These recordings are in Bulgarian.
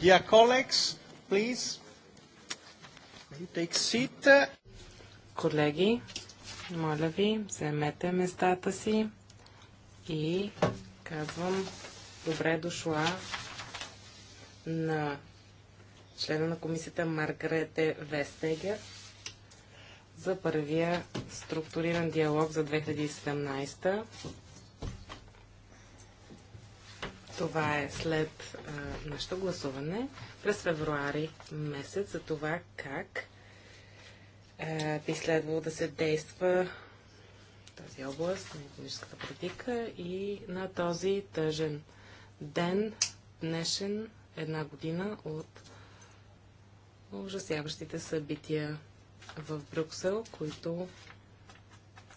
Dear colleagues, please, take seat. Колеги, моля ви, вземете местата си и казвам добре дошла на члена на комисията Маргарете Вестегер за първия структуриран диалог за 2017 това е след а, нашето гласуване през февруари месец за това как а, би следвало да се действа тази област на економическата политика и на този тъжен ден, днешен, една година от ужасяващите събития в Брюксел, които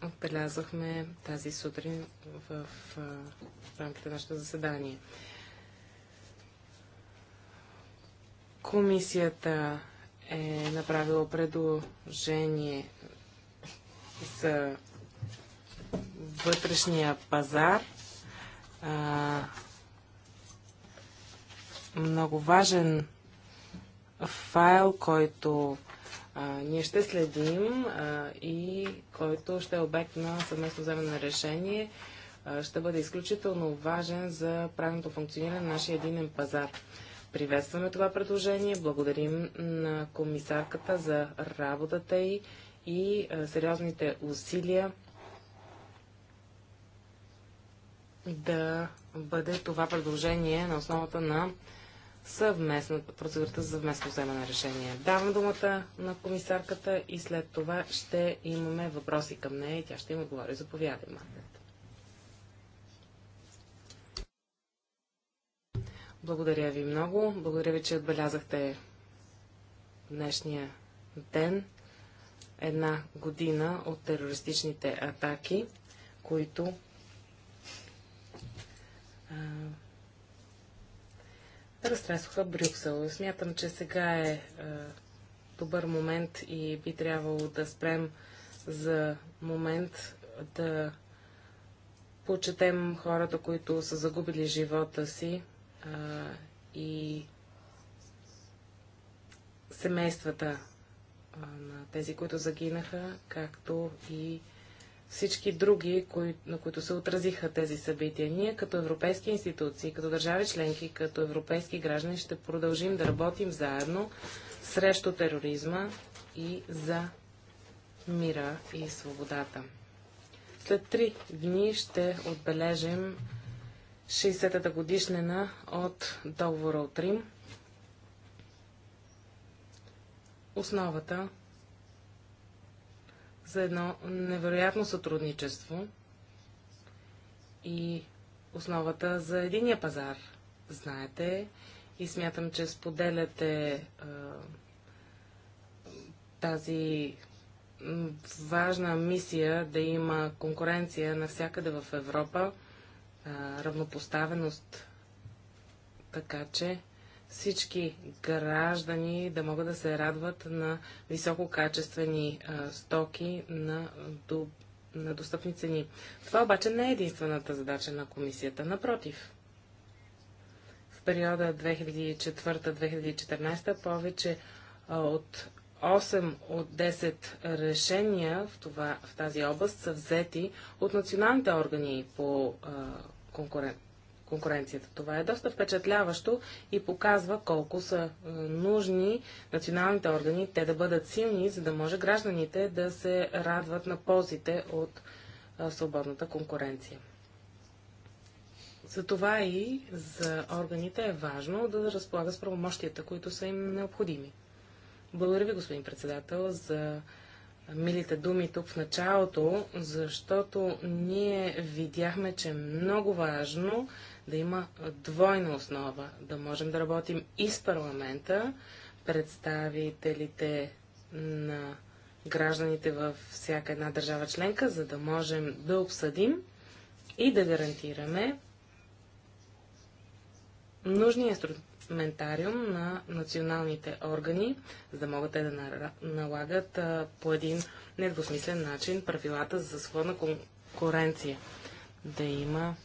отбелязахме тази сутрин в, в, в рамките на нашето заседание. Комисията е направила предложение за вътрешния пазар. А, много важен файл, който а, ние ще следим а, и който ще е обект на съвместно вземане на решение, а, ще бъде изключително важен за правилното функциониране на нашия единен пазар. Приветстваме това предложение, благодарим на комисарката за работата й и а, сериозните усилия да бъде това предложение на основата на съвместно, процедурата за съвместно вземане на решение. Давам думата на комисарката и след това ще имаме въпроси към нея и тя ще им отговори. Заповядай, Маргарет. Благодаря ви много. Благодаря ви, че отбелязахте днешния ден. Една година от терористичните атаки, които разтресоха Брюксел. Смятам, че сега е, е добър момент и би трябвало да спрем за момент да почетем хората, които са загубили живота си е, и семействата е, на тези, които загинаха, както и всички други, кои, на които се отразиха тези събития. Ние като европейски институции, като държави членки, като европейски граждани ще продължим да работим заедно срещу тероризма и за мира и свободата. След три дни ще отбележим 60-та годишнина от договора от Рим. Основата за едно невероятно сътрудничество и основата за единия пазар. Знаете и смятам, че споделяте а, тази важна мисия да има конкуренция навсякъде в Европа, а, равнопоставеност. Така че всички граждани да могат да се радват на висококачествени а, стоки на, до, на достъпни цени. Това обаче не е единствената задача на комисията. Напротив, в периода 2004-2014 повече а, от 8 от 10 решения в, това, в тази област са взети от националните органи по а, конкурент конкуренцията. Това е доста впечатляващо и показва колко са е, нужни националните органи, те да бъдат силни, за да може гражданите да се радват на ползите от е, свободната конкуренция. За това и за органите е важно да разполага с правомощията, които са им необходими. Благодаря ви, господин председател, за милите думи тук в началото, защото ние видяхме, че е много важно да има двойна основа, да можем да работим и с парламента, представителите на гражданите във всяка една държава членка, за да можем да обсъдим и да гарантираме нужния инструментариум на националните органи, за да могат те да налагат по един недвусмислен начин правилата за свободна конкуренция. Да има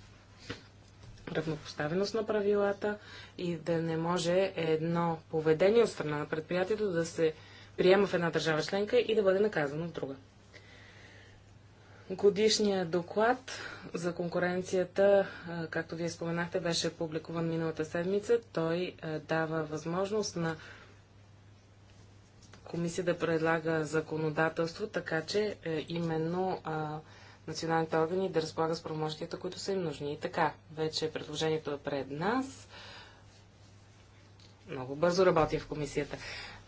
равнопоставеност на правилата и да не може едно поведение от страна на предприятието да се приема в една държава членка и да бъде наказано в друга. Годишният доклад за конкуренцията, както вие споменахте, беше публикуван миналата седмица. Той дава възможност на комисия да предлага законодателство, така че именно националните органи да разполага с правомощията, които са им нужни. И така, вече предложението е пред нас. Много бързо работя в комисията.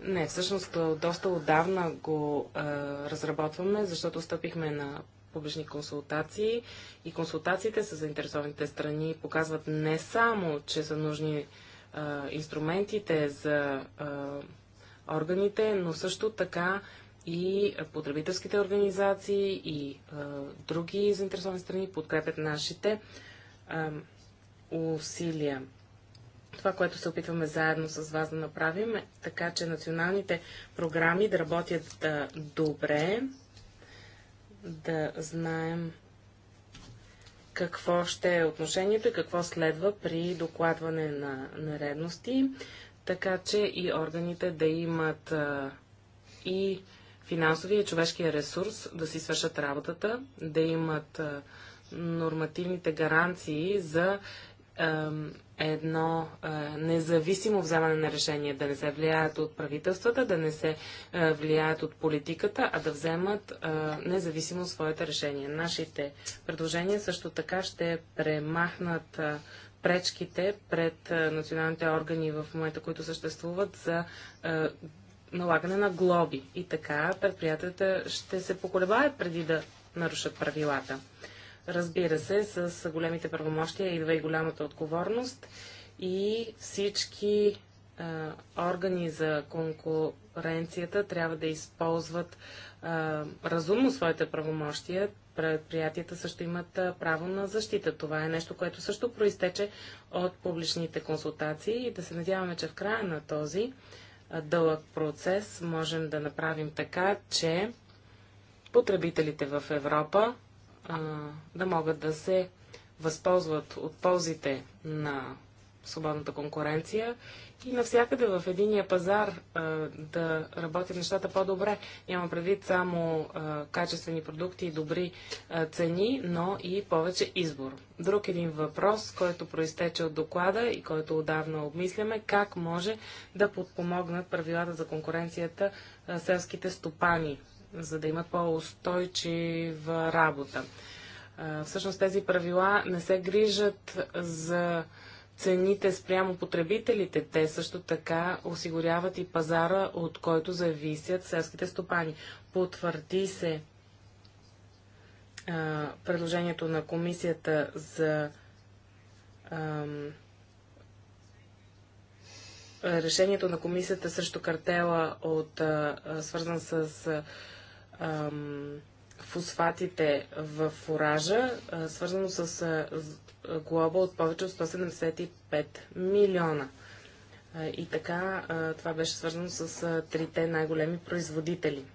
Не, всъщност доста отдавна го е, разработваме, защото стъпихме на публични консултации и консултациите с заинтересованите страни показват не само, че са нужни е, инструментите за е, органите, но също така и потребителските организации и а, други заинтересовани страни подкрепят нашите а, усилия. Това, което се опитваме заедно с вас да направим, е така че националните програми да работят а, добре, да знаем какво ще е отношението и какво следва при докладване на наредности, така че и органите да имат а, и финансовия и човешкия ресурс да си свършат работата, да имат нормативните гаранции за едно независимо вземане на решение, да не се влияят от правителствата, да не се влияят от политиката, а да вземат независимо своите решения. Нашите предложения също така ще премахнат пречките пред националните органи в момента, които съществуват за налагане на глоби. И така предприятията ще се поколебаят преди да нарушат правилата. Разбира се, с големите правомощия идва и голямата отговорност и всички е, органи за конкуренцията трябва да използват е, разумно своите правомощия. Предприятията също имат право на защита. Това е нещо, което също проистече от публичните консултации и да се надяваме, че в края на този дълъг процес можем да направим така, че потребителите в Европа а, да могат да се възползват от ползите на свободната конкуренция и навсякъде в единия пазар а, да работят нещата по-добре. Няма предвид само а, качествени продукти и добри а, цени, но и повече избор. Друг един въпрос, който проистече от доклада и който отдавна обмисляме, как може да подпомогнат правилата за конкуренцията а, селските стопани, за да имат по-устойчива работа. А, всъщност тези правила не се грижат за цените спрямо потребителите. Те също така осигуряват и пазара, от който зависят селските стопани. Потвърди се а, предложението на комисията за а, решението на комисията срещу картела от а, свързан с а, фосфатите в фуража, свързано с глоба от повече от 175 милиона. И така това беше свързано с трите най-големи производители –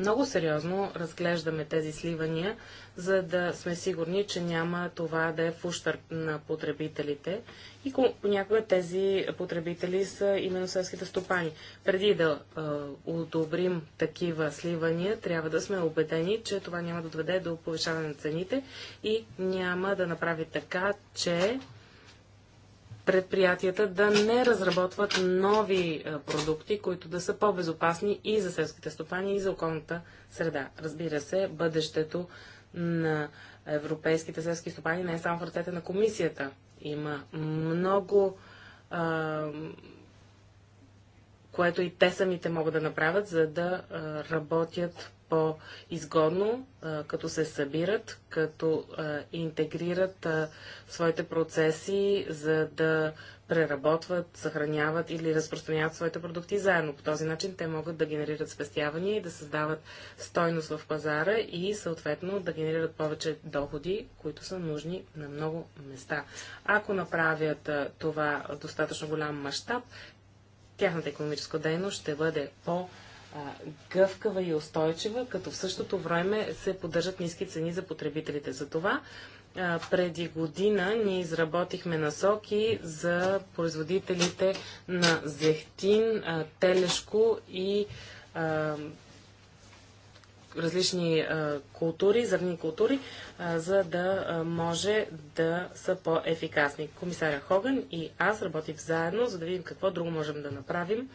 много сериозно разглеждаме тези сливания, за да сме сигурни, че няма това да е в ущърп на потребителите. И понякога тези потребители са именно селските стопани. Преди да е, одобрим такива сливания, трябва да сме убедени, че това няма да доведе до повишаване на цените и няма да направи така, че предприятията да не разработват нови е, продукти, които да са по-безопасни и за селските стопани, и за околната среда. Разбира се, бъдещето на европейските селски стопани не е само в ръцете на комисията. Има много, а, което и те самите могат да направят, за да а, работят по-изгодно, като се събират, като интегрират своите процеси, за да преработват, съхраняват или разпространяват своите продукти заедно. По този начин те могат да генерират спестявания и да създават стойност в пазара и съответно да генерират повече доходи, които са нужни на много места. Ако направят това достатъчно голям мащаб, тяхната економическа дейност ще бъде по- гъвкава и устойчива, като в същото време се поддържат ниски цени за потребителите. За това преди година ние изработихме насоки за производителите на зехтин, телешко и различни култури, зърни култури, за да може да са по-ефикасни. Комисаря Хоган и аз работих заедно, за да видим какво друго можем да направим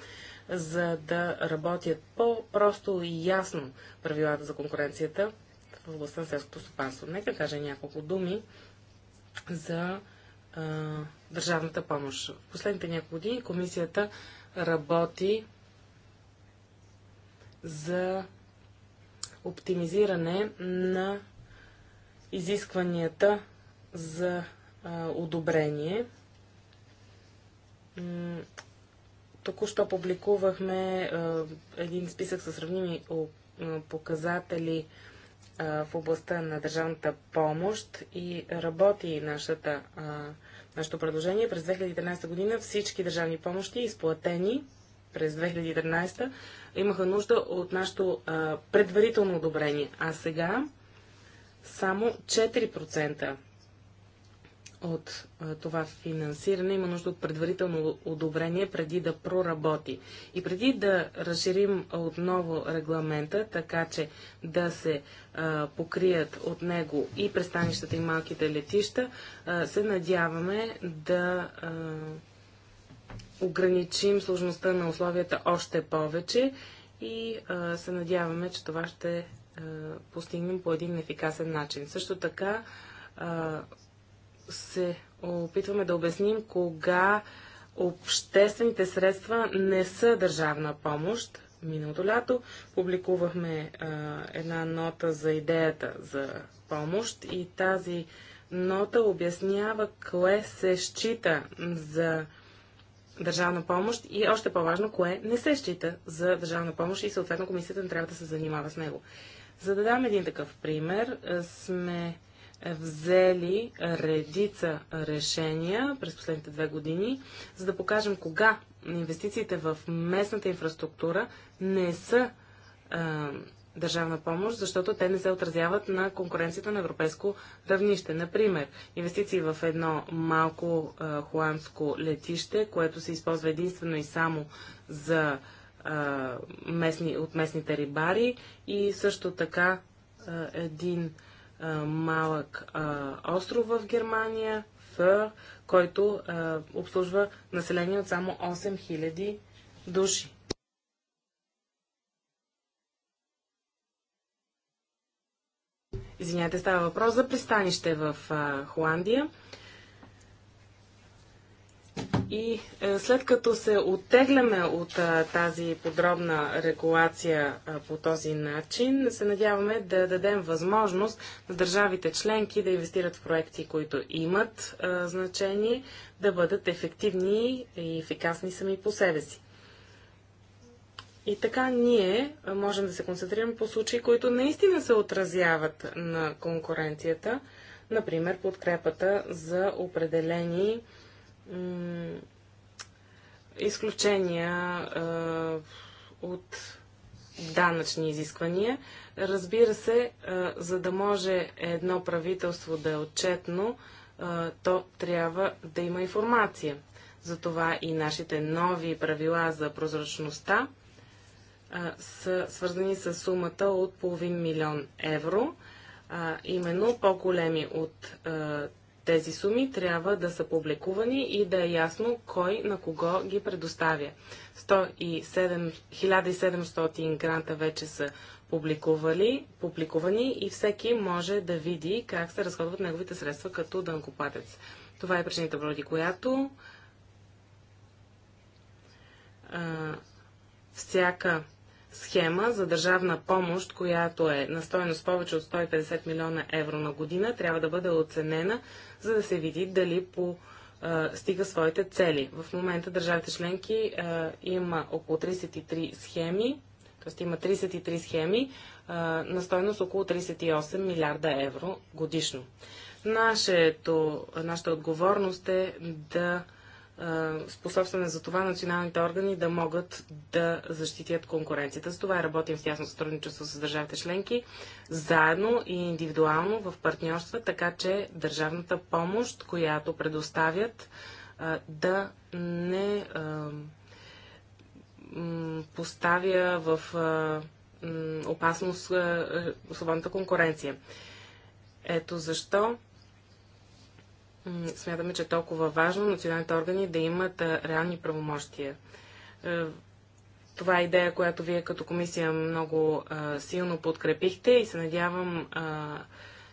за да работят по-просто и ясно правилата за конкуренцията в областта на селското стопанство. Нека кажа няколко думи за а, държавната помощ. В последните няколко години комисията работи за оптимизиране на изискванията за а, одобрение Току-що публикувахме един списък с сравними показатели в областта на държавната помощ и работи нашата, нашето предложение. През 2013 година всички държавни помощи, изплатени през 2013, имаха нужда от нашето предварително одобрение. А сега само 4% от а, това финансиране има нужда от предварително одобрение преди да проработи. И преди да разширим отново регламента, така че да се а, покрият от него и пристанищата и малките летища, а, се надяваме да ограничим сложността на условията още повече и се надяваме, че това ще постигнем по един ефикасен начин. Също така, се опитваме да обясним кога обществените средства не са държавна помощ. Миналото лято публикувахме а, една нота за идеята за помощ и тази нота обяснява кое се счита за държавна помощ и още по-важно, кое не се счита за държавна помощ и съответно комисията не трябва да се занимава с него. За да дам един такъв пример, сме взели редица решения през последните две години, за да покажем кога инвестициите в местната инфраструктура не са е, държавна помощ, защото те не се отразяват на конкуренцията на европейско равнище. Например, инвестиции в едно малко е, холандско летище, което се използва единствено и само за е, местни, от местните рибари и също така е, един малък остров в Германия, Фър, който обслужва население от само 8000 души. Извинявайте, става въпрос за пристанище в Холандия. И е, след като се оттегляме от е, тази подробна регулация е, по този начин, се надяваме да дадем възможност на държавите членки да инвестират в проекти, които имат значение, да бъдат ефективни и ефикасни сами по себе си. И така ние можем да се концентрираме по случаи, които наистина се отразяват на конкуренцията, например подкрепата за определени изключения от данъчни изисквания. Разбира се, за да може едно правителство да е отчетно, то трябва да има информация. Затова и нашите нови правила за прозрачността са свързани с сумата от половин милион евро, именно по-големи от тези суми трябва да са публикувани и да е ясно кой на кого ги предоставя. 1700 гранта вече са публикували, публикувани и всеки може да види как се разходват неговите средства като дънкопатец. Това е причината, поради която а, всяка схема за държавна помощ, която е на стоеност повече от 150 милиона евро на година, трябва да бъде оценена, за да се види дали по стига своите цели. В момента държавите членки а, има около 33 схеми, т.е. има 33 схеми а, на стойност около 38 милиарда евро годишно. Нашето, нашата отговорност е да способстваме за това националните органи да могат да защитят конкуренцията. С това работим в тясно сътрудничество с държавите членки, заедно и индивидуално в партньорства, така че държавната помощ, която предоставят, да не поставя в опасност свободната конкуренция. Ето защо смятаме, че е толкова важно националните органи да имат реални правомощия. Е, това е идея, която вие като комисия много силно подкрепихте и се надявам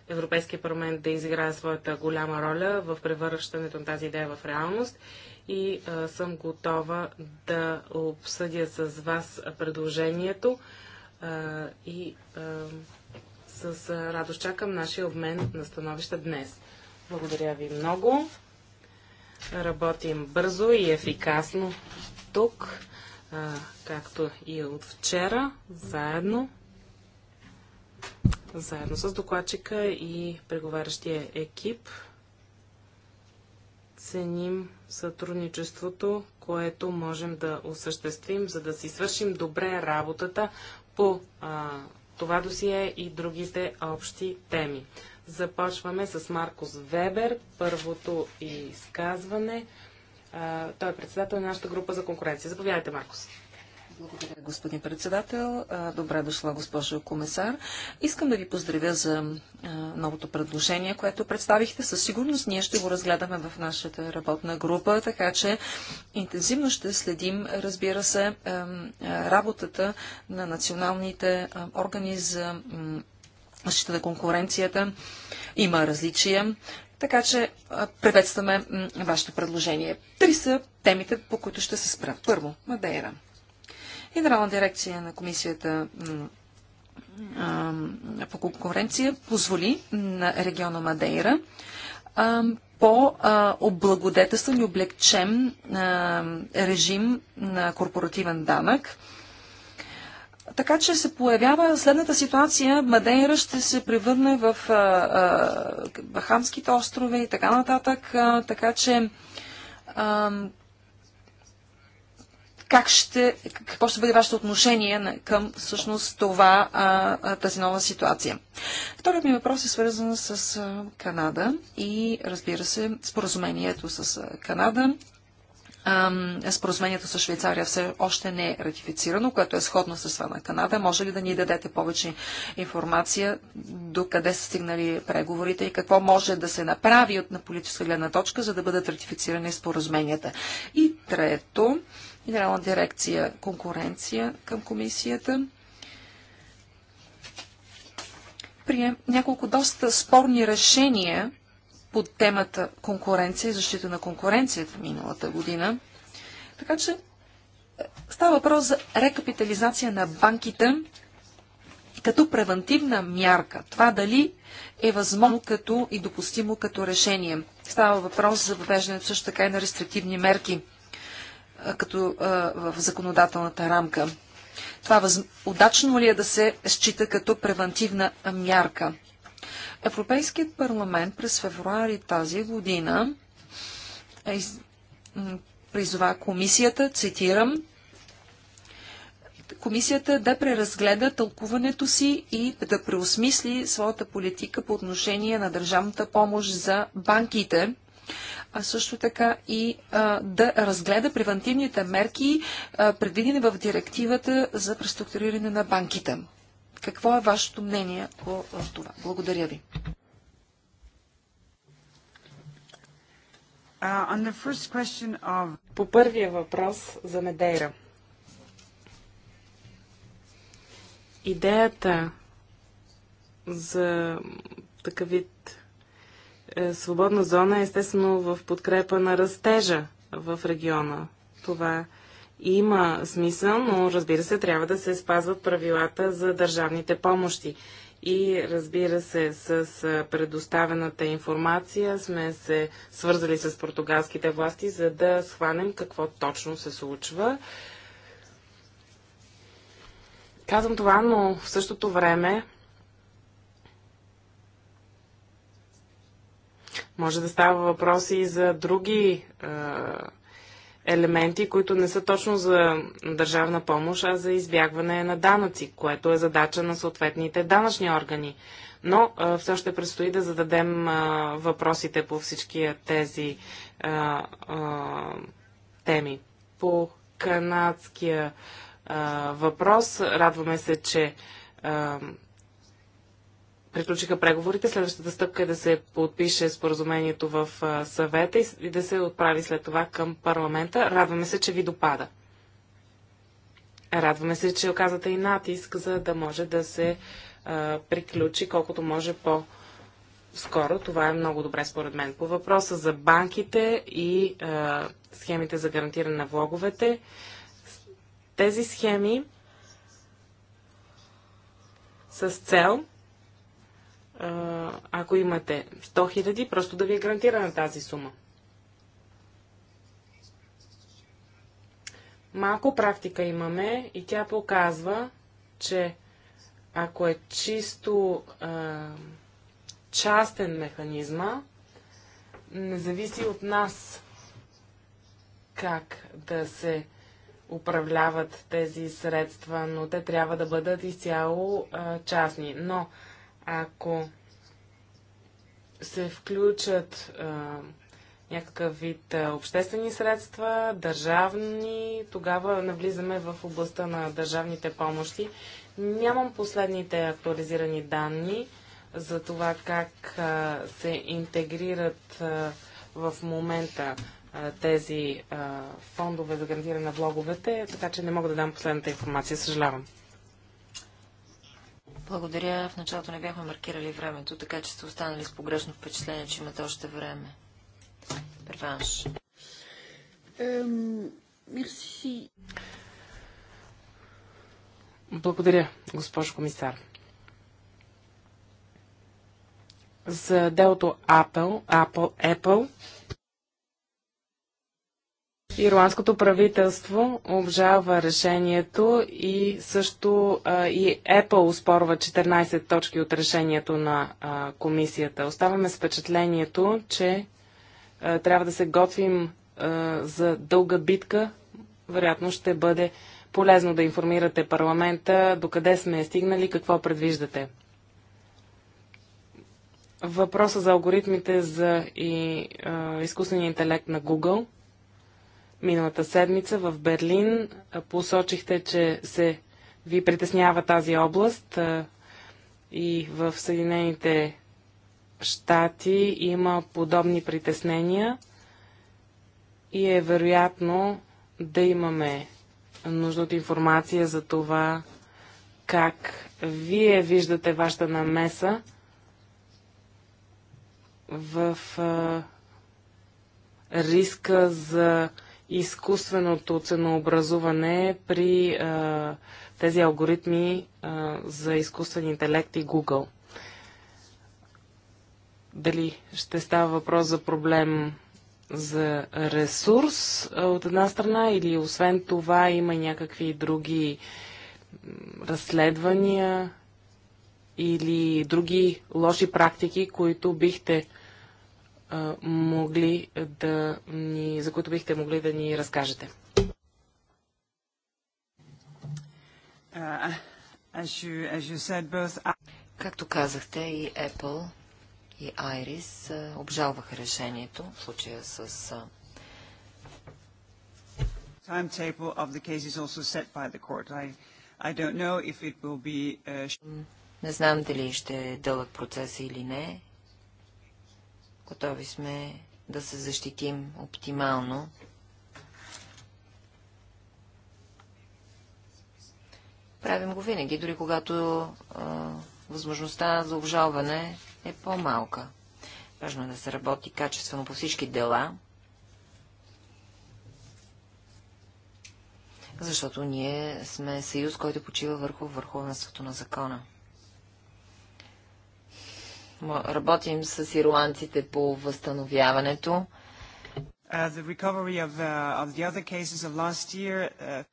Европейския парламент да изиграе своята голяма роля в превръщането на тази идея в реалност и съм готова да обсъдя с вас предложението и с радост чакам нашия обмен на становища днес. Благодаря ви много. Работим бързо и ефикасно тук, както и от вчера, заедно. Заедно с докладчика и преговарящия екип ценим сътрудничеството, което можем да осъществим, за да си свършим добре работата по а, това досие и другите общи теми. Започваме с Маркус Вебер, първото изказване. Той е председател на нашата група за конкуренция. Заповядайте, Маркус. Благодаря, господин председател. Добре дошла, госпожо комисар. Искам да ви поздравя за новото предложение, което представихте. Със сигурност ние ще го разгледаме в нашата работна група, така че интензивно ще следим, разбира се, работата на националните органи за защита на конкуренцията. Има различия. Така че приветстваме вашето предложение. Три са темите, по които ще се спра. Първо, Мадейра. Генерална дирекция на комисията по конкуренция позволи на региона Мадейра по-облагодетелствен и облегчен режим на корпоративен данък така че се появява следната ситуация. Мадейра ще се превърне в а, а, Бахамските острови и така нататък. А, така че а, как ще, какво ще бъде вашето отношение към всъщност това, а, тази нова ситуация. Вторият ми въпрос е свързан с Канада и разбира се споразумението с Канада Споразумението с Швейцария все още не е ратифицирано, което е сходно с това на Канада. Може ли да ни дадете повече информация до къде са стигнали преговорите и какво може да се направи от на политическа гледна точка, за да бъдат ратифицирани споразуменията? И трето, Генерална дирекция конкуренция към комисията прие няколко доста спорни решения по темата конкуренция и защита на конкуренцията миналата година. Така че е, става въпрос за рекапитализация на банките като превентивна мярка. Това дали е възможно като и допустимо като решение. Става въпрос за въвеждането също така и на рестриктивни мерки е, като а, е, в законодателната рамка. Това удачно ли е да се счита като превентивна мярка? Европейският парламент през февруари тази година е из... призова комисията, цитирам, комисията да преразгледа тълкуването си и да преосмисли своята политика по отношение на държавната помощ за банките, а също така и а, да разгледа превентивните мерки, а, предвидени в директивата за преструктуриране на банките. Какво е вашето мнение по това? Благодаря ви. Uh, of... По първия въпрос за Медейра. Идеята за такъв вид е, свободна зона е естествено в подкрепа на растежа в региона. Това е има смисъл, но разбира се, трябва да се спазват правилата за държавните помощи. И разбира се, с предоставената информация сме се свързали с португалските власти, за да схванем какво точно се случва. Казвам това, но в същото време може да става въпроси и за други е, елементи, които не са точно за държавна помощ, а за избягване на данъци, което е задача на съответните данъчни органи. Но а, все още предстои да зададем а, въпросите по всички тези а, теми. По канадския въпрос радваме се, че приключиха преговорите. Следващата стъпка е да се подпише споразумението в съвета и да се отправи след това към парламента. Радваме се, че ви допада. Радваме се, че оказате и натиск, за да може да се а, приключи колкото може по- скоро. Това е много добре според мен. По въпроса за банките и а, схемите за гарантиране на влоговете, тези схеми с цел ако имате 100 хиляди, просто да ви е гарантирана тази сума. Малко практика имаме и тя показва, че ако е чисто а, частен механизма, не зависи от нас как да се управляват тези средства, но те трябва да бъдат изцяло а, частни. Но ако се включат а, някакъв вид а, обществени средства, държавни, тогава навлизаме в областта на държавните помощи. Нямам последните актуализирани данни за това как а, се интегрират а, в момента а, тези а, фондове за гарантиране на влоговете, така че не мога да дам последната информация, съжалявам. Благодаря. В началото не бяхме маркирали времето, така че сте останали с погрешно впечатление, че имате още време. Перванш. Мерси. Благодаря, госпожо комисар. За делото Apple, Apple, Apple Ирландското правителство обжалва решението и също а, и Apple успорва 14 точки от решението на а, комисията. Оставаме с впечатлението, че а, трябва да се готвим за дълга битка. Вероятно ще бъде полезно да информирате парламента докъде сме стигнали, какво предвиждате. Въпроса за алгоритмите за и, изкуствения интелект на Google – Миналата седмица в Берлин посочихте, че се ви притеснява тази област и в Съединените щати има подобни притеснения и е вероятно да имаме нужда от информация за това как вие виждате вашата намеса в риска за изкуственото ценообразуване при а, тези алгоритми а, за изкуствен интелект и Google. Дали ще става въпрос за проблем за ресурс а, от една страна или освен това има някакви други разследвания или други лоши практики, които бихте могли да ни, за които бихте могли да ни разкажете. Uh, Както казахте, и Apple, и Iris обжалваха решението в случая с Uh... Не знам дали ще е дълъг процес или не. Готови сме да се защитим оптимално. Правим го винаги, дори когато а, възможността за обжалване е по-малка. Важно е да се работи качествено по всички дела, защото ние сме съюз, който почива върху върховенството на закона. Работим с ирландците по възстановяването. Uh, uh, uh,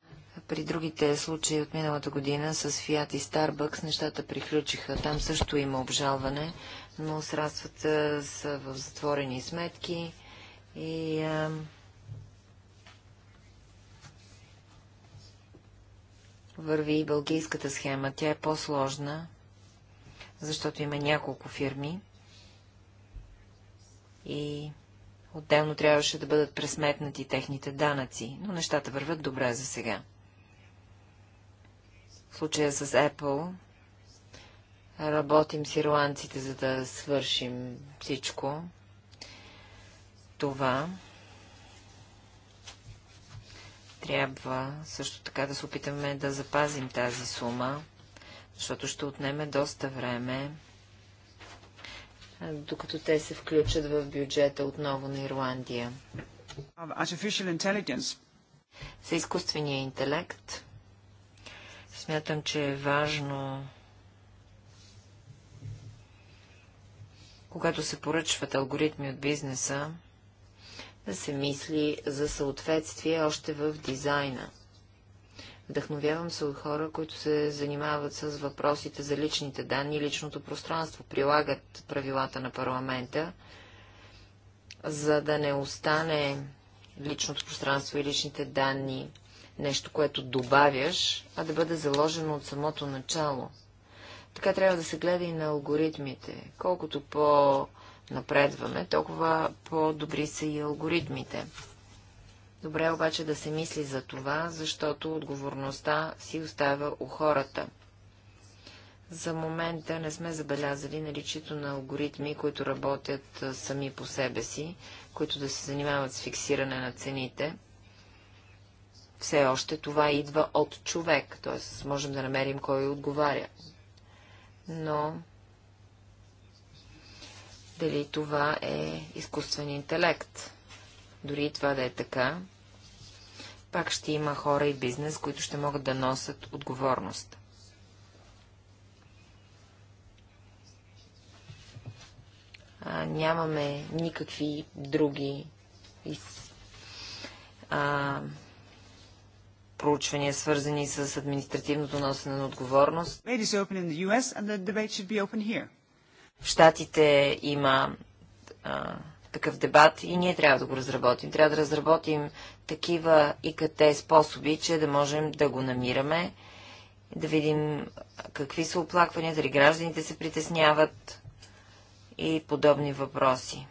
При другите случаи от миналата година с Fiat и Starbucks нещата приключиха. Там също има обжалване, но средствата са в затворени сметки и върви и бългийската схема. Тя е по-сложна защото има няколко фирми и отделно трябваше да бъдат пресметнати техните данъци, но нещата върват добре за сега. В случая с Apple работим с ирландците, за да свършим всичко това. Трябва също така да се опитаме да запазим тази сума защото ще отнеме доста време, докато те се включат в бюджета отново на Ирландия. За изкуствения интелект смятам, че е важно когато се поръчват алгоритми от бизнеса, да се мисли за съответствие още в дизайна. Вдъхновявам се от хора, които се занимават с въпросите за личните данни и личното пространство, прилагат правилата на парламента, за да не остане личното пространство и личните данни нещо, което добавяш, а да бъде заложено от самото начало. Така трябва да се гледа и на алгоритмите. Колкото по-напредваме, толкова по-добри са и алгоритмите. Добре е обаче да се мисли за това, защото отговорността си остава у хората. За момента не сме забелязали наличието на алгоритми, които работят сами по себе си, които да се занимават с фиксиране на цените. Все още това идва от човек, т.е. можем да намерим кой отговаря. Но дали това е изкуствен интелект? Дори и това да е така, пак ще има хора и бизнес, които ще могат да носят отговорност. А, нямаме никакви други из... а, проучвания, свързани с административното носене на отговорност. В Штатите има а, такъв дебат и ние трябва да го разработим. Трябва да разработим такива ИКТ способи, че да можем да го намираме, да видим какви са оплакванията, дали гражданите се притесняват и подобни въпроси.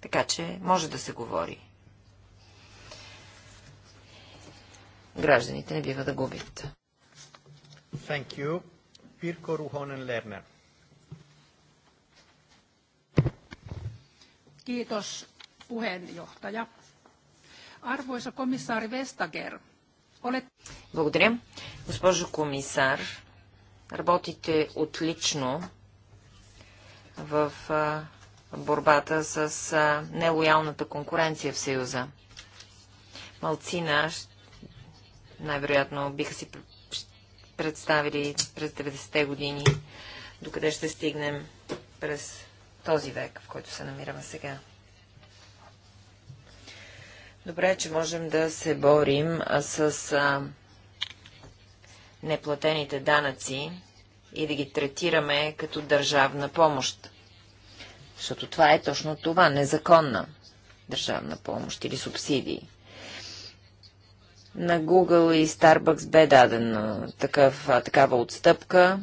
Така че може да се говори. Гражданите не бива да губят. Thank you. Пирко Рухонен Лернер. Kiitos puheenjohtaja. Arvoisa komissaari Vestager, olette... Благодаря. Госпожо комисар, работите отлично в борбата с нелоялната конкуренция в Съюза. Малцина най-вероятно биха си представили през 90-те години, докъде ще стигнем през този век, в който се намираме сега. Добре че можем да се борим с а, неплатените данъци и да ги третираме като държавна помощ. Защото това е точно това, незаконна държавна помощ или субсидии. На Google и Starbucks бе даден такъв, такава отстъпка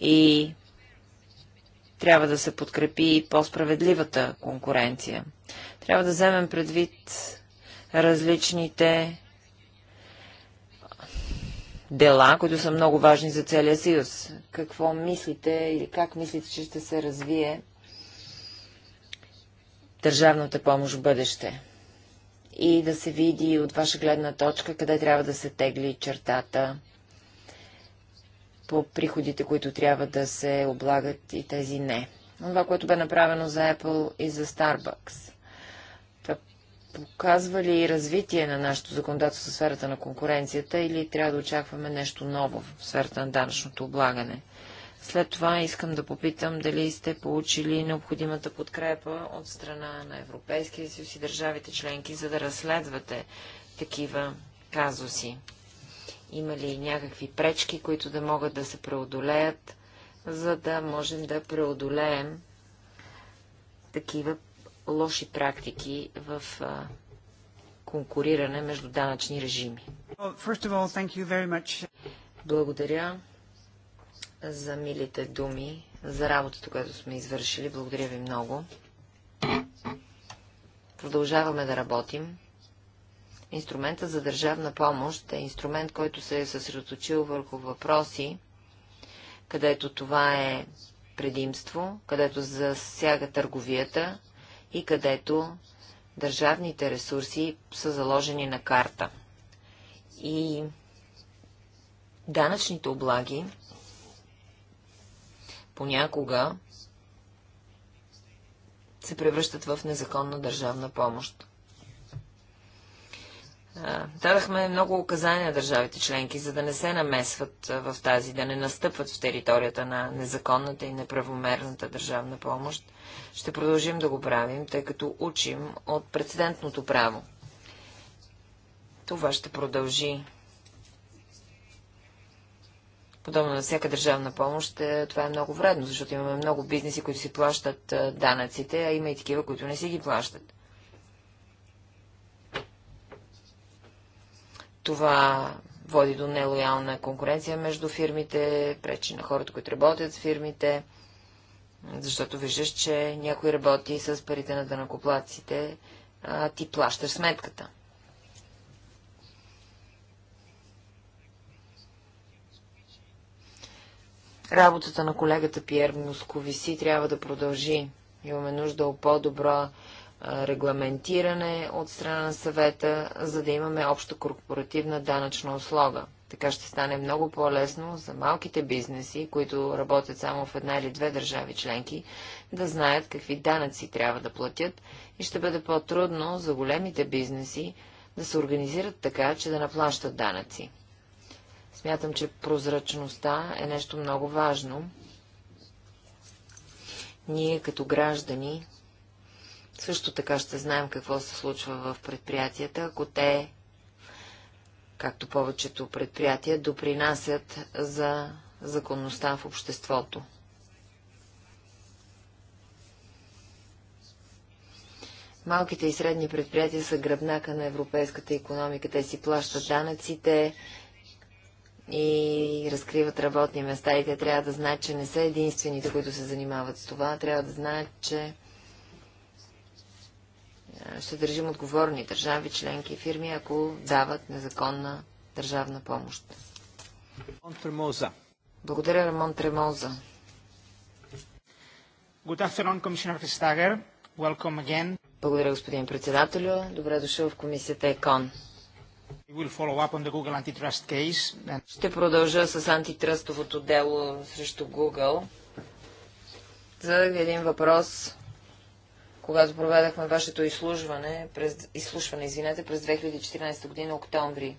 и трябва да се подкрепи по-справедливата конкуренция. Трябва да вземем предвид различните дела, които са много важни за целия съюз. Какво мислите или как мислите, че ще се развие държавната помощ в бъдеще? И да се види от ваша гледна точка къде трябва да се тегли чертата по приходите, които трябва да се облагат и тези не. Но това, което бе направено за Apple и за Starbucks. Това показва ли развитие на нашето законодателство в сферата на конкуренцията или трябва да очакваме нещо ново в сферата на данъчното облагане? След това искам да попитам дали сте получили необходимата подкрепа от страна на Европейския съюз и държавите членки, за да разследвате такива казуси. Има ли някакви пречки, които да могат да се преодолеят, за да можем да преодолеем такива лоши практики в конкуриране между данъчни режими? Благодаря за милите думи, за работата, която сме извършили. Благодаря ви много. Продължаваме да работим. Инструмента за държавна помощ е инструмент, който се е съсредоточил върху въпроси, където това е предимство, където засяга търговията и където държавните ресурси са заложени на карта. И данъчните облаги понякога се превръщат в незаконна държавна помощ. Дадахме много указания на държавите членки, за да не се намесват в тази, да не настъпват в територията на незаконната и неправомерната държавна помощ. Ще продължим да го правим, тъй като учим от прецедентното право. Това ще продължи. Подобно на всяка държавна помощ, е, това е много вредно, защото имаме много бизнеси, които си плащат данъците, а има и такива, които не си ги плащат. Това води до нелоялна конкуренция между фирмите, пречи на хората, които работят с фирмите, защото виждаш, че някой работи с парите на дънакоплаците, а ти плащаш сметката. Работата на колегата Пьер си трябва да продължи. Имаме нужда от по-добра регламентиране от страна на съвета, за да имаме обща корпоративна данъчна услуга. Така ще стане много по-лесно за малките бизнеси, които работят само в една или две държави членки, да знаят какви данъци трябва да платят и ще бъде по-трудно за големите бизнеси да се организират така, че да наплащат данъци. Смятам, че прозрачността е нещо много важно. Ние като граждани също така ще знаем какво се случва в предприятията, ако те, както повечето предприятия, допринасят за законността в обществото. Малките и средни предприятия са гръбнака на европейската економика. Те си плащат данъците и разкриват работни места и те трябва да знаят, че не са единствените, които се занимават с това. Трябва да знаят, че е, ще държим отговорни държави, членки и фирми, ако дават незаконна държавна помощ. Благодаря, Рамон Тремоза. Благодаря, господин председателю. Добре дошъл в комисията ЕКОН. And... Ще продължа с антитръстовото дело срещу Google за един въпрос, когато проведахме вашето изслужване, през, изслушване извинете, през 2014 година, октомври.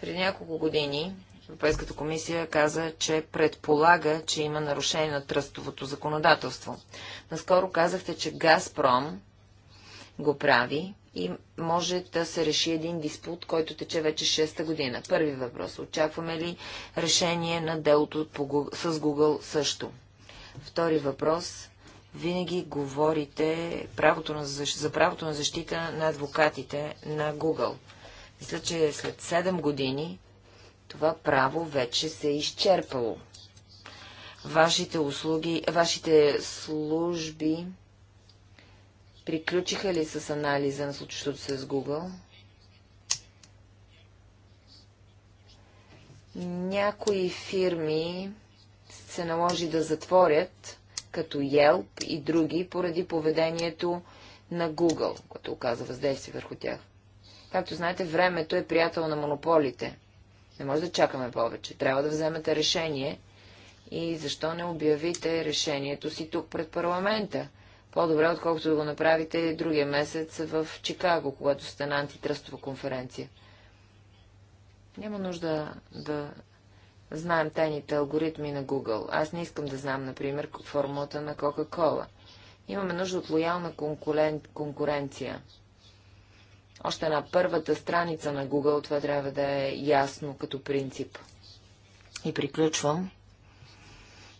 Преди няколко години Европейската комисия каза, че предполага, че има нарушение на тръстовото законодателство. Наскоро казахте, че Газпром го прави и може да се реши един диспут, който тече вече 6-та година. Първи въпрос. Очакваме ли решение на делото с Google също? Втори въпрос винаги говорите правото на, за правото на защита на адвокатите на Google. Мисля, че след 7 години това право вече се е изчерпало. Вашите услуги, вашите служби приключиха ли с анализа на случващото се с Google? Някои фирми се наложи да затворят, като Yelp и други, поради поведението на Google, което оказа въздействие върху тях. Както знаете, времето е приятел на монополите. Не може да чакаме повече. Трябва да вземете решение. И защо не обявите решението си тук пред парламента? По-добре, отколкото да го направите другия месец в Чикаго, когато сте на антитръстова конференция. Няма нужда да знаем тайните алгоритми на Google. Аз не искам да знам, например, формулата на Кока-Кола. Имаме нужда от лоялна конкурен... конкуренция. Още на първата страница на Google това трябва да е ясно като принцип. И приключвам.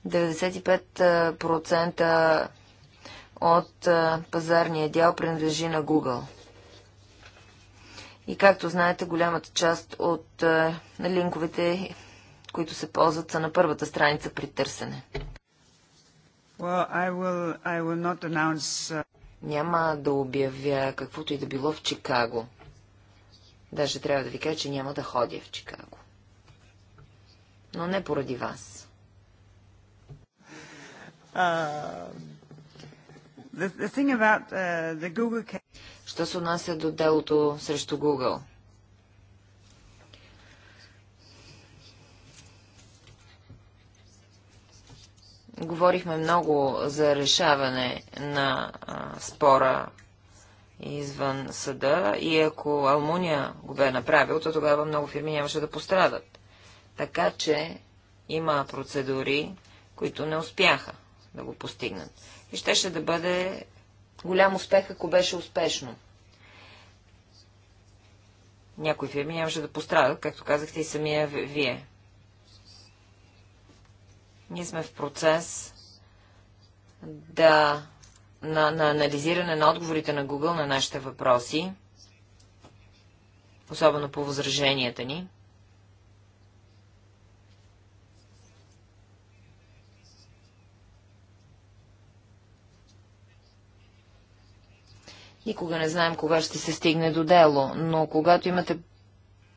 95% от пазарния дял принадлежи на Google. И както знаете, голямата част от линковете които се ползват, са на първата страница при търсене. Well, I will, I will announce... Uh, няма да обявя каквото и да било в Чикаго. Даже трябва да ви кажа, че няма да ходя в Чикаго. Но не поради вас. Uh, the, about, uh, Google... Що се отнася до делото срещу Google? Говорихме много за решаване на а, спора извън съда и ако Алмуния го бе направил, то тогава много фирми нямаше да пострадат. Така че има процедури, които не успяха да го постигнат. И щеше да бъде голям успех, ако беше успешно. Някои фирми нямаше да пострадат, както казахте и самия вие. Ние сме в процес да, на, на анализиране на отговорите на Google на нашите въпроси, особено по възраженията ни. Никога не знаем кога ще се стигне до дело, но когато имате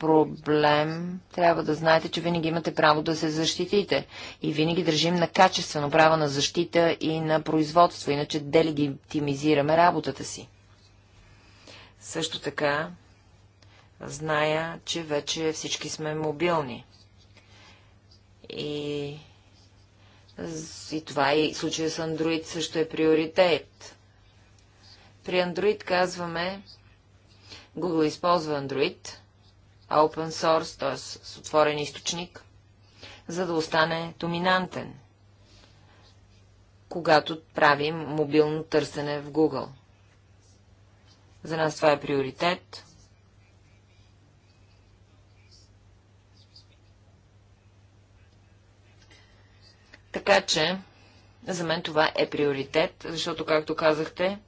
проблем, трябва да знаете, че винаги имате право да се защитите. И винаги държим на качествено право на защита и на производство, иначе делегитимизираме работата си. Също така, зная, че вече всички сме мобилни. И, и това и случая с Android също е приоритет. При Android казваме, Google използва Android, open source, т.е. с отворен източник, за да остане доминантен, когато правим мобилно търсене в Google. За нас това е приоритет. Така че, за мен това е приоритет, защото, както казахте,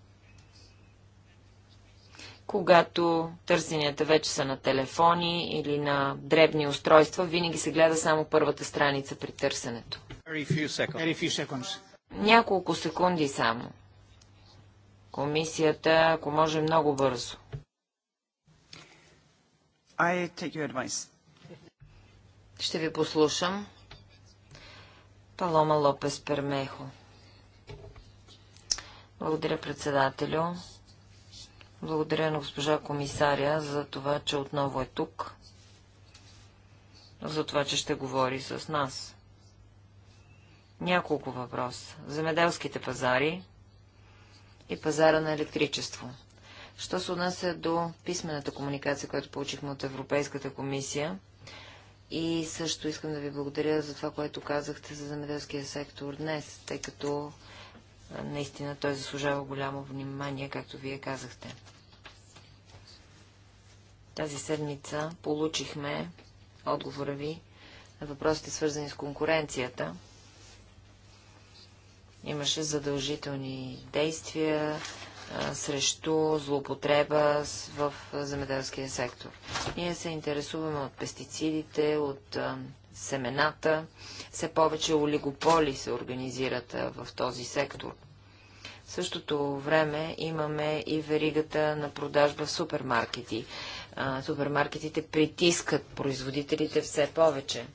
когато търсенията вече са на телефони или на дребни устройства, винаги се гледа само първата страница при търсенето. Няколко секунди само. Комисията, ако може, много бързо. Ще ви послушам. Палома Лопес Пермехо. Благодаря, председателю. Благодаря на госпожа комисаря за това, че отново е тук, за това, че ще говори с нас. Няколко въпроса. Земеделските пазари и пазара на електричество. Що се отнася до писмената комуникация, която получихме от Европейската комисия, и също искам да ви благодаря за това, което казахте за земеделския сектор днес, тъй като Наистина той заслужава голямо внимание, както вие казахте. Тази седмица получихме отговора ви на въпросите, свързани с конкуренцията. Имаше задължителни действия а, срещу злоупотреба в земеделския сектор. Ние се интересуваме от пестицидите, от а, семената. Все повече олигополи се организират в този сектор. В същото време имаме и веригата на продажба в супермаркети. Супермаркетите притискат производителите все повече.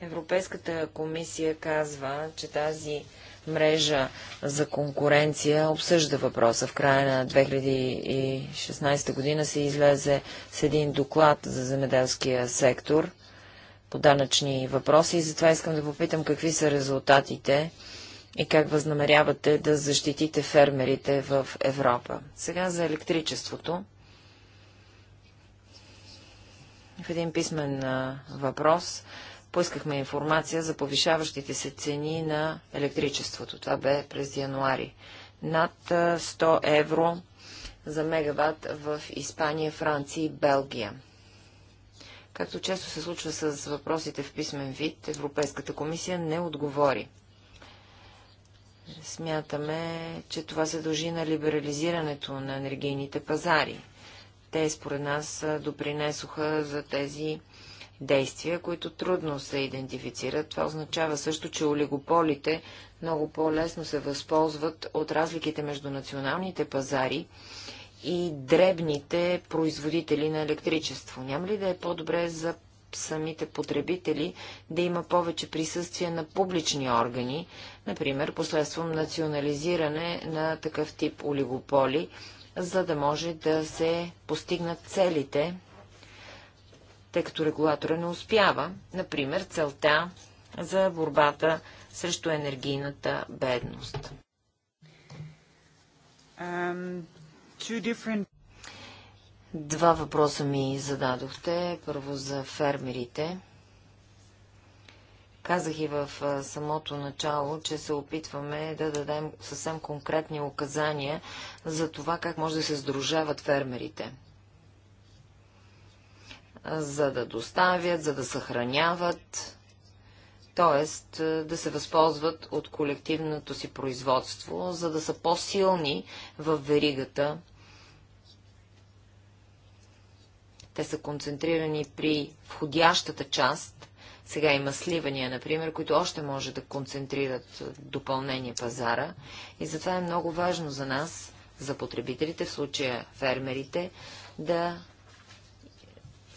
Европейската комисия казва, че тази мрежа за конкуренция обсъжда въпроса. В края на 2016 година се излезе с един доклад за земеделския сектор – по данъчни въпроси и затова искам да попитам какви са резултатите и как възнамерявате да защитите фермерите в Европа. Сега за електричеството. В един писмен въпрос поискахме информация за повишаващите се цени на електричеството. Това бе през януари. Над 100 евро за мегаватт в Испания, Франция и Белгия. Както често се случва с въпросите в писмен вид, Европейската комисия не отговори. Смятаме, че това се дължи на либерализирането на енергийните пазари. Те, според нас, допринесоха за тези действия, които трудно се идентифицират. Това означава също, че олигополите много по-лесно се възползват от разликите между националните пазари и дребните производители на електричество. Няма ли да е по-добре за самите потребители да има повече присъствие на публични органи, например посредством национализиране на такъв тип олигополи, за да може да се постигнат целите, тъй като регулатора не успява, например целта за борбата срещу енергийната бедност. Um, Два въпроса ми зададохте. Първо за фермерите. Казах и в самото начало, че се опитваме да дадем съвсем конкретни указания за това как може да се сдружават фермерите. За да доставят, за да съхраняват, т.е. да се възползват от колективното си производство, за да са по-силни в веригата Те са концентрирани при входящата част. Сега има сливания, например, които още може да концентрират допълнение пазара. И затова е много важно за нас, за потребителите, в случая фермерите, да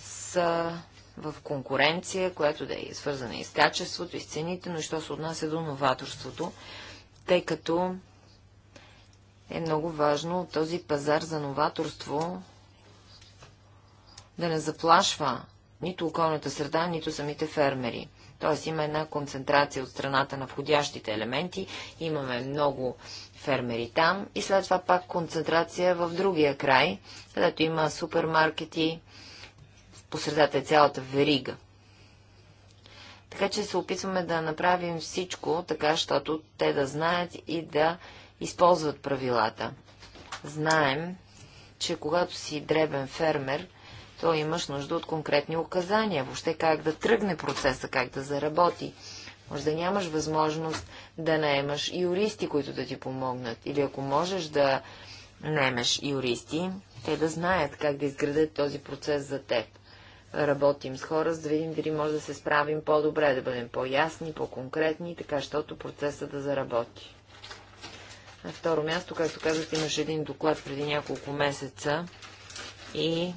са в конкуренция, която да е свързана и с качеството, и с цените, но и що се отнася до новаторството, тъй като е много важно този пазар за новаторство да не заплашва нито околната среда, нито самите фермери. Тоест има една концентрация от страната на входящите елементи, имаме много фермери там и след това пак концентрация в другия край, където има супермаркети, посредата е цялата верига. Така че се опитваме да направим всичко така, защото те да знаят и да използват правилата. Знаем, че когато си дребен фермер – то имаш нужда от конкретни указания, въобще как да тръгне процеса, как да заработи. Може да нямаш възможност да наемаш юристи, които да ти помогнат. Или ако можеш да наемеш юристи, те да знаят как да изградят този процес за теб. Работим с хора, за да видим дали може да се справим по-добре, да бъдем по-ясни, по-конкретни, така, щото процеса да заработи. На второ място, както казах, имаш един доклад преди няколко месеца и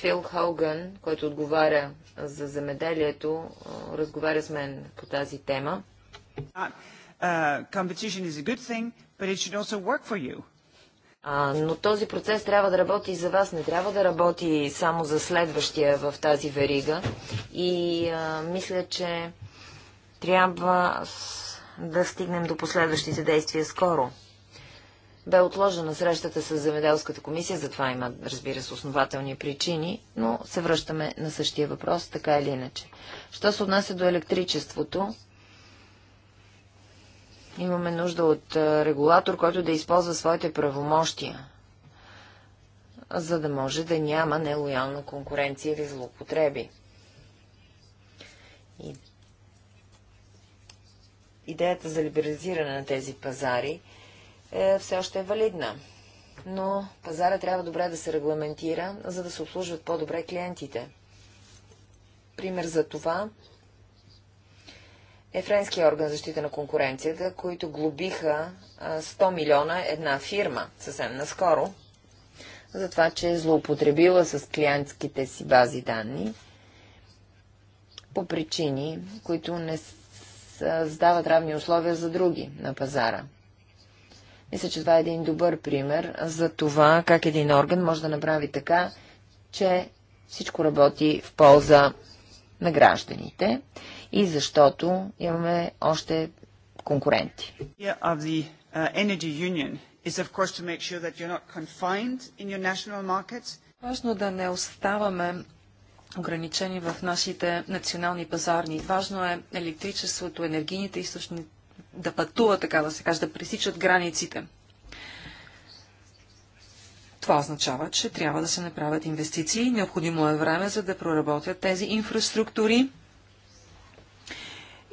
Фил Хоган, който отговаря за земеделието, разговаря с мен по тази тема. Uh, но този процес трябва да работи и за вас, не трябва да работи само за следващия в тази верига. И а, мисля, че трябва да стигнем до последващите действия скоро бе отложена срещата с Земеделската комисия, затова има, разбира се, основателни причини, но се връщаме на същия въпрос, така или иначе. Що се отнася до електричеството, имаме нужда от регулатор, който да използва своите правомощия, за да може да няма нелоялна конкуренция или злоупотреби. И... Идеята за либерализиране на тези пазари – е, все още е валидна. Но пазара трябва добре да се регламентира, за да се обслужват по-добре клиентите. Пример за това е френския орган за защита на конкуренцията, които глобиха 100 милиона една фирма съвсем наскоро, за това, че е злоупотребила с клиентските си бази данни по причини, които не създават равни условия за други на пазара. Мисля, че това е един добър пример за това, как един орган може да направи така, че всичко работи в полза на гражданите и защото имаме още конкуренти. Uh, Важно да не оставаме ограничени в нашите национални пазарни. Важно е електричеството, енергийните източници да пътуват, така да се каже, да пресичат границите. Това означава, че трябва да се направят инвестиции, необходимо е време, за да проработят тези инфраструктури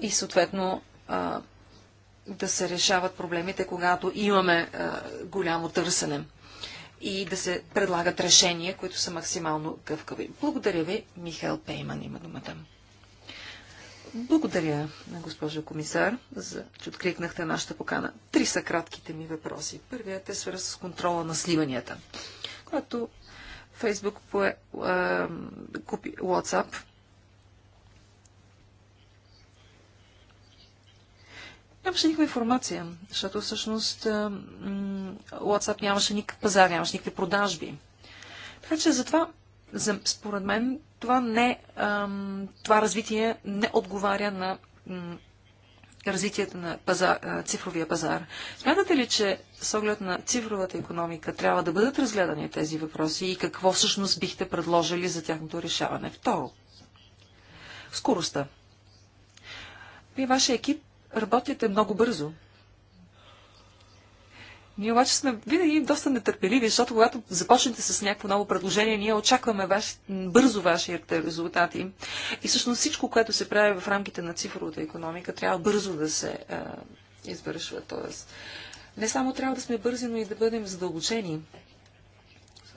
и съответно да се решават проблемите, когато имаме голямо търсене и да се предлагат решения, които са максимално гъвкави. Благодаря ви, Михаил Пейман има думата. Благодаря, госпожо комисар, за, че откликнахте нашата покана. Три са кратките ми въпроси. Първият е свърз с контрола на сливанията. Когато Фейсбук пое, е, купи WhatsApp, нямаше никаква информация, защото всъщност WhatsApp нямаше никакъв пазар, нямаше никакви продажби. Така че затова за, според мен това, не, ам, това развитие не отговаря на м, развитието на пазар, цифровия пазар. Смятате ли, че с оглед на цифровата економика трябва да бъдат разгледани тези въпроси и какво всъщност бихте предложили за тяхното решаване? Второ, скоростта. Вие, вашия екип, работите много бързо. Ние обаче сме винаги доста нетърпеливи, защото когато започнете с някакво ново предложение, ние очакваме ваш, бързо вашите резултати. И всъщност всичко, което се прави в рамките на цифровата економика, трябва бързо да се е, извършва. Тоест, не само трябва да сме бързи, но и да бъдем задълбочени.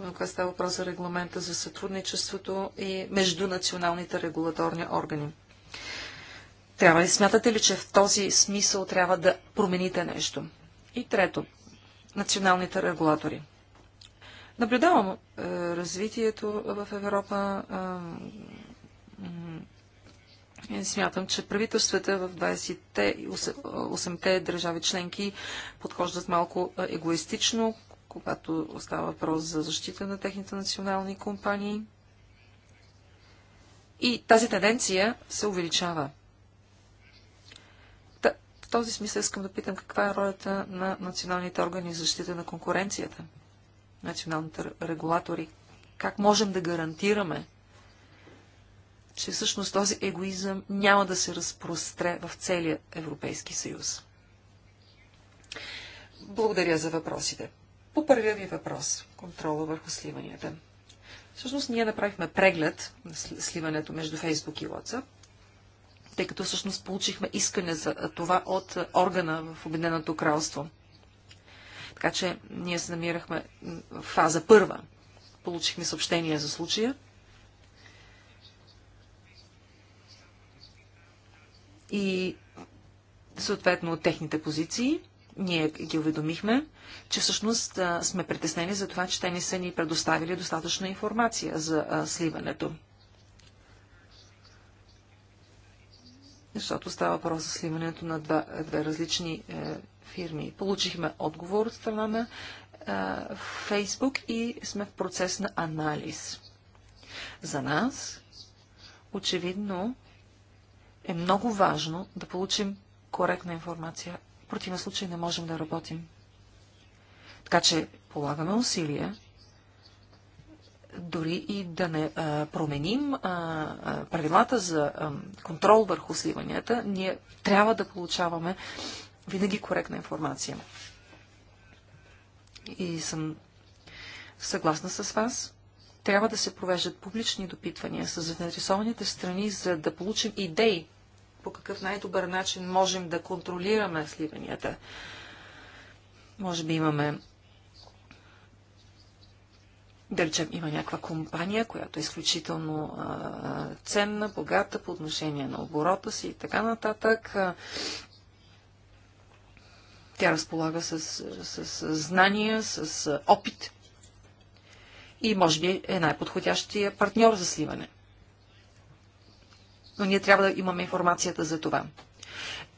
Тук става въпрос за регламента за сътрудничеството и междунационалните регулаторни органи. Трябва ли смятате ли, че в този смисъл трябва да промените нещо? И трето, националните регулатори. Наблюдавам е, развитието в Европа. Е, смятам, че правителствата в 28-те 8 държави членки подхождат малко е, егоистично, когато става въпрос за защита на техните национални компании. И тази тенденция се увеличава този смисъл искам да питам каква е ролята на националните органи за защита на конкуренцията, националните регулатори. Как можем да гарантираме, че всъщност този егоизъм няма да се разпростре в целия Европейски съюз? Благодаря за въпросите. По първия ви въпрос – контрола върху сливанията. Всъщност ние направихме преглед на сливането между Фейсбук и WhatsApp тъй като всъщност получихме искане за това от органа в Обединеното кралство. Така че ние се намирахме в фаза първа. Получихме съобщение за случая. И съответно от техните позиции ние ги уведомихме, че всъщност сме притеснени за това, че те не са ни предоставили достатъчна информация за сливането. защото става въпрос за сливането на два, две различни е, фирми. Получихме отговор от страна на е, Facebook и сме в процес на анализ. За нас, очевидно, е много важно да получим коректна информация. В противен случай не можем да работим. Така че полагаме усилия дори и да не а, променим а, а, правилата за а, контрол върху сливанията, ние трябва да получаваме винаги коректна информация. И съм съгласна с вас. Трябва да се провеждат публични допитвания с заинтересованите страни, за да получим идеи по какъв най-добър начин можем да контролираме сливанията. Може би имаме да речем, има някаква компания, която е изключително а, ценна, богата по отношение на оборота си и така нататък. Тя разполага с, с, с знания, с опит и може би е най-подходящия партньор за сливане. Но ние трябва да имаме информацията за това.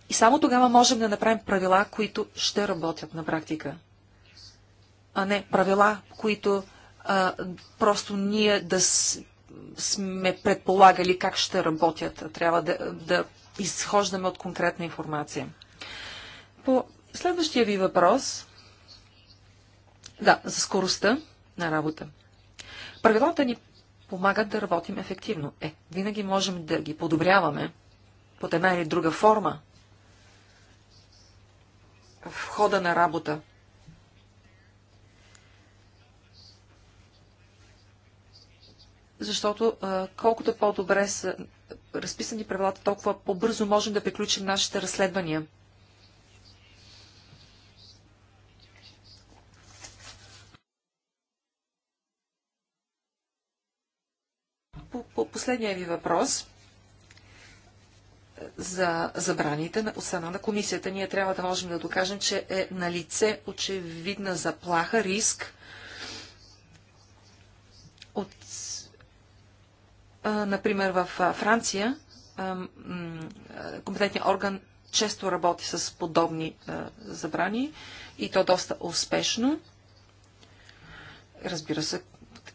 И само тогава можем да направим правила, които ще работят на практика, а не правила, които а, просто ние да сме предполагали как ще работят. Трябва да, да изхождаме от конкретна информация. По следващия ви въпрос, да, за скоростта на работа. Правилата ни помагат да работим ефективно. Е, винаги можем да ги подобряваме под една или друга форма в хода на работа. защото колкото по-добре са разписани правилата, толкова по-бързо можем да приключим нашите разследвания. По, последния ви въпрос за забраните на, от страна на комисията, ние трябва да можем да докажем, че е на лице очевидна заплаха, риск Например, в Франция компетентният орган често работи с подобни забрани и то доста успешно. Разбира се,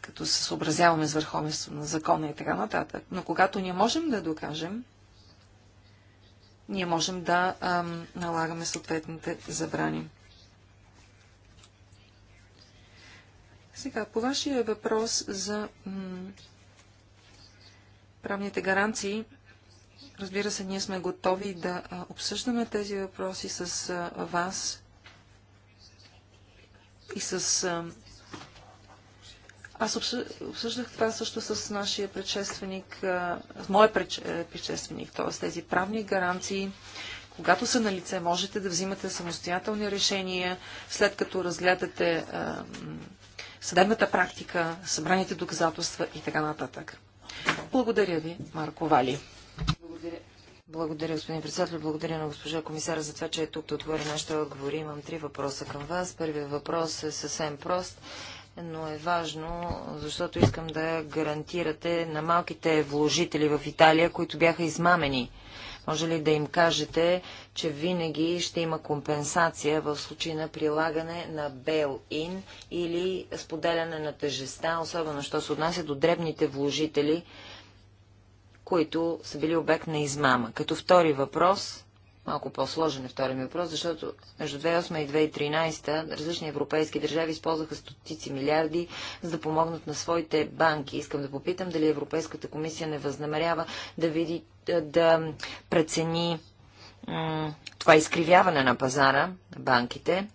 като се съобразяваме с върховенство на закона и така нататък. Но когато ние можем да докажем, ние можем да ам, налагаме съответните забрани. Сега, по вашия въпрос за правните гаранции, разбира се, ние сме готови да обсъждаме тези въпроси с вас и с... Аз обсъждах това също с нашия предшественик, с моят е, предшественик, т.е. тези правни гаранции. Когато са на лице, можете да взимате самостоятелни решения, след като разгледате съдебната практика, събраните доказателства и така нататък. Благодаря ви, Марко Вали. Благодаря. господин председател. Благодаря на госпожа комисара за това, че е тук да отговори нашите отговори. Имам три въпроса към вас. Първият въпрос е съвсем прост но е важно, защото искам да гарантирате на малките вложители в Италия, които бяха измамени може ли да им кажете, че винаги ще има компенсация в случай на прилагане на бейл-ин или споделяне на тъжеста, особено що се отнася до дребните вложители, които са били обект на измама? Като втори въпрос, Малко по-сложен е втори ми въпрос, защото между 2008 и 2013 различни европейски държави използваха стотици милиарди, за да помогнат на своите банки. Искам да попитам дали Европейската комисия не възнамерява да види, да прецени това изкривяване на пазара на банките,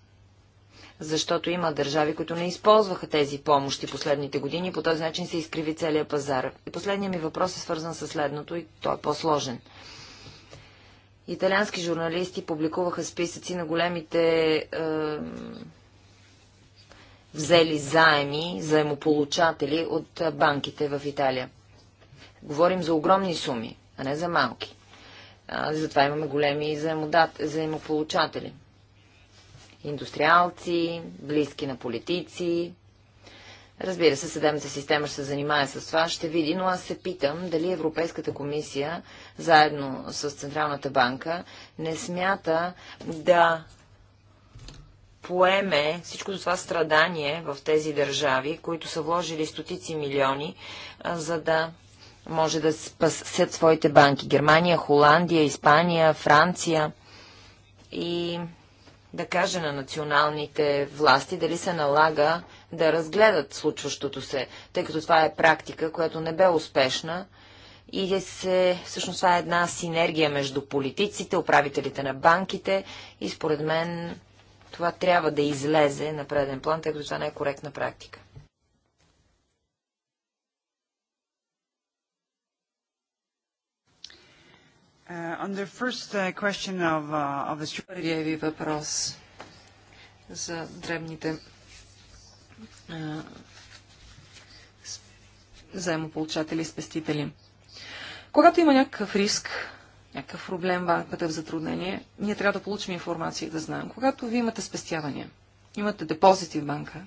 защото има държави, които не използваха тези помощи последните години и по този начин се изкриви целият пазар. И последният ми въпрос е свързан с следното и той е по-сложен италиански журналисти публикуваха списъци на големите е, взели заеми, заемополучатели от банките в Италия. Говорим за огромни суми, а не за малки. А, затова имаме големи заемодат, заемополучатели. Индустриалци, близки на политици, Разбира се, съдебната система ще се занимае с това, ще види, но аз се питам дали Европейската комисия, заедно с Централната банка, не смята да поеме всичкото това страдание в тези държави, които са вложили стотици милиони, за да може да спасят своите банки. Германия, Холандия, Испания, Франция и да каже на националните власти дали се налага да разгледат случващото се, тъй като това е практика, която не бе успешна и се, всъщност това е една синергия между политиците, управителите на банките и според мен това трябва да излезе на преден план, тъй като това не е коректна практика. Uh, uh, uh, Първия ви въпрос за дребните заемополучатели и спестители. Когато има някакъв риск, някакъв проблем, банката е в затруднение, ние трябва да получим информация и да знаем. Когато вие имате спестявания, имате депозити в банка,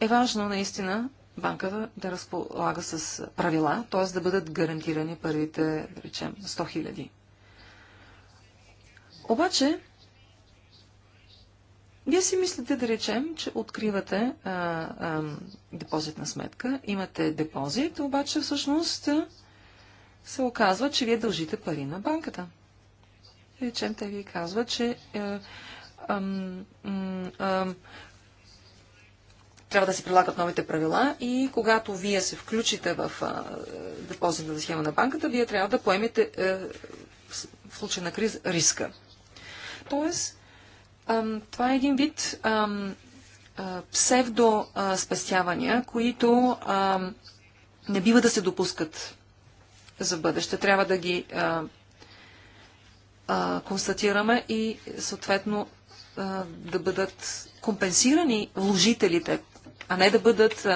е важно наистина банката да разполага с правила, т.е. да бъдат гарантирани първите, да речем, 100 хиляди. Обаче, вие си мислите, да речем, че откривате а, а, депозитна сметка, имате депозит, обаче всъщност се оказва, че вие дължите пари на банката. Да речем, те ви казват, че а, а, а, трябва да се прилагат новите правила и когато вие се включите в а, депозитната схема на банката, вие трябва да поемете а, е, в случай на криз риска. Тоест, това е един вид псевдоспестявания, които не бива да се допускат за бъдеще. Трябва да ги констатираме и съответно да бъдат компенсирани вложителите, а не да бъдат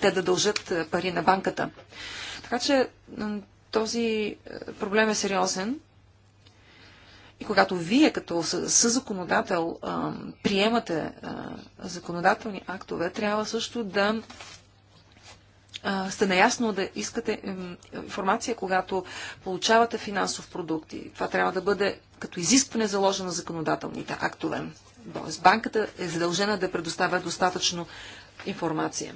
те да дължат пари на банката. Така че този проблем е сериозен и когато вие като съзаконодател приемате законодателни актове, трябва също да сте наясно да искате информация, когато получавате финансов продукт. И това трябва да бъде като изискване заложено на законодателните актове. Тоест банката е задължена да предоставя достатъчно информация.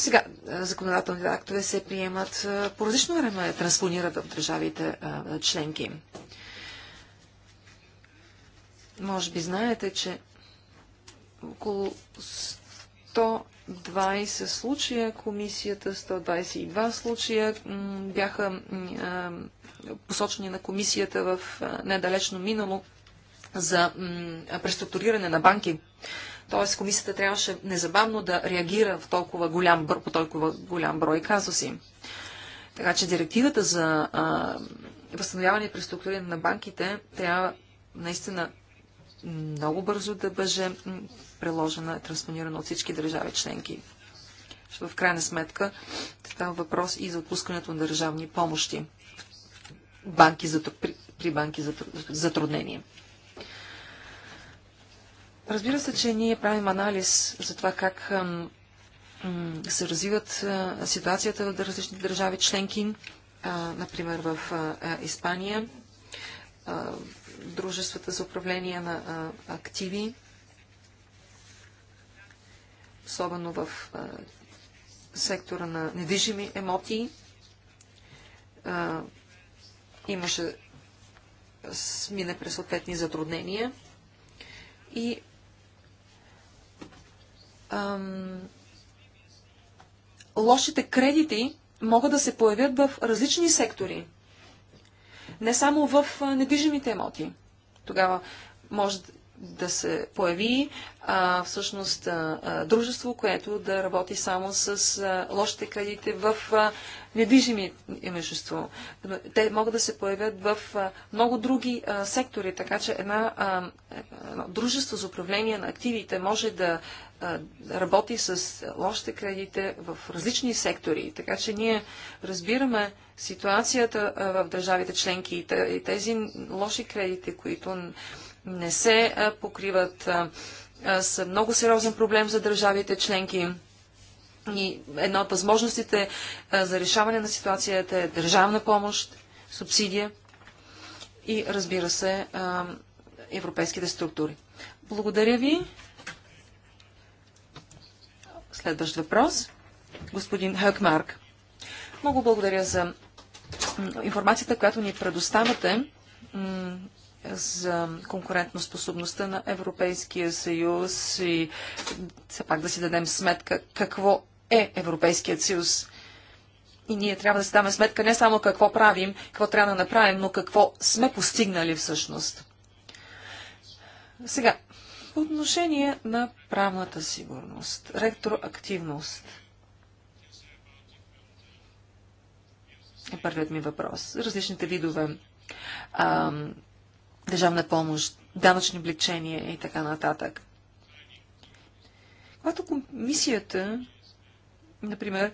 Сега, законодателните актове се приемат по различно време, транспонират в държавите членки. Може би знаете, че около 120 случая, комисията 122 случая бяха посочени на комисията в недалечно минало за преструктуриране на банки. Т.е. комисията трябваше незабавно да реагира в толкова голям, по толкова голям брой казуси. Така че директивата за а, възстановяване и преструктуриране на банките трябва наистина много бързо да бъде преложена и транспонирана от всички държави членки. В крайна сметка е въпрос и за отпускането на държавни помощи банки за, при, при банки за затруднение. Разбира се, че ние правим анализ за това как се развиват ситуацията в различните държави членки. Например, в Испания дружествата за управление на активи, особено в сектора на недвижими емоти, имаше смине през съответни затруднения и ам, лошите кредити могат да се появят в различни сектори. Не само в недвижимите имоти. Тогава може да се появи а, всъщност а, а, дружество, което да работи само с а, лошите кредити в а, недвижими имущество. Те могат да се появят в а, много други а, сектори, така че една, а, едно дружество за управление на активите може да работи с лошите кредите в различни сектори. Така че ние разбираме ситуацията в държавите членки и тези лоши кредити, които не се покриват, са много сериозен проблем за държавите членки. И една от възможностите за решаване на ситуацията е държавна помощ, субсидия и, разбира се, европейските структури. Благодаря ви. Следващ въпрос. Господин Хъкмарк. Много благодаря за информацията, която ни предоставяте за конкурентоспособността на Европейския съюз и все пак да си дадем сметка какво е Европейският съюз. И ние трябва да си даме сметка не само какво правим, какво трябва да направим, но какво сме постигнали всъщност. Сега, по отношение на правната сигурност, ректроактивност е първият ми въпрос. Различните видове а, държавна помощ, данъчни обличения и така нататък. Когато комисията, например,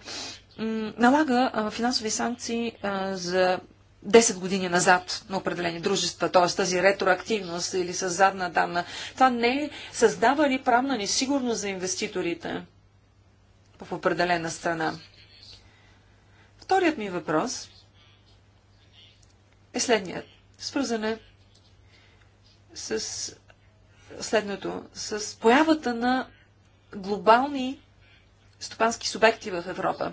налага финансови санкции за 10 години назад на определени дружества, т.е. тази ретроактивност или с задна данна, това не създава ли правна несигурност за инвеститорите в определена страна? Вторият ми въпрос е следният. Свързан е с следното, с появата на глобални стопански субекти в Европа.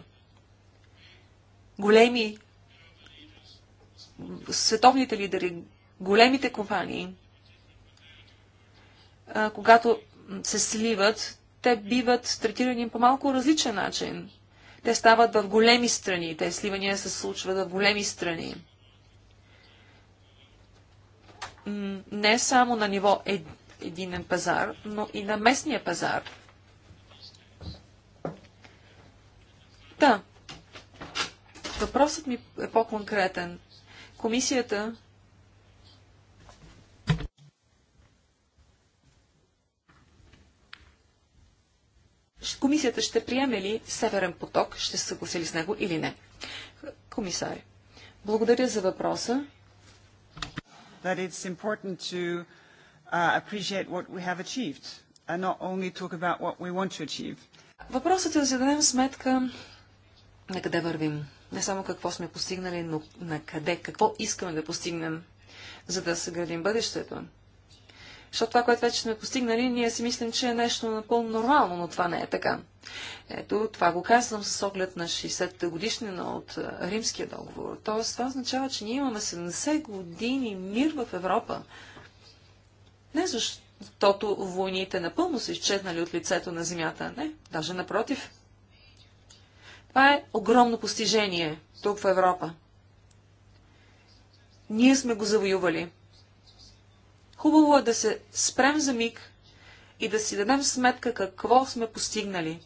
Големи световните лидери, големите компании, когато се сливат, те биват третирани по малко различен начин. Те стават в големи страни, те сливания се случват в големи страни. Не само на ниво е, единен пазар, но и на местния пазар. Да. Въпросът ми е по-конкретен комисията. Комисията ще приеме ли Северен поток, ще се съгласи ли с него или не? Комисар, благодаря за въпроса. To, uh, Въпросът е за да дадем сметка на къде вървим. Не само какво сме постигнали, но на къде, какво искаме да постигнем, за да съградим бъдещето. Защото това, което вече сме постигнали, ние си мислим, че е нещо напълно нормално, но това не е така. Ето, това го казвам с оглед на 60-та годишнина от Римския договор. Тоест, това означава, че ние имаме 70 години мир в Европа. Не защото войните напълно са изчезнали от лицето на земята, не, даже напротив. Това е огромно постижение тук в Европа. Ние сме го завоювали. Хубаво е да се спрем за миг и да си дадем сметка какво сме постигнали.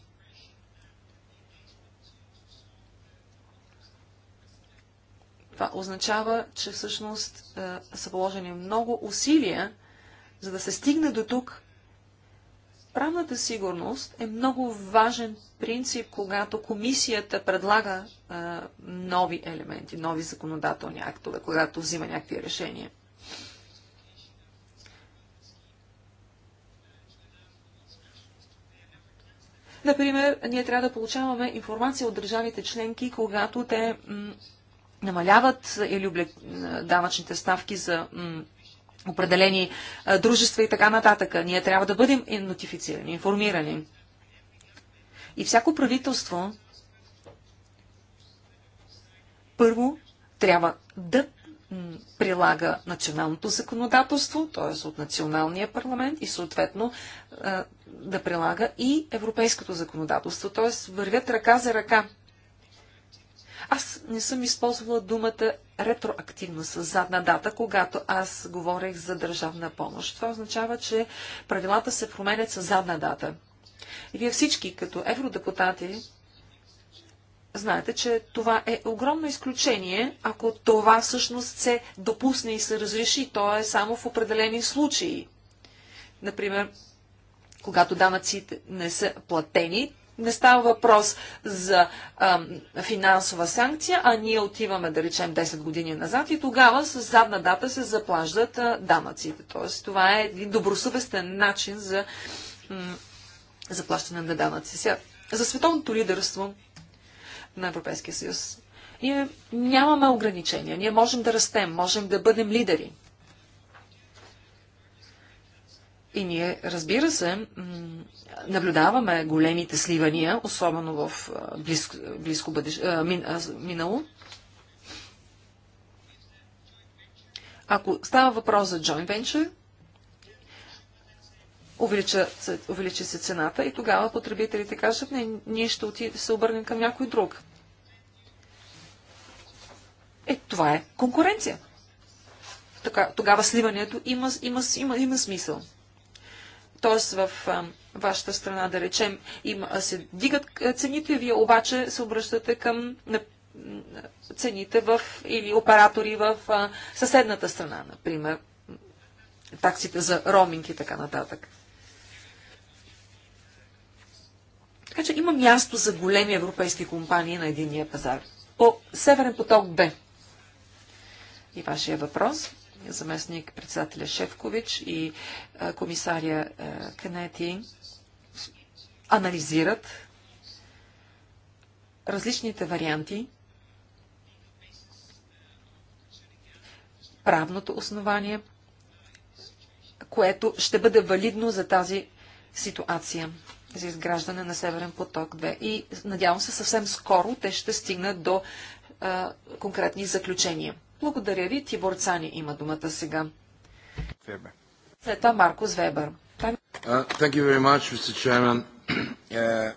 Това означава, че всъщност е, са положени много усилия, за да се стигне до тук Правната сигурност е много важен принцип, когато комисията предлага а, нови елементи, нови законодателни актове, когато взима някакви решения. Например, ние трябва да получаваме информация от държавите членки, когато те намаляват или облег... данъчните ставки за определени дружества и така нататък. Ние трябва да бъдем нотифицирани, информирани. И всяко правителство първо трябва да прилага националното законодателство, т.е. от националния парламент и съответно да прилага и европейското законодателство, т.е. вървят ръка за ръка. Аз не съм използвала думата ретроактивно с задна дата, когато аз говорех за държавна помощ. Това означава, че правилата се променят с задна дата. И вие всички, като евродепутати, знаете, че това е огромно изключение, ако това всъщност се допусне и се разреши. То е само в определени случаи. Например, когато данъците не са платени, не става въпрос за а, финансова санкция, а ние отиваме, да речем, 10 години назад и тогава с задна дата се заплаждат а, данъците. Тоест, това е един добросъвестен начин за заплащане на данъци. Сега, за световното лидерство на Европейския съюз ние нямаме ограничения. Ние можем да растем, можем да бъдем лидери. И ние, разбира се, наблюдаваме големите сливания, особено в близко, близко бъдеще, мин, минало. Ако става въпрос за joint venture, се, увеличи се цената и тогава потребителите кажат, не, ние ще оти, се обърнем към някой друг. Е, това е конкуренция. Така, тогава сливането има, има, има, има смисъл. Т.е. в а, вашата страна, да речем, им, се дигат цените, вие обаче се обръщате към на, цените в, или оператори в а, съседната страна, например, таксите за роминг и така нататък. Така че има място за големи европейски компании на единия пазар. По Северен поток Б. И вашия въпрос заместник председателя Шефкович и комисария Кенети анализират различните варианти, правното основание, което ще бъде валидно за тази ситуация за изграждане на Северен поток 2. И надявам се съвсем скоро те ще стигнат до а, конкретни заключения. Благодаря ви. Тибор Цани има думата сега. След това Маркус Вебер. Uh, uh,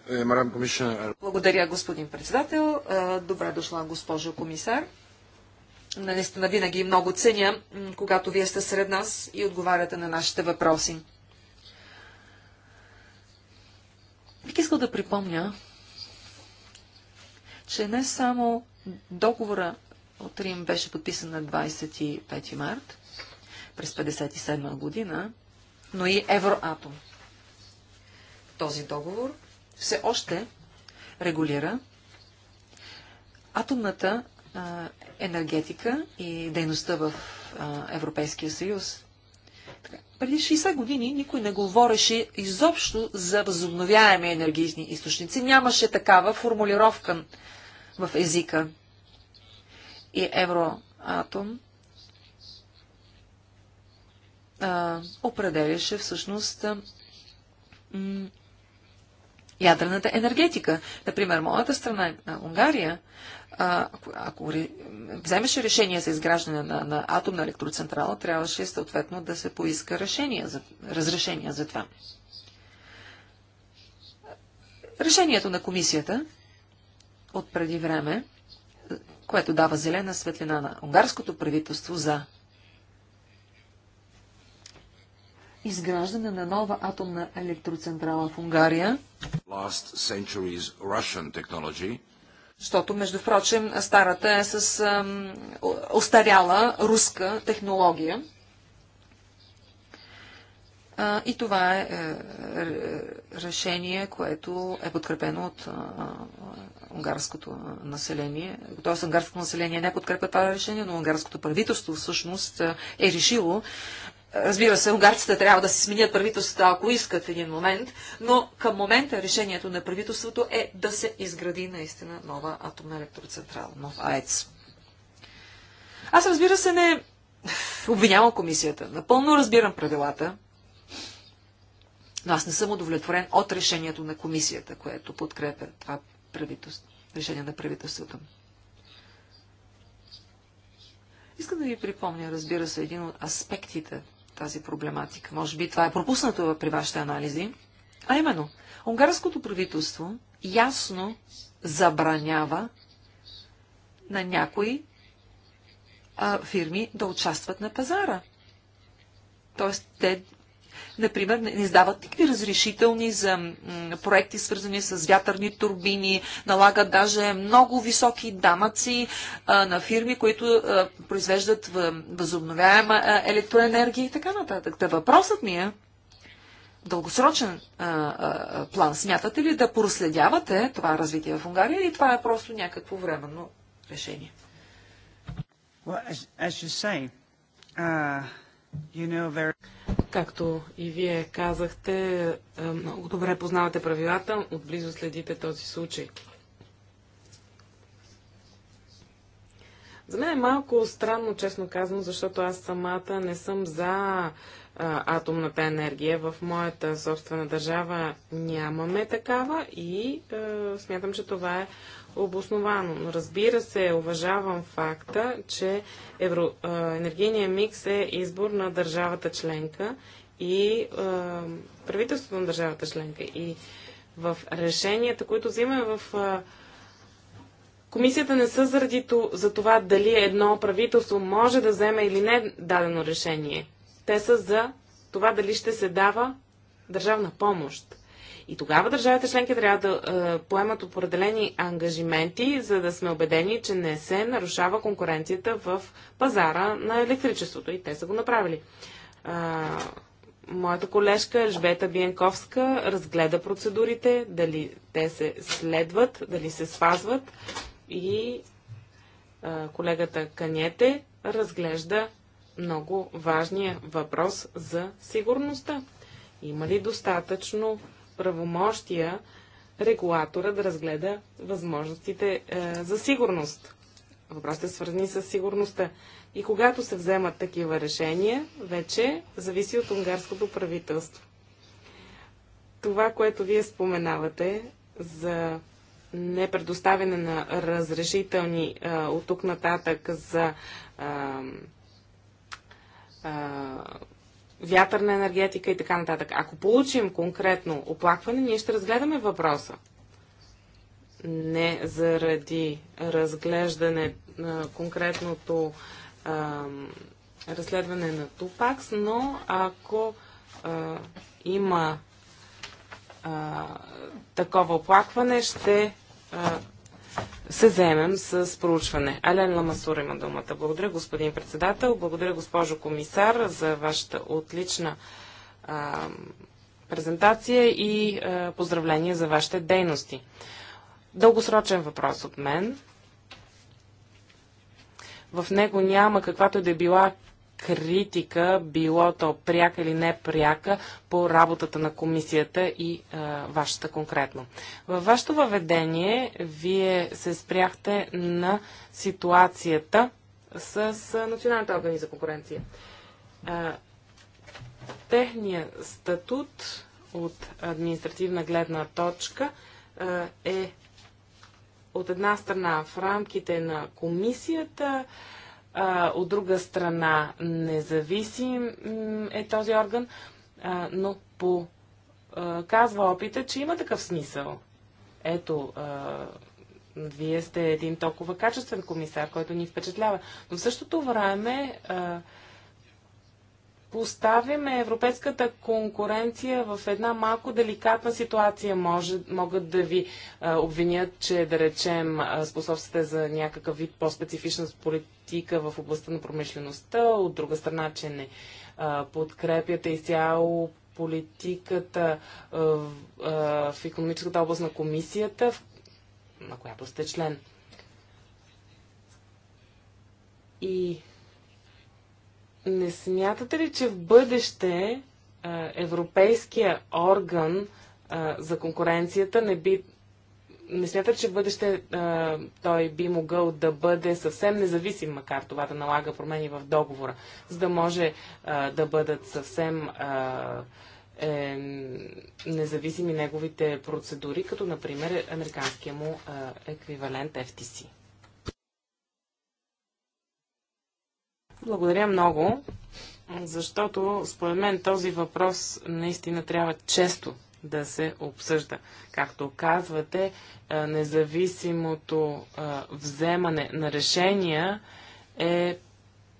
uh, Благодаря, господин председател. Добре дошла, госпожо комисар. Наистина винаги много ценя, когато вие сте сред нас и отговаряте на нашите въпроси. Бих искал да припомня, че не само договора от Рим беше подписан на 25 март през 1957 година, но и Евроатом. Този договор все още регулира атомната а, енергетика и дейността в а, Европейския съюз. Така, преди 60 години никой не говореше изобщо за възобновяеми енергийни източници. Нямаше такава формулировка в езика и Евроатом определяше всъщност ядрената енергетика. Например, моята страна, Унгария, ако, ако вземеше решение за изграждане на, на атомна електроцентрала, трябваше съответно да се поиска решение за, разрешение за това. Решението на комисията от преди време което дава зелена светлина на унгарското правителство за изграждане на нова атомна електроцентрала в Унгария, защото, между прочим, старата е с ам, остаряла руска технология. А, и това е, е, е решение, което е подкрепено от а, унгарското население, т.е. унгарското население не подкрепя това решение, но унгарското правителство всъщност е, е решило. Разбира се, унгарците трябва да се сменят правителството, ако искат в един момент, но към момента решението на правителството е да се изгради наистина нова атомна електроцентрала, нов АЕЦ. Аз разбира се не обвинявам комисията. Напълно разбирам правилата, но аз не съм удовлетворен от решението на комисията, което подкрепя това правителство, решение на правителството. Искам да ви припомня, разбира се, един от аспектите тази проблематика. Може би това е пропуснато при вашите анализи. А именно, унгарското правителство ясно забранява на някои а, фирми да участват на пазара. Тоест, те например, не издават никакви разрешителни за проекти, свързани с вятърни турбини, налагат даже много високи дамъци на фирми, които произвеждат възобновяема електроенергия и така нататък. Та въпросът ми е, дългосрочен а, а, план, смятате ли да проследявате това развитие в Унгария или това е просто някакво временно решение? Well, as, as you say, uh, you know very... Както и вие казахте, е, много добре познавате правилата, отблизо следите този случай. За мен е малко странно, честно казано, защото аз самата не съм за а, е, атомната енергия. В моята собствена държава нямаме такава и а, е, смятам, че това е обосновано. Но Разбира се, уважавам факта, че евро, енергийният микс е избор на държавата членка и е, правителството на държавата членка. И в решенията, които взимаме в комисията не са заради то, за това дали едно правителство може да вземе или не дадено решение. Те са за това дали ще се дава държавна помощ. И тогава държавите членки трябва да е, поемат определени ангажименти, за да сме убедени, че не се нарушава конкуренцията в пазара на електричеството. И те са го направили. Е, моята колежка Жбета Биенковска разгледа процедурите, дали те се следват, дали се спазват и е, колегата Канете разглежда много важния въпрос за сигурността. Има ли достатъчно правомощия регулатора да разгледа възможностите е, за сигурност. Въпросите свързани с сигурността. И когато се вземат такива решения, вече зависи от унгарското правителство. Това, което вие споменавате за непредоставяне на разрешителни е, от тук нататък за е, вятърна енергетика и така нататък. Ако получим конкретно оплакване, ние ще разгледаме въпроса. Не заради разглеждане на конкретното а, разследване на Тупакс, но ако а, има а, такова оплакване, ще а, се заемем с проучване. Ален Ламасур има думата. Благодаря, господин председател. Благодаря, госпожо комисар, за вашата отлична а, презентация и а, поздравления за вашите дейности. Дългосрочен въпрос от мен. В него няма каквато и да е била критика, било то пряка или непряка, по работата на комисията и а, вашата конкретно. Във вашето въведение вие се спряхте на ситуацията с Националната органи за конкуренция. А, техният статут от административна гледна точка а, е от една страна в рамките на комисията, а, а, от друга страна независим е този орган, а, но по, а, казва опита, че има такъв смисъл. Ето, а, вие сте един толкова качествен комисар, който ни впечатлява. Но в същото време а, поставяме европейската конкуренция в една малко деликатна ситуация. Може, могат да ви а, обвинят, че да речем способствате за някакъв вид по-специфична политика политика в областта на промишлеността, от друга страна, че не подкрепяте изцяло политиката в економическата област на комисията, на която сте член. И не смятате ли, че в бъдеще Европейския орган за конкуренцията не би не смятате, че в бъдеще а, той би могъл да бъде съвсем независим, макар това да налага промени в договора, за да може а, да бъдат съвсем а, е, независими неговите процедури, като например американския му а, еквивалент FTC? Благодаря много, защото според мен този въпрос наистина трябва често да се обсъжда. Както казвате, независимото вземане на решения е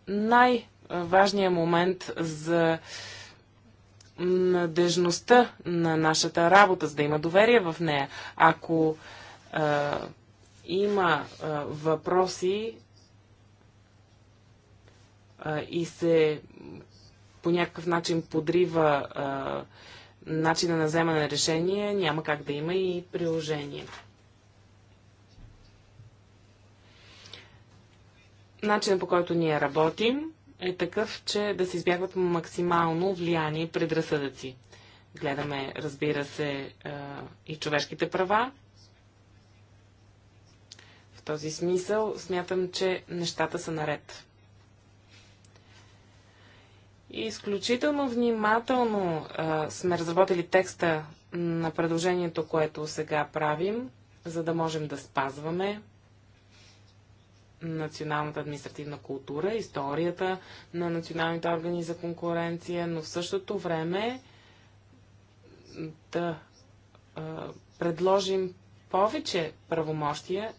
най-важният момент за надежността на нашата работа, за да има доверие в нея. Ако а, има а, въпроси а, и се по някакъв начин подрива а, начина на вземане на решение, няма как да има и приложение. Начинът по който ние работим е такъв, че да се избягват максимално влияние и предразсъдъци. Гледаме, разбира се, и човешките права. В този смисъл смятам, че нещата са наред. Изключително внимателно а, сме разработили текста на предложението, което сега правим, за да можем да спазваме националната административна култура, историята на националните органи за конкуренция, но в същото време да а, предложим повече правомощия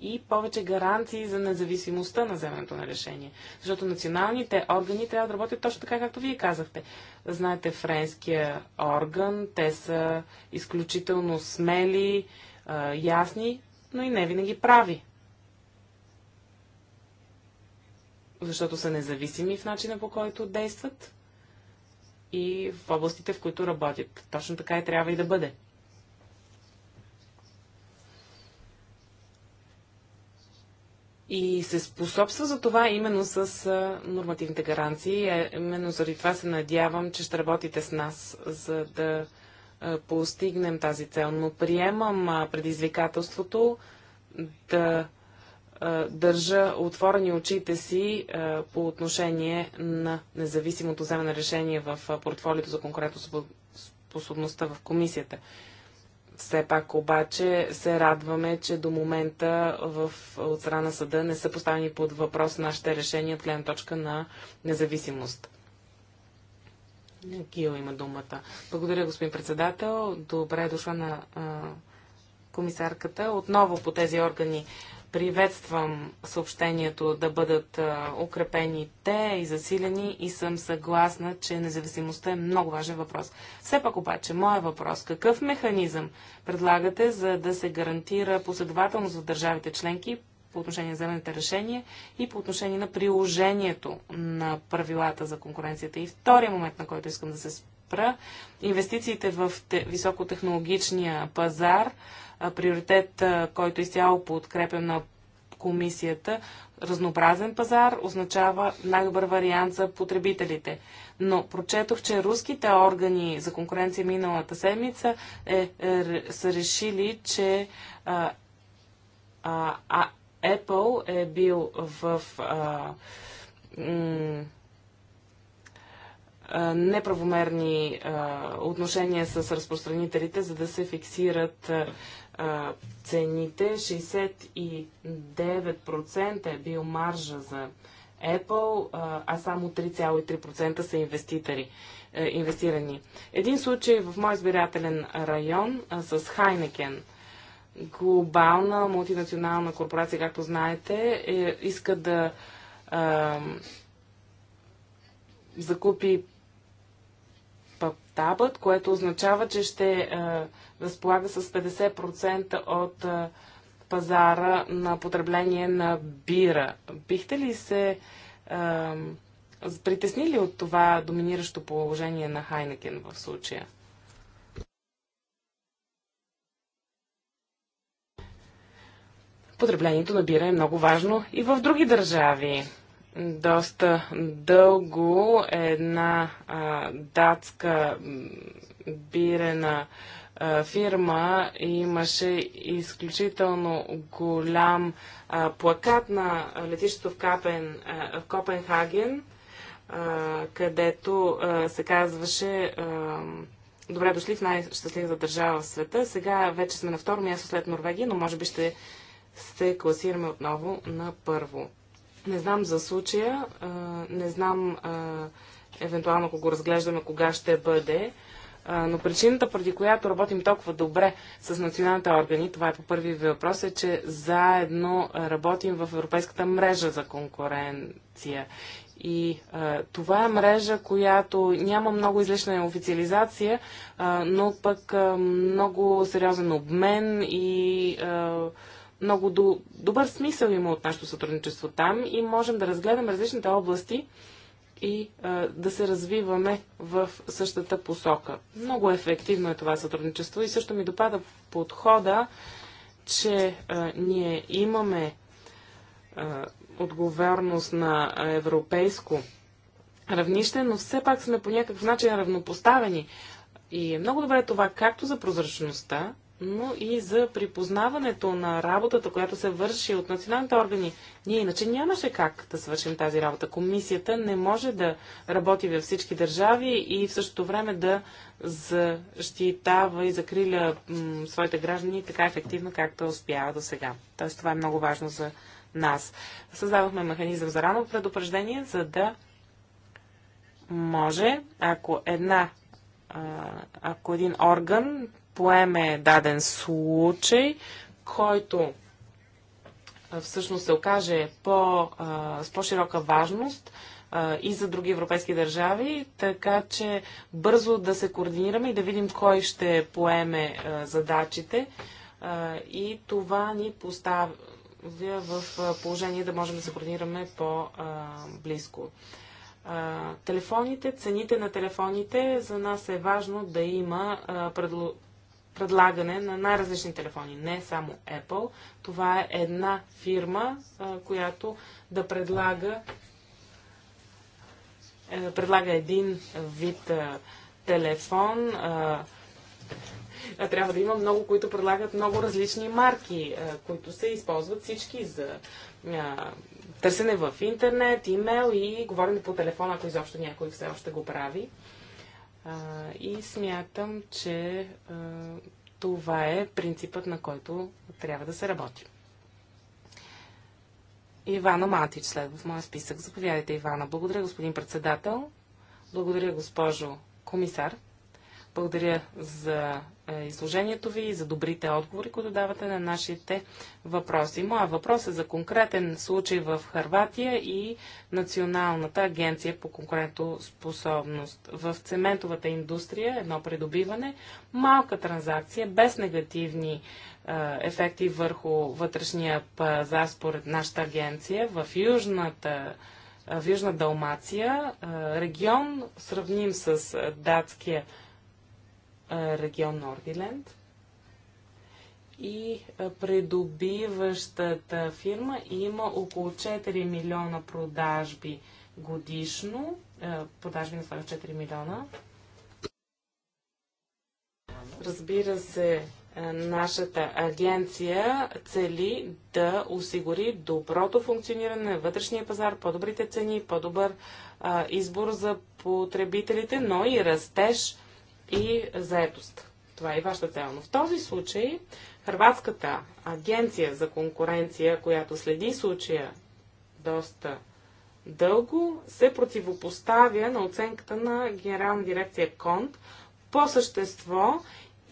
и повече гаранции за независимостта на вземането на решение. Защото националните органи трябва да работят точно така, както вие казахте. Знаете, френския орган, те са изключително смели, ясни, но и не винаги прави. Защото са независими в начина по който действат и в областите, в които работят. Точно така и трябва и да бъде. и се способства за това именно с нормативните гаранции. Е, именно заради това се надявам, че ще работите с нас, за да постигнем тази цел. Но приемам предизвикателството да държа отворени очите си по отношение на независимото вземане решение в портфолиото за конкретно способността в комисията. Все пак обаче се радваме, че до момента в, от страна на съда не са поставени под въпрос нашите решения от гледна точка на независимост. Кио има думата. Благодаря, господин председател. Добре е дошла на а, комисарката. Отново по тези органи приветствам съобщението да бъдат укрепени те и засилени и съм съгласна, че независимостта е много важен въпрос. Все пак обаче, моят въпрос, какъв механизъм предлагате, за да се гарантира последователност в държавите членки по отношение на вземаните решения и по отношение на приложението на правилата за конкуренцията? И втория момент, на който искам да се спра, инвестициите в високотехнологичния пазар – приоритет, който изцяло подкрепям на комисията. Разнообразен пазар означава най-добър вариант за потребителите. Но прочетох, че руските органи за конкуренция миналата седмица е, е, са решили, че а, а, а, Apple е бил в а, неправомерни а, отношения с разпространителите, за да се фиксират а, цените. 69% е бил маржа за Apple, а само 3,3% са инвеститори, е, инвестирани. Един случай в мой избирателен район с Хайнекен глобална мултинационална корпорация, както знаете, е, иска да е, закупи Паптабът, което означава, че ще е, разполага с 50% от пазара на потребление на бира. Бихте ли се а, притеснили от това доминиращо положение на Хайнекен в случая? Потреблението на бира е много важно и в други държави. Доста дълго една а, датска бирена а, фирма имаше изключително голям плакат на летището в, Капен, в Копенхаген, където се казваше Добре дошли в най-щастливата държава в света. Сега вече сме на второ място след Норвегия, но може би ще се класираме отново на първо. Не знам за случая, не знам евентуално ако го разглеждаме кога ще бъде, но причината, преди която работим толкова добре с националните органи, това е по първи въпрос, е, че заедно работим в Европейската мрежа за конкуренция. И а, това е мрежа, която няма много излишна официализация, а, но пък а, много сериозен обмен и а, много до, добър смисъл има от нашето сътрудничество там и можем да разгледам различните области, и а, да се развиваме в същата посока. Много ефективно е това сътрудничество и също ми допада подхода, че а, ние имаме а, отговорност на европейско равнище, но все пак сме по някакъв начин равнопоставени. И е много добре това както за прозрачността, но и за припознаването на работата, която се върши от националните органи. Ние иначе нямаше как да свършим тази работа. Комисията не може да работи във всички държави и в същото време да защитава и закриля своите граждани така ефективно, както успява до сега. Тоест това е много важно за нас. Създавахме механизъм за рано предупреждение, за да може, ако една ако един орган поеме даден случай, който всъщност се окаже по, с по-широка важност и за други европейски държави, така че бързо да се координираме и да видим кой ще поеме задачите. И това ни поставя в положение да можем да се координираме по-близко. Телефоните, цените на телефоните, за нас е важно да има предлагане на най-различни телефони, не само Apple. Това е една фирма, която да предлага, е, да предлага един вид телефон. Трябва да има много, които предлагат много различни марки, които се използват всички за търсене в интернет, имейл и говорене по телефона, ако изобщо някой все още го прави. А, и смятам, че а, това е принципът, на който трябва да се работи. Ивана Матич следва в моя списък. Заповядайте, Ивана. Благодаря, господин председател. Благодаря, госпожо комисар. Благодаря за е, изложението ви и за добрите отговори, които давате на нашите въпроси. Моя въпрос е за конкретен случай в Харватия и Националната агенция по конкурентоспособност. В цементовата индустрия едно придобиване, малка транзакция без негативни е, ефекти върху вътрешния пазар според нашата агенция в южната в Южна Далмация, е, регион сравним с датския регион Нордиленд и придобиващата фирма има около 4 милиона продажби годишно, продажби на 4 милиона. Разбира се, нашата агенция цели да осигури доброто функциониране на вътрешния пазар, по-добрите цени, по-добър избор за потребителите, но и растеж и заетост. Това е и вашата цел. Но в този случай Хрватската агенция за конкуренция, която следи случая доста дълго, се противопоставя на оценката на Генерална дирекция КОНТ по същество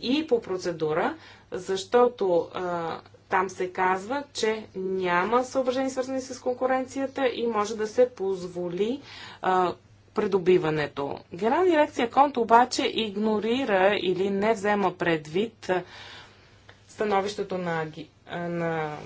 и по процедура, защото а, там се казва, че няма съображения свързани с конкуренцията и може да се позволи а, придобиването. Генерална дирекция Конт обаче игнорира или не взема предвид становището на, на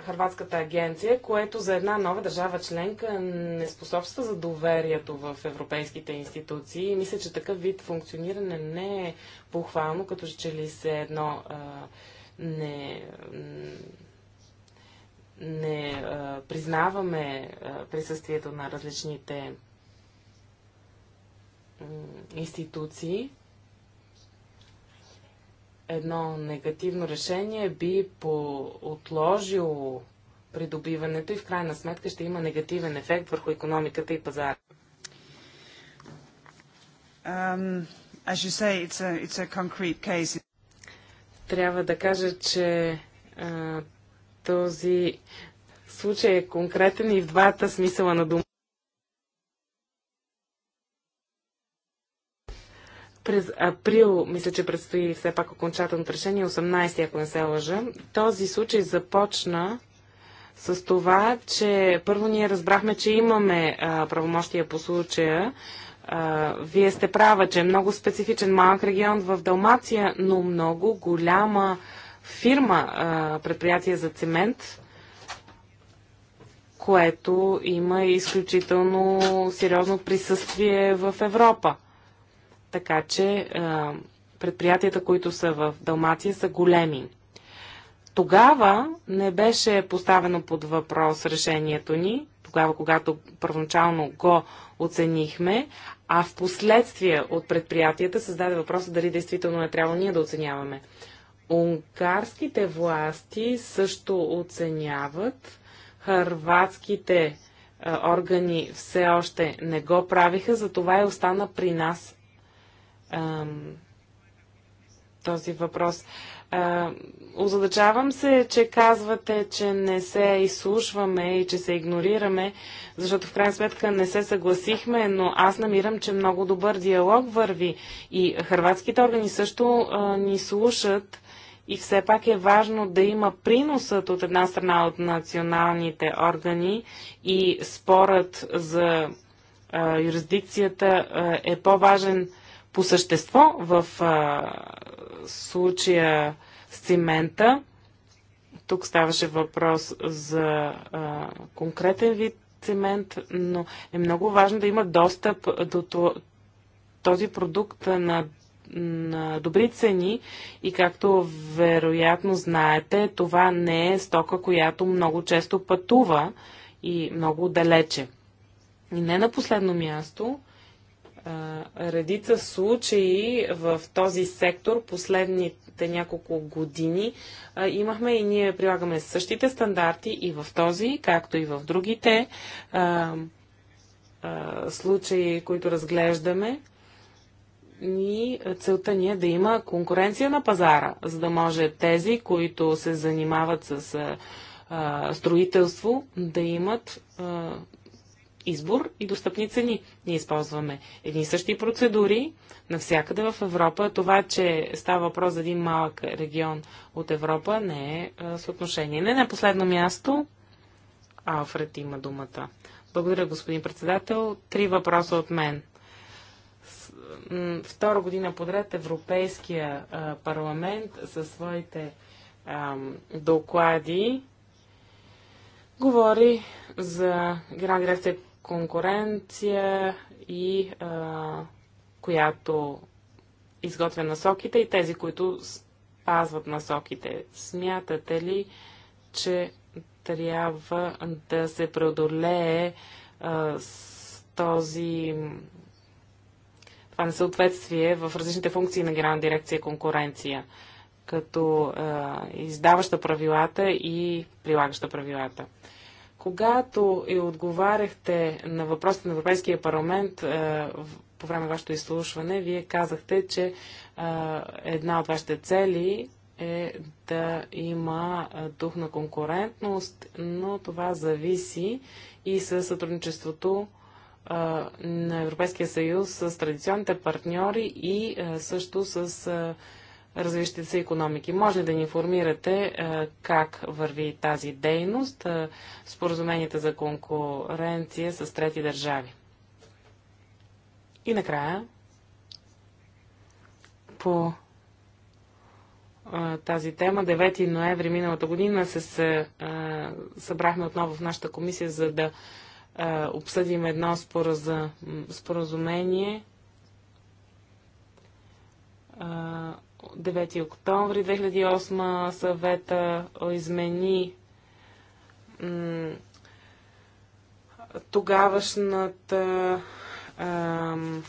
Харватската агенция, което за една нова държава членка не способства за доверието в европейските институции. И мисля, че такъв вид функциониране не е похвално, като че ли се едно а, не, не а, признаваме а, присъствието на различните институции, едно негативно решение би отложило придобиването и в крайна сметка ще има негативен ефект върху економиката и пазара. Um, Трябва да кажа, че а, този случай е конкретен и в двата смисъла на дума. През април, мисля, че предстои все пак окончателното решение, 18, ако не се лъжа. Този случай започна с това, че първо ние разбрахме, че имаме правомощия по случая. А, вие сте права, че е много специфичен малък регион в Далмация, но много голяма фирма, а, предприятие за цемент, което има изключително сериозно присъствие в Европа. Така че а, предприятията, които са в Далмация, са големи. Тогава не беше поставено под въпрос решението ни, тогава, когато първоначално го оценихме, а в последствие от предприятията създаде въпроса дали действително не трябва ние да оценяваме. Унгарските власти също оценяват, хърватските органи все още не го правиха, затова и остана при нас този въпрос. озадачавам се, че казвате, че не се изслушваме и че се игнорираме, защото в крайна сметка не се съгласихме, но аз намирам, че много добър диалог върви и хрватските органи също а, ни слушат и все пак е важно да има приносът от една страна от националните органи и спорът за а, юрисдикцията а, е по-важен по същество в а, случая с цимента. Тук ставаше въпрос за а, конкретен вид цимент, но е много важно да има достъп до този продукт на, на добри цени и както вероятно знаете, това не е стока, която много често пътува и много далече. И не на последно място, редица случаи в този сектор последните няколко години а, имахме и ние прилагаме същите стандарти и в този, както и в другите а, случаи, които разглеждаме. И целта ни е да има конкуренция на пазара, за да може тези, които се занимават с строителство, да имат избор и достъпни цени. Ние използваме едни и същи процедури навсякъде в Европа. Това, че става въпрос за един малък регион от Европа, не е съотношение. Не на последно място, Алфред има думата. Благодаря, господин председател. Три въпроса от мен. Втора година подред Европейския парламент със своите доклади говори за генерална дирекция конкуренция и а, която изготвя насоките и тези, които спазват насоките. Смятате ли, че трябва да се преодолее а, с този това несъответствие в различните функции на Генерална дирекция конкуренция, като а, издаваща правилата и прилагаща правилата? Когато и отговаряхте на въпросите на Европейския парламент е, по време на вашето изслушване, вие казахте, че е, една от вашите цели е да има е, дух на конкурентност, но това зависи и със сътрудничеството на Европейския съюз с традиционните партньори и също с развиващите се економики. Може ли да ни информирате е, как върви тази дейност, е, споразуменията за конкуренция с трети държави? И накрая, по е, тази тема. 9 ноември миналата година се, а, събрахме отново в нашата комисия, за да а, обсъдим едно споразумение а, 9 октомври 2008 съвета измени тогавашната ам,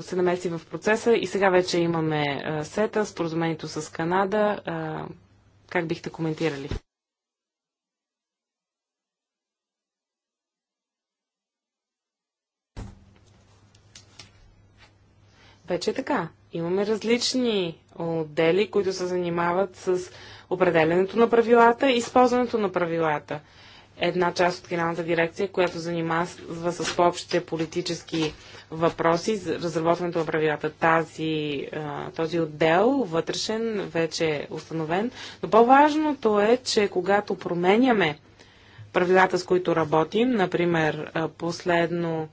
се намеси в процеса и сега вече имаме сета, споразумението с Канада. Как бихте коментирали? вече е така. Имаме различни отдели, които се занимават с определенето на правилата и използването на правилата. Една част от генералната дирекция, която занимава с общите политически въпроси, разработването на правилата. Тази, този отдел, вътрешен, вече е установен. Но по-важното е, че когато променяме правилата, с които работим, например, последно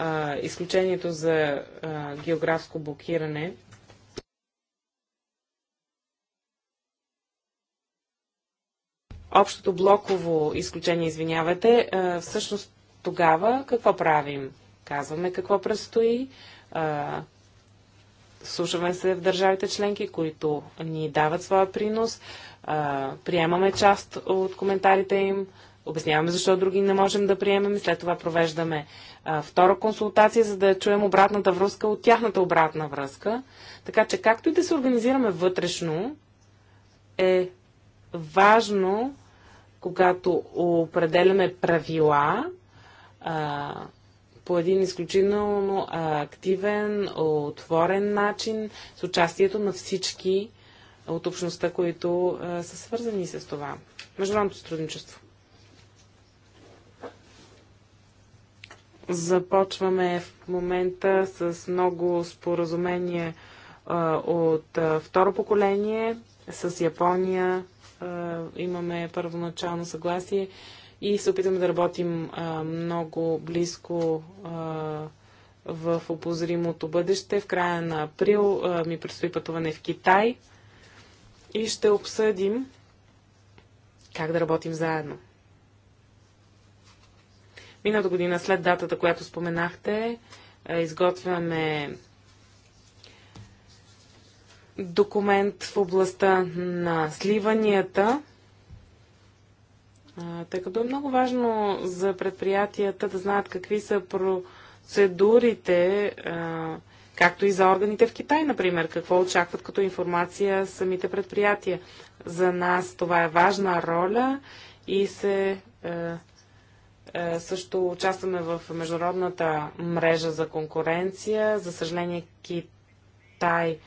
а, изключението за а, географско блокиране. Общото блоково изключение, извинявате, а, всъщност тогава какво правим? Казваме какво предстои, а, слушаме се в държавите членки, които ни дават своя принос, приемаме част от коментарите им, обясняваме защо други не можем да приемем. След това провеждаме а, втора консултация, за да чуем обратната връзка от тяхната обратна връзка. Така че както и да се организираме вътрешно, е важно, когато определяме правила, а, по един изключително активен, отворен начин с участието на всички от общността, които а, са свързани с това. Международното сътрудничество. Започваме в момента с много споразумение а, от а, второ поколение с Япония. А, имаме първоначално съгласие и се опитаме да работим много близко в опозримото бъдеще. В края на април ми предстои пътуване в Китай и ще обсъдим как да работим заедно. Миналата година, след датата, която споменахте, е, изготвяме документ в областта на сливанията, тъй като е много важно за предприятията да знаят какви са процедурите, както и за органите в Китай, например, какво очакват като информация самите предприятия. За нас това е важна роля и се е, е, също участваме в международната мрежа за конкуренция. За съжаление, Китай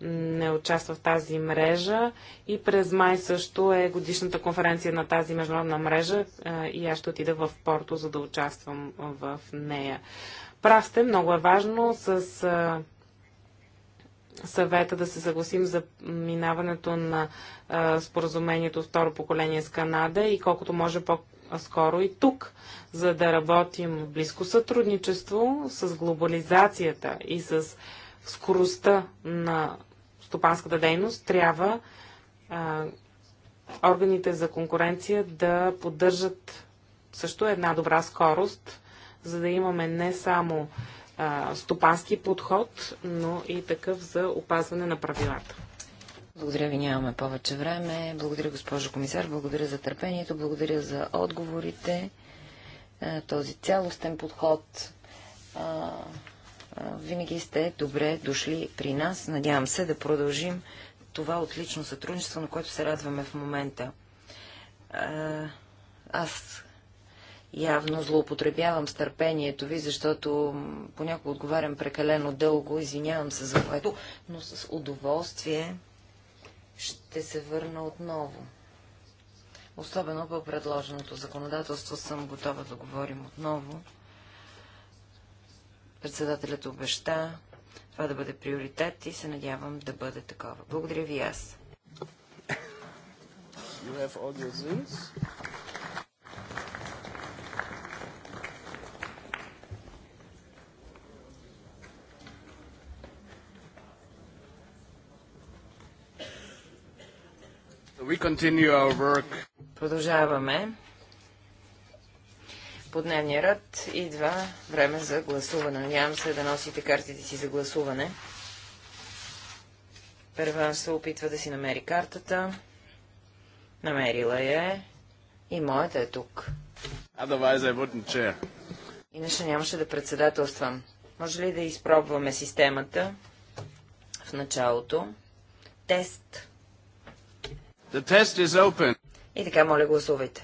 не участва в тази мрежа. И през май също е годишната конференция на тази международна мрежа е, и аз ще отида в Порто, за да участвам в нея. Прав сте, много е важно с е, съвета да се съгласим за минаването на а, споразумението второ поколение с Канада и колкото може по- скоро и тук, за да работим в близко сътрудничество с глобализацията и с скоростта на стопанската дейност, трябва а, органите за конкуренция да поддържат също една добра скорост, за да имаме не само а, стопански подход, но и такъв за опазване на правилата. Благодаря ви, нямаме повече време. Благодаря, госпожо комисар, благодаря за търпението, благодаря за отговорите, е, този цялостен подход. Е, е, винаги сте добре дошли при нас. Надявам се да продължим това отлично сътрудничество, на което се радваме в момента. Аз явно злоупотребявам с търпението ви, защото понякога отговарям прекалено дълго, извинявам се за което, но с удоволствие ще се върна отново. Особено по предложеното законодателство съм готова да говорим отново. Председателят обеща това да бъде приоритет и се надявам да бъде такова. Благодаря ви аз. You have all your Продължаваме. По дневния ред идва време за гласуване. Надявам се да носите картите си за гласуване. Първа се опитва да си намери картата. Намерила я е. И моята е тук. Иначе нямаше да председателствам. Може ли да изпробваме системата в началото? Тест. The test is open. И така, моля, гласувайте.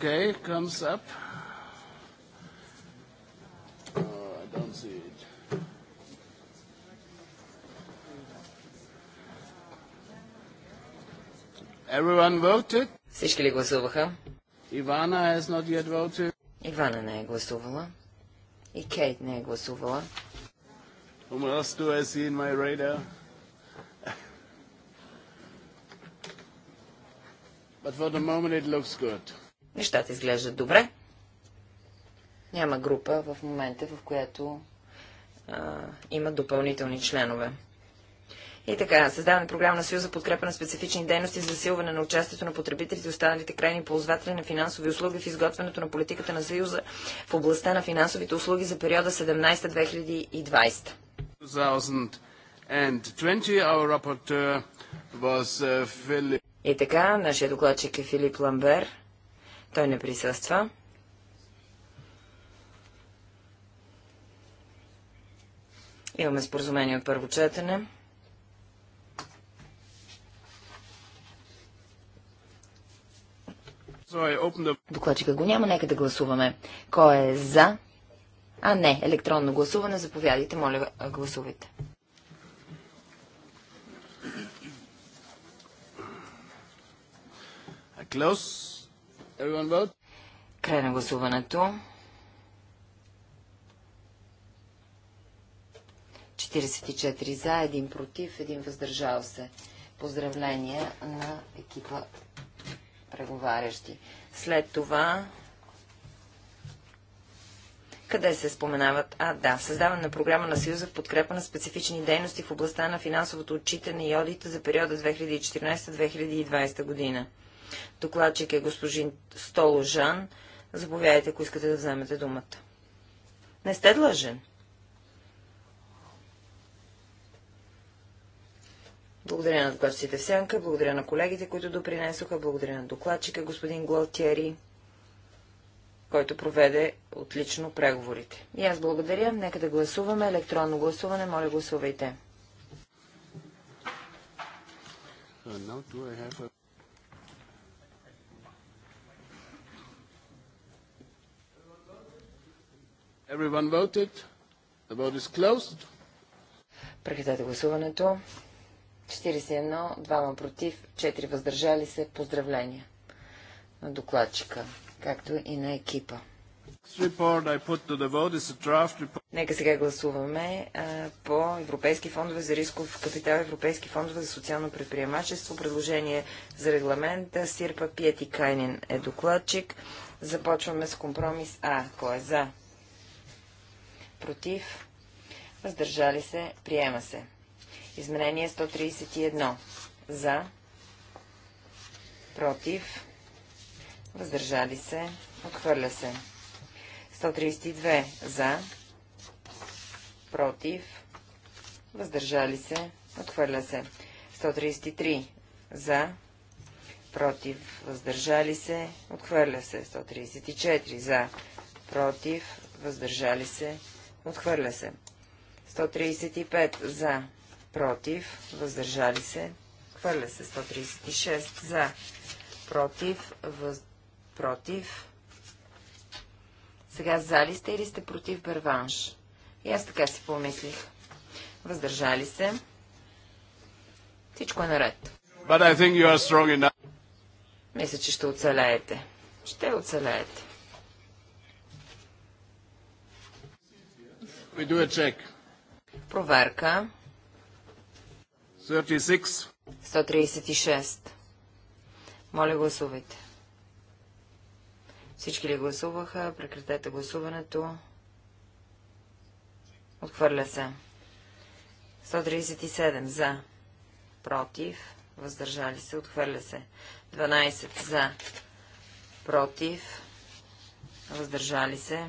Okay, comes up. Oh, I don't see it. Everyone voted? Всички ли гласуваха? Ивана has not yet voted. Ивана не е гласувала. И Кейт не е гласувала. Whom else do I see in my radar? But for the moment it looks good. Нещата изглеждат добре. Няма група в момента, в която а, има допълнителни членове. И така, създаване програма на Съюза подкрепа на специфични дейности за засилване на участието на потребителите и останалите крайни ползватели на финансови услуги в изготвянето на политиката на Съюза в областта на финансовите услуги за периода 17-2020. 2020 our rapporteur was uh, Philip. И така, нашия докладчик е Филип Ламбер. Той не присъства. Имаме споразумение от първо четене. Докладчика го няма, нека да гласуваме. Кой е за? А не, електронно гласуване, заповядайте, моля, гласувайте. Край на гласуването. 44 за, 1 против, 1 въздържал се. Поздравления на екипа преговарящи. След това къде се споменават? А, да, създаване на програма на Съюза в подкрепа на специфични дейности в областта на финансовото отчитане и одита за периода 2014-2020 година. Докладчик е госпожин Столожан. Заповядайте, ако искате да вземете думата. Не сте длъжен. Благодаря на гостите в Сянка, благодаря на колегите, които допринесоха, благодаря на докладчика господин Глотиери, който проведе отлично преговорите. И аз благодаря. Нека да гласуваме. Електронно гласуване. Моля, гласувайте. Uh, Прекратете гласуването. 41, 2 против, 4 въздържали се. Поздравления на докладчика, както и на екипа. Нека сега гласуваме а, по Европейски фондове за рисков капитал, Европейски фондове за социално предприемачество. Предложение за регламента. Сирпа Пиети Кайнин е докладчик. Започваме с компромис А. Кой е за? Против? Въздържали се? Приема се. Изменение 131. За. Против. Въздържали се. Отхвърля се. 132. За. Против. Въздържали се. Отхвърля се. 133. За. Против. Въздържали се. Отхвърля се. 134. За. Против. Въздържали се. Отхвърля се. 135. За против, въздържали се, хвърля се 136 за, против, въз... против. Сега за ли сте или сте против Берванш? И аз така си помислих. Въздържали се. Всичко е наред. But I think you are strong enough. Мисля, че ще оцелеете. Ще оцелеете. We do a check. Проверка. 136. Моля, гласувайте. Всички ли гласуваха? Прекратете гласуването. Отхвърля се. 137 за. Против. Въздържали се. Отхвърля се. 12 за. Против. Въздържали се.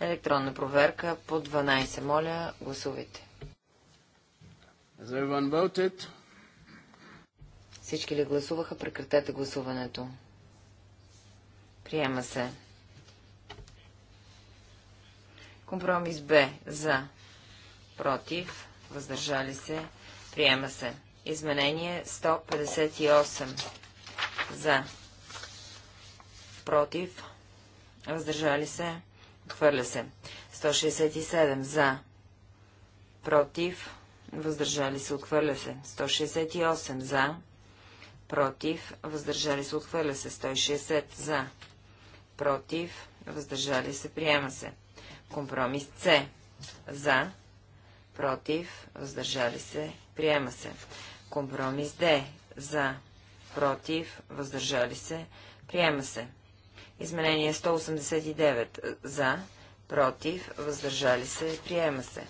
Електронна проверка по 12. Моля, гласувайте. Всички ли гласуваха? Прекратете гласуването. Приема се. Компромис Б. За. Против. Въздържали се. Приема се. Изменение 158. За. Против. Въздържали се. Отхвърля се. 167. За. Против въздържали се, отхвърля се. 168 за, против, въздържали се, отхвърля се. 160 за, против, въздържали се, приема се. Компромис С. За, против, въздържали се, приема се. Компромис Д. За, против, въздържали се, приема се. Изменение 189. За, против, въздържали се, приема се.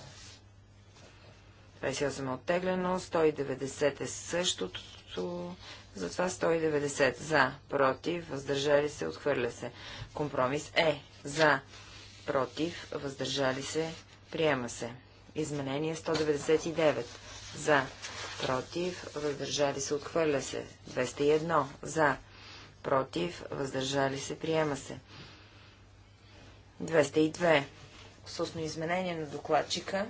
28 е оттеглено, 190 е същото, затова 190 за, против, въздържали се, отхвърля се. Компромис е за, против, въздържали се, приема се. Изменение 199 за, против, въздържали се, отхвърля се. 201 за, против, въздържали се, приема се. 202 с изменение на докладчика.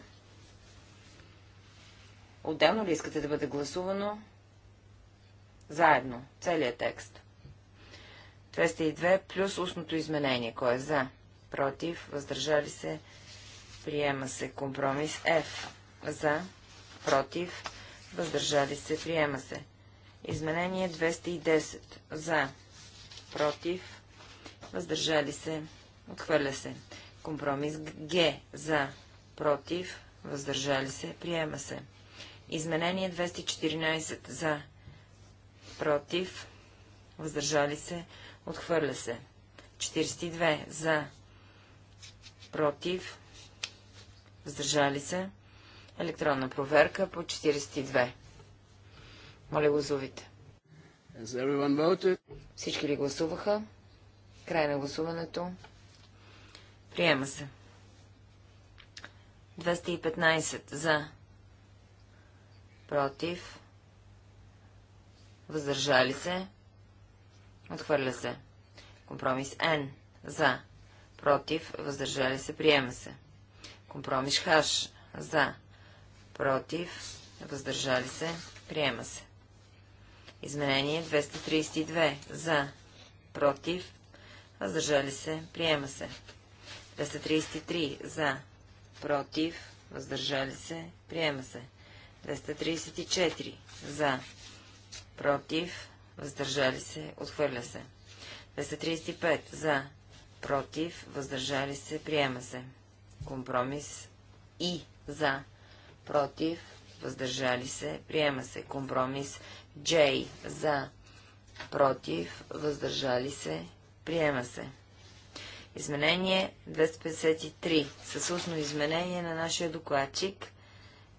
Отделно ли искате да бъде гласувано? Заедно. Целият текст. 202 плюс устното изменение. Кой е за? Против. Въздържали се. Приема се. Компромис F. За. Против. Въздържали се. Приема се. Изменение 210. За. Против. Въздържали се. Отхвърля се. Компромис Г. За. Против. Въздържали се. Приема се. Изменение 214 за, против, въздържали се, отхвърля се. 42 за, против, въздържали се. Електронна проверка по 42. Моля гласувайте. Всички ли гласуваха? Край на гласуването. Приема се. 215 за против, въздържали се, отхвърля се. Компромис Н за, против, въздържали се, приема се. Компромис Х за, против, въздържали се, приема се. Изменение 232 за, против, въздържали се, приема се. 233 за, против, въздържали се, приема се. 234 за, против, въздържали се, отхвърля се. 235 за, против, въздържали се, приема се. Компромис и за, против, въздържали се, приема се. Компромис J за, против, въздържали се, приема се. Изменение 253 с устно изменение на нашия докладчик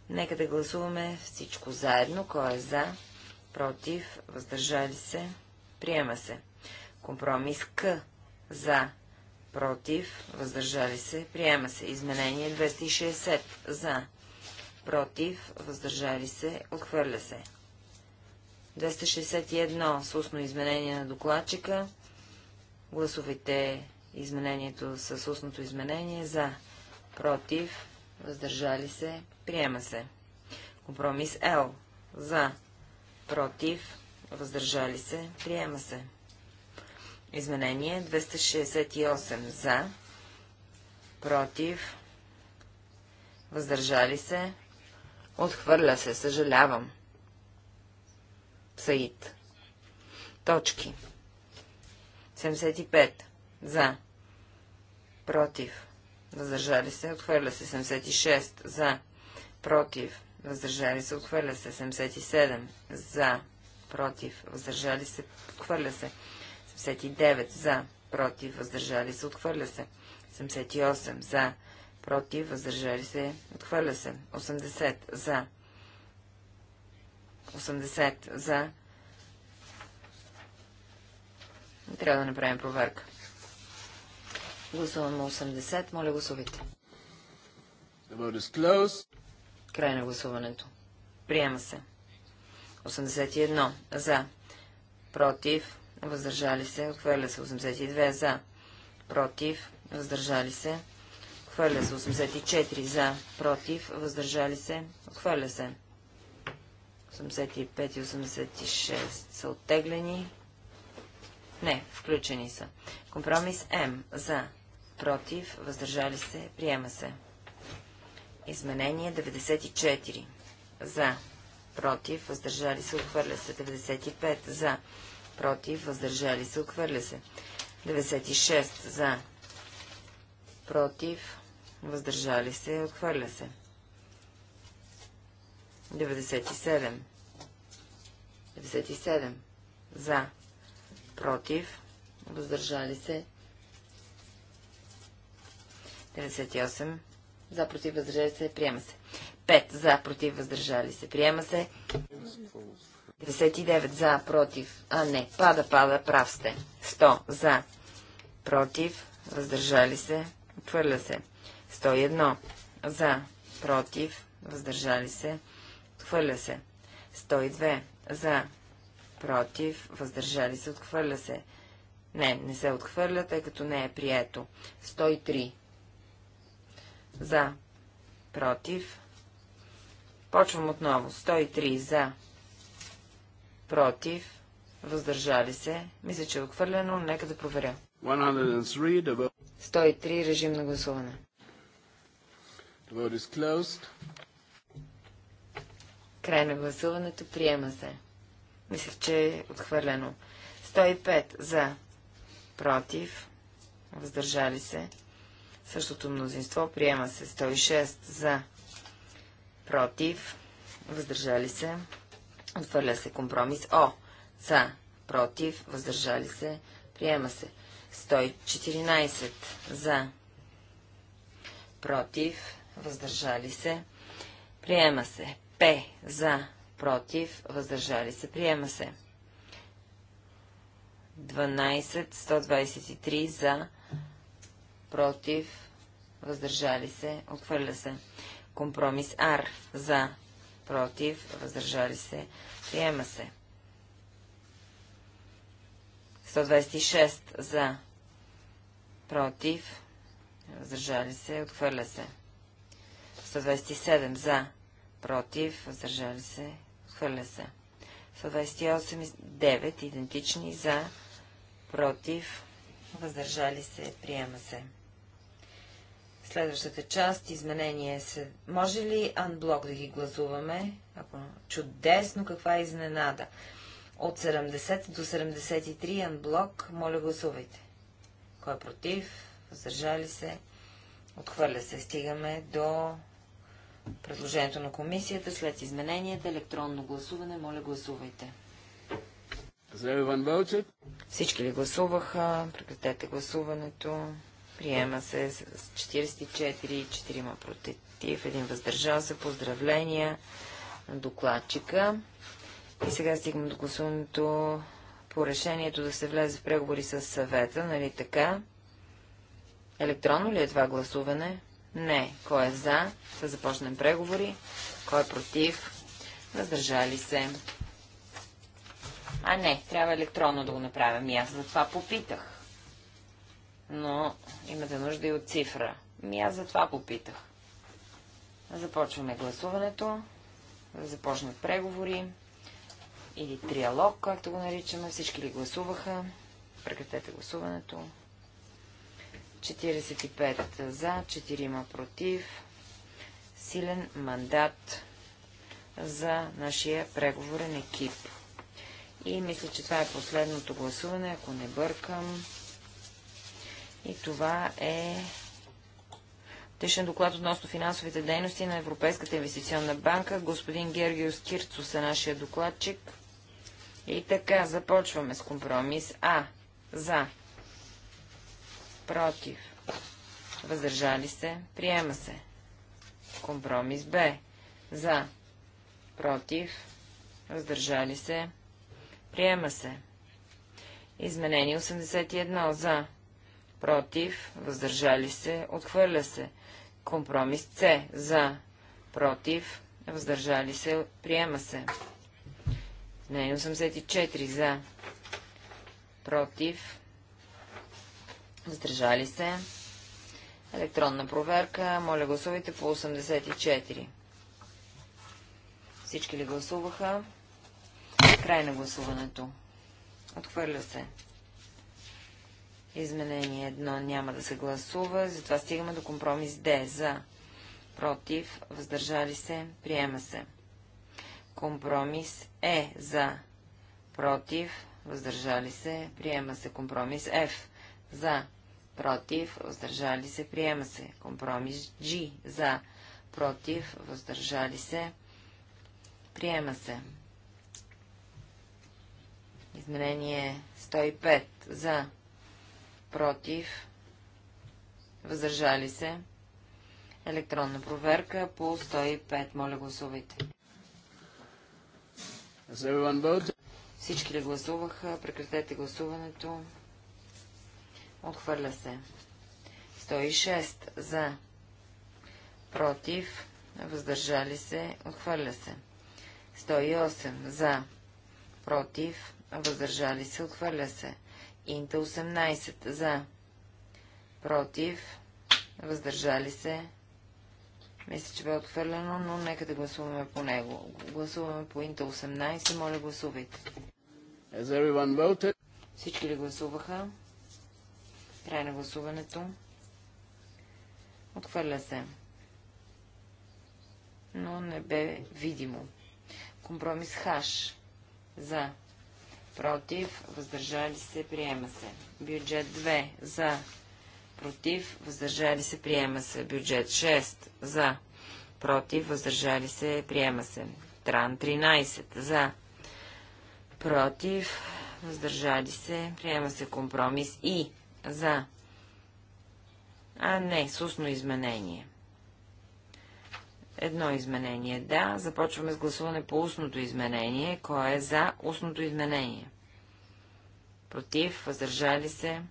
Нека да гласуваме всичко заедно. Кой е за? Против? Въздържали се? Приема се. Компромис К. За. Против? Въздържали се? Приема се. Изменение 260. За. Против? Въздържали се? Отхвърля се. 261. Сусно изменение на докладчика. Гласувайте изменението с устното изменение. За. Против? Въздържали се? Приема се. Компромис Л. За. Против. Въздържали се. Приема се. Изменение 268. За. Против. Въздържали се. Отхвърля се. Съжалявам. Саид. Точки. 75. За. Против. Въздържали се. Отхвърля се. 76. За против, въздържали се, отхвърля се. 77 за, против, въздържали се, отхвърля се. 79 за, против, въздържали се, отхвърля се. 78 за, против, въздържали се, отхвърля се. 80 за, 80 за. Трябва да направим проверка. Гласуваме 80. Моля гласувайте. Край на гласуването. Приема се. 81. За. Против. Въздържали се. Отхвърля се. 82. За. Против. Въздържали се. Отхвърля се. 84. За. Против. Въздържали се. Отхвърля се. 85 и 86 са оттеглени. Не, включени са. Компромис М. За. Против. Въздържали се. Приема се. Изменение 94. За. Против. Въздържали се. Отхвърля се. 95. За. Против. Въздържали се. Отхвърля се. 96. За. Против. Въздържали се. Отхвърля се. 97. 97. За. Против. Въздържали се. 98. За против въздържали се. Приема се. 5 за против въздържали се. Приема се. 99 за против. А не. Пада, пада. Прав сте. 100 за против. Въздържали се. Отхвърля се. 101 за против. Въздържали се. Отхвърля се. 102 за против. Въздържали се. Отхвърля се. Не, не се отхвърля, тъй като не е прието. 103 за, против. Почвам отново. 103 за, против, въздържали се. Мисля, че е отхвърлено. Нека да проверя. 103 режим на гласуване. Край на гласуването. Приема се. Мисля, че е отхвърлено. 105 за, против, въздържали се. Същото мнозинство приема се 106 за, против, въздържали се, отвърля се компромис О, за, против, въздържали се, приема се 114 за, против, въздържали се, приема се П за, против, въздържали се, приема се 12, 123 за, против, въздържали се, отхвърля се. Компромис Р за, против, въздържали се, приема се. 126 за, против, въздържали се, отхвърля се. 127 за, против, въздържали се, отхвърля се. 128 9 идентични за, против, въздържали се, приема се. Следващата част, изменение е се. Може ли анблок да ги гласуваме? Ако... Чудесно, каква е изненада. От 70 до 73 анблок, моля гласувайте. Кой е против? Въздържали се? Отхвърля се. Стигаме до предложението на комисията. След измененията, електронно гласуване, моля гласувайте. Всички ли гласуваха? Прекратете гласуването. Приема се с 44, 4 против, един въздържал се. Поздравления на докладчика. И сега стигна до гласуването по решението да се влезе в преговори с съвета, нали така? Електронно ли е това гласуване? Не. Кой е за? Да започнем преговори. Кой е против? Въздържали се. А не, трябва електронно да го направим. И аз за това попитах но имате нужда и от цифра. Ми аз за това попитах. Започваме гласуването, започнат преговори или триалог, както го наричаме. Всички ли гласуваха? Прекратете гласуването. 45 за, 4 против. Силен мандат за нашия преговорен екип. И мисля, че това е последното гласуване, ако не бъркам. И това е тъщен доклад относно финансовите дейности на Европейската инвестиционна банка. Господин Гергиос Кирцус е нашия докладчик. И така, започваме с компромис. А. За. Против. Въздържали се. Приема се. Компромис Б. За. Против. Въздържали се. Приема се. Изменение 81. За против, въздържали се, отхвърля се. Компромис С, за, против, въздържали се, приема се. Изменение 84, за, против, въздържали се. Електронна проверка, моля гласувайте по 84. Всички ли гласуваха? Край на гласуването. Отхвърля се. Изменение 1 няма да се гласува, затова стигаме до компромис Д. За. Против. Въздържали се. Приема се. Компромис Е. За. Против. Въздържали се. Приема се. Компромис Ф. За. Против. Въздържали се. Приема се. Компромис G. За. Против. Въздържали се. Приема се. Изменение 105. За против, въздържали се. Електронна проверка по 105. Моля гласувайте. Всички ли гласуваха? Прекратете гласуването. Отхвърля се. 106 за. Против. Въздържали се. Отхвърля се. 108 за. Против. Въздържали се. Отхвърля се. Инта 18 за. Против. Въздържали се. Мисля, че бе отхвърлено, но нека да гласуваме по него. Гласуваме по Инта 18. Моля, гласувайте. Всички ли гласуваха? Край на гласуването. Отхвърля се. Но не бе видимо. Компромис хаш. За против, въздържали се, приема се. Бюджет 2 за, против, въздържали се, приема се. Бюджет 6 за, против, въздържали се, приема се. Тран 13 за, против, въздържали се, приема се компромис и за, а не, сусно изменение. Едно изменение. Да, започваме с гласуване по устното изменение. Кой е за устното изменение? Против, въздържали се.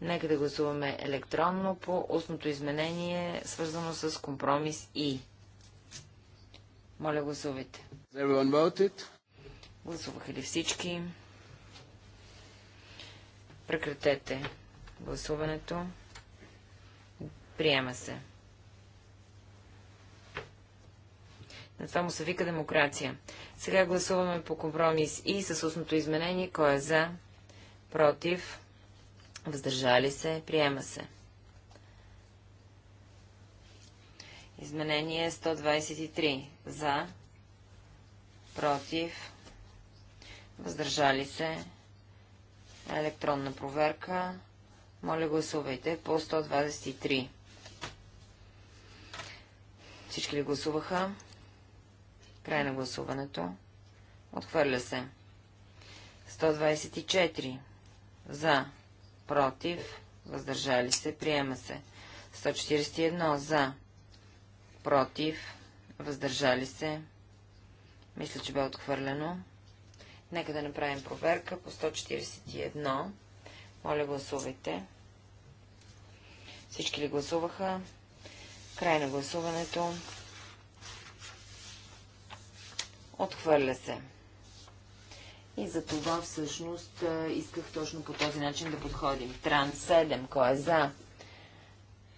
Нека да гласуваме електронно по устното изменение, свързано с компромис И. Моля, гласувайте. Гласуваха ли всички? Прекратете гласуването. Приема се. На това му се вика демокрация. Сега гласуваме по компромис и с устното изменение. Кой е за? Против? Въздържали се? Приема се. Изменение 123. За? Против? Въздържали се? Електронна проверка. Моля гласувайте по 123. Всички ли гласуваха? Край на гласуването. Отхвърля се. 124. За. Против. Въздържали се. Приема се. 141. За. Против. Въздържали се. Мисля, че бе отхвърлено. Нека да направим проверка по 141. Моля, гласувайте. Всички ли гласуваха? Край на гласуването. Отхвърля се. И за това всъщност исках точно по този начин да подходим. Тран 7, кой е за?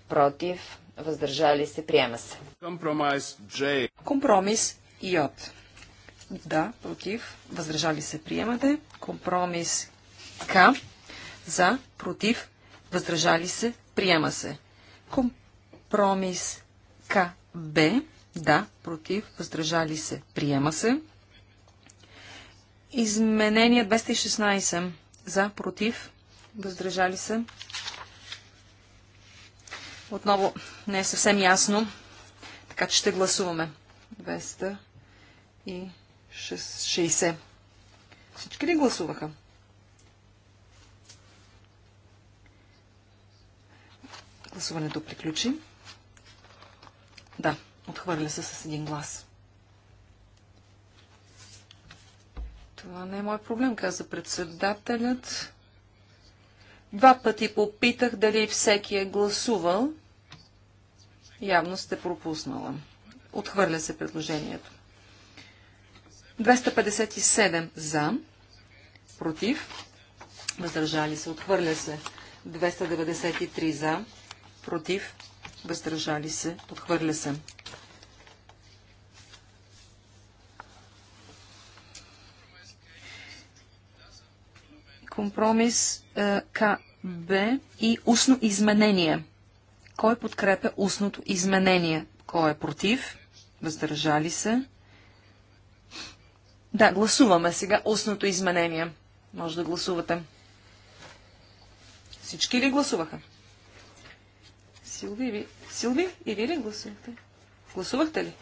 Против, въздържали се, приема се. Компромис Джей. Компромис Йот. Да, против, въздържали се, приемате. Компромис К. За, против, въздържали се, приема се. Компромис К Б. Да, против, въздържали се, приема се. Изменение 216. За, против, въздържали се. Отново не е съвсем ясно, така че ще гласуваме. 260. Всички ли гласуваха? Гласуването приключи. Да, Отхвърля се с един глас. Това не е мой проблем, каза председателят. Два пъти попитах дали всеки е гласувал. Явно сте пропуснала. Отхвърля се предложението. 257 за, против, въздържали се, отхвърля се. 293 за, против, въздържали се, отхвърля се. Компромис е, КБ и устно изменение. Кой подкрепя устното изменение? Кой е против? Въздържали се? Да, гласуваме сега устното изменение. Може да гласувате. Всички ли гласуваха? Силви, ви... Силви и Вили гласувате? Гласувахте ли?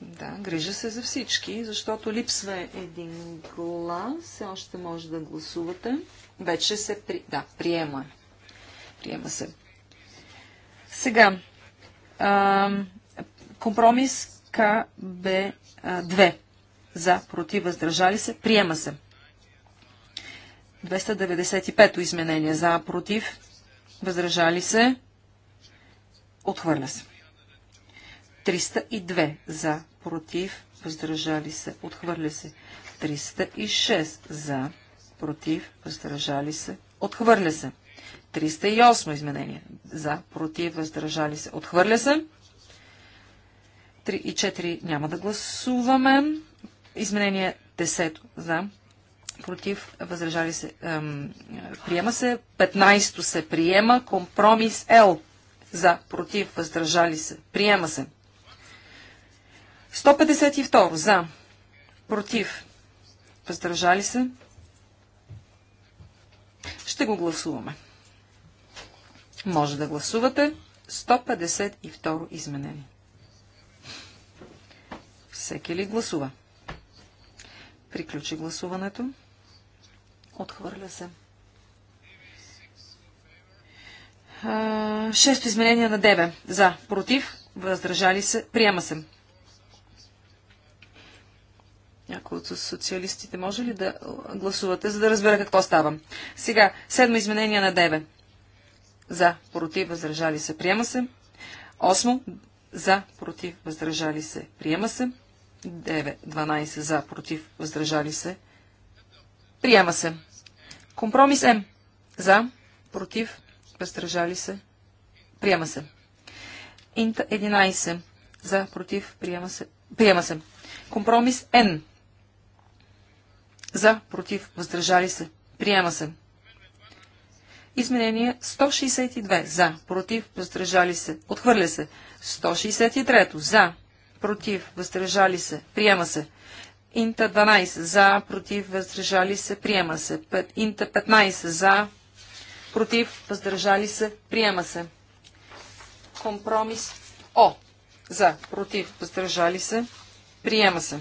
Да, грижа се за всички, защото липсва един глас. Все още може да гласувате. Вече се при... Да, приема. Приема се. Сега. А, компромис КБ2. За, против, въздържали се. Приема се. 295-то изменение. За, против, въздържали се, отхвърля се. 302 за, против, въздържали се, отхвърля се. 306 за, против, въздържали се, отхвърля се. 308 изменение за, против, въздържали се, отхвърля се. 3 и 4 няма да гласуваме. Изменение 10 за, против, възражали се, ем, приема се. 15 се приема, компромис Л за, против, въздържали се, приема се. 152 за, против, въздържали се. Ще го гласуваме. Може да гласувате 152 изменение. Всеки ли гласува? Приключи гласуването. Отхвърля се. Шесто изменение на 9. За. Против. Въздържали се. Приема се. Някои от социалистите може ли да гласувате, за да разбера какво става? Сега, седмо изменение на 9. За, против, въздържали се, приема се. Осмо, за, против, въздържали се, приема се. 9, 12, за, против, въздържали се, Приема се. Компромис М. За. Против. Въздържали се. Приема се. Инта 11. За. Против. Приема се. Приема се. Компромис Н. За. Против. Въздържали се. Приема се. Изменение 162. За. Против. Въздържали се. Отхвърля се. 163. За. Против. Въздържали се. Приема се. Инта 12 за, против, въздържали се, приема се. Инта 15 за, против, въздържали се, приема се. Компромис О. За, против, въздържали се, приема се.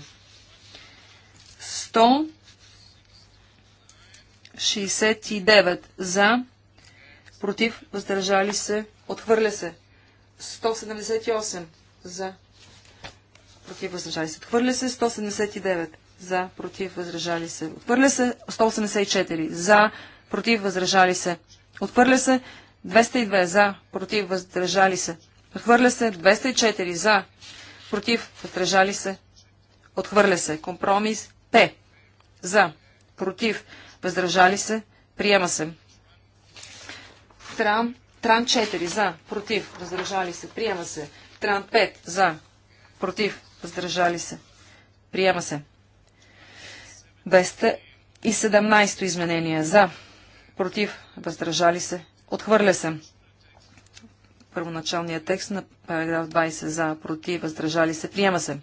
169 за, против, въздържали се, отхвърля се. 178 за, против, възражали се. Отхвърля се 179 за, против, възражали се. Отхвърля се 184 за, против, възражали се. Отхвърля се 202 за, против, възражали се. Отхвърля се 204 за, против, въздържали се. Отхвърля се. Компромис П. За, против, възражали се. Приема се. Тран, тран 4 за, против, възражали се. Приема се. Тран 5 за, против, въздържали се, приема се. 217 изменение за, против, въздържали се, отхвърля се. Първоначалният текст на параграф 20 за, против, въздържали се, приема се.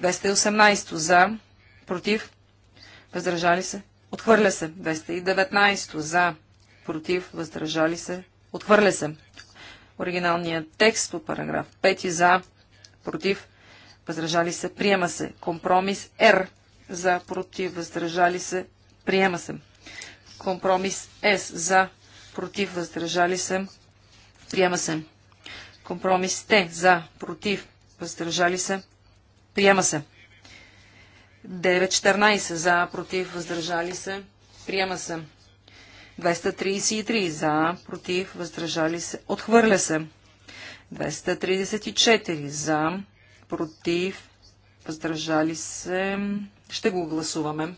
218 за, против, въздържали се, отхвърля се. 219 за, против, въздържали се, отхвърля се. Оригиналният текст по параграф 5 за, против, въздържали се, приема се. Компромис Р за, против, въздържали се, приема се. Компромис С за, против, въздържали се, приема се. Компромис Т за, против, въздържали се, приема се. 9.14 за, против, въздържали се, приема се. 233 за, против, въздържали се, отхвърля се. 234 за, против, въздържали се. Ще го гласуваме.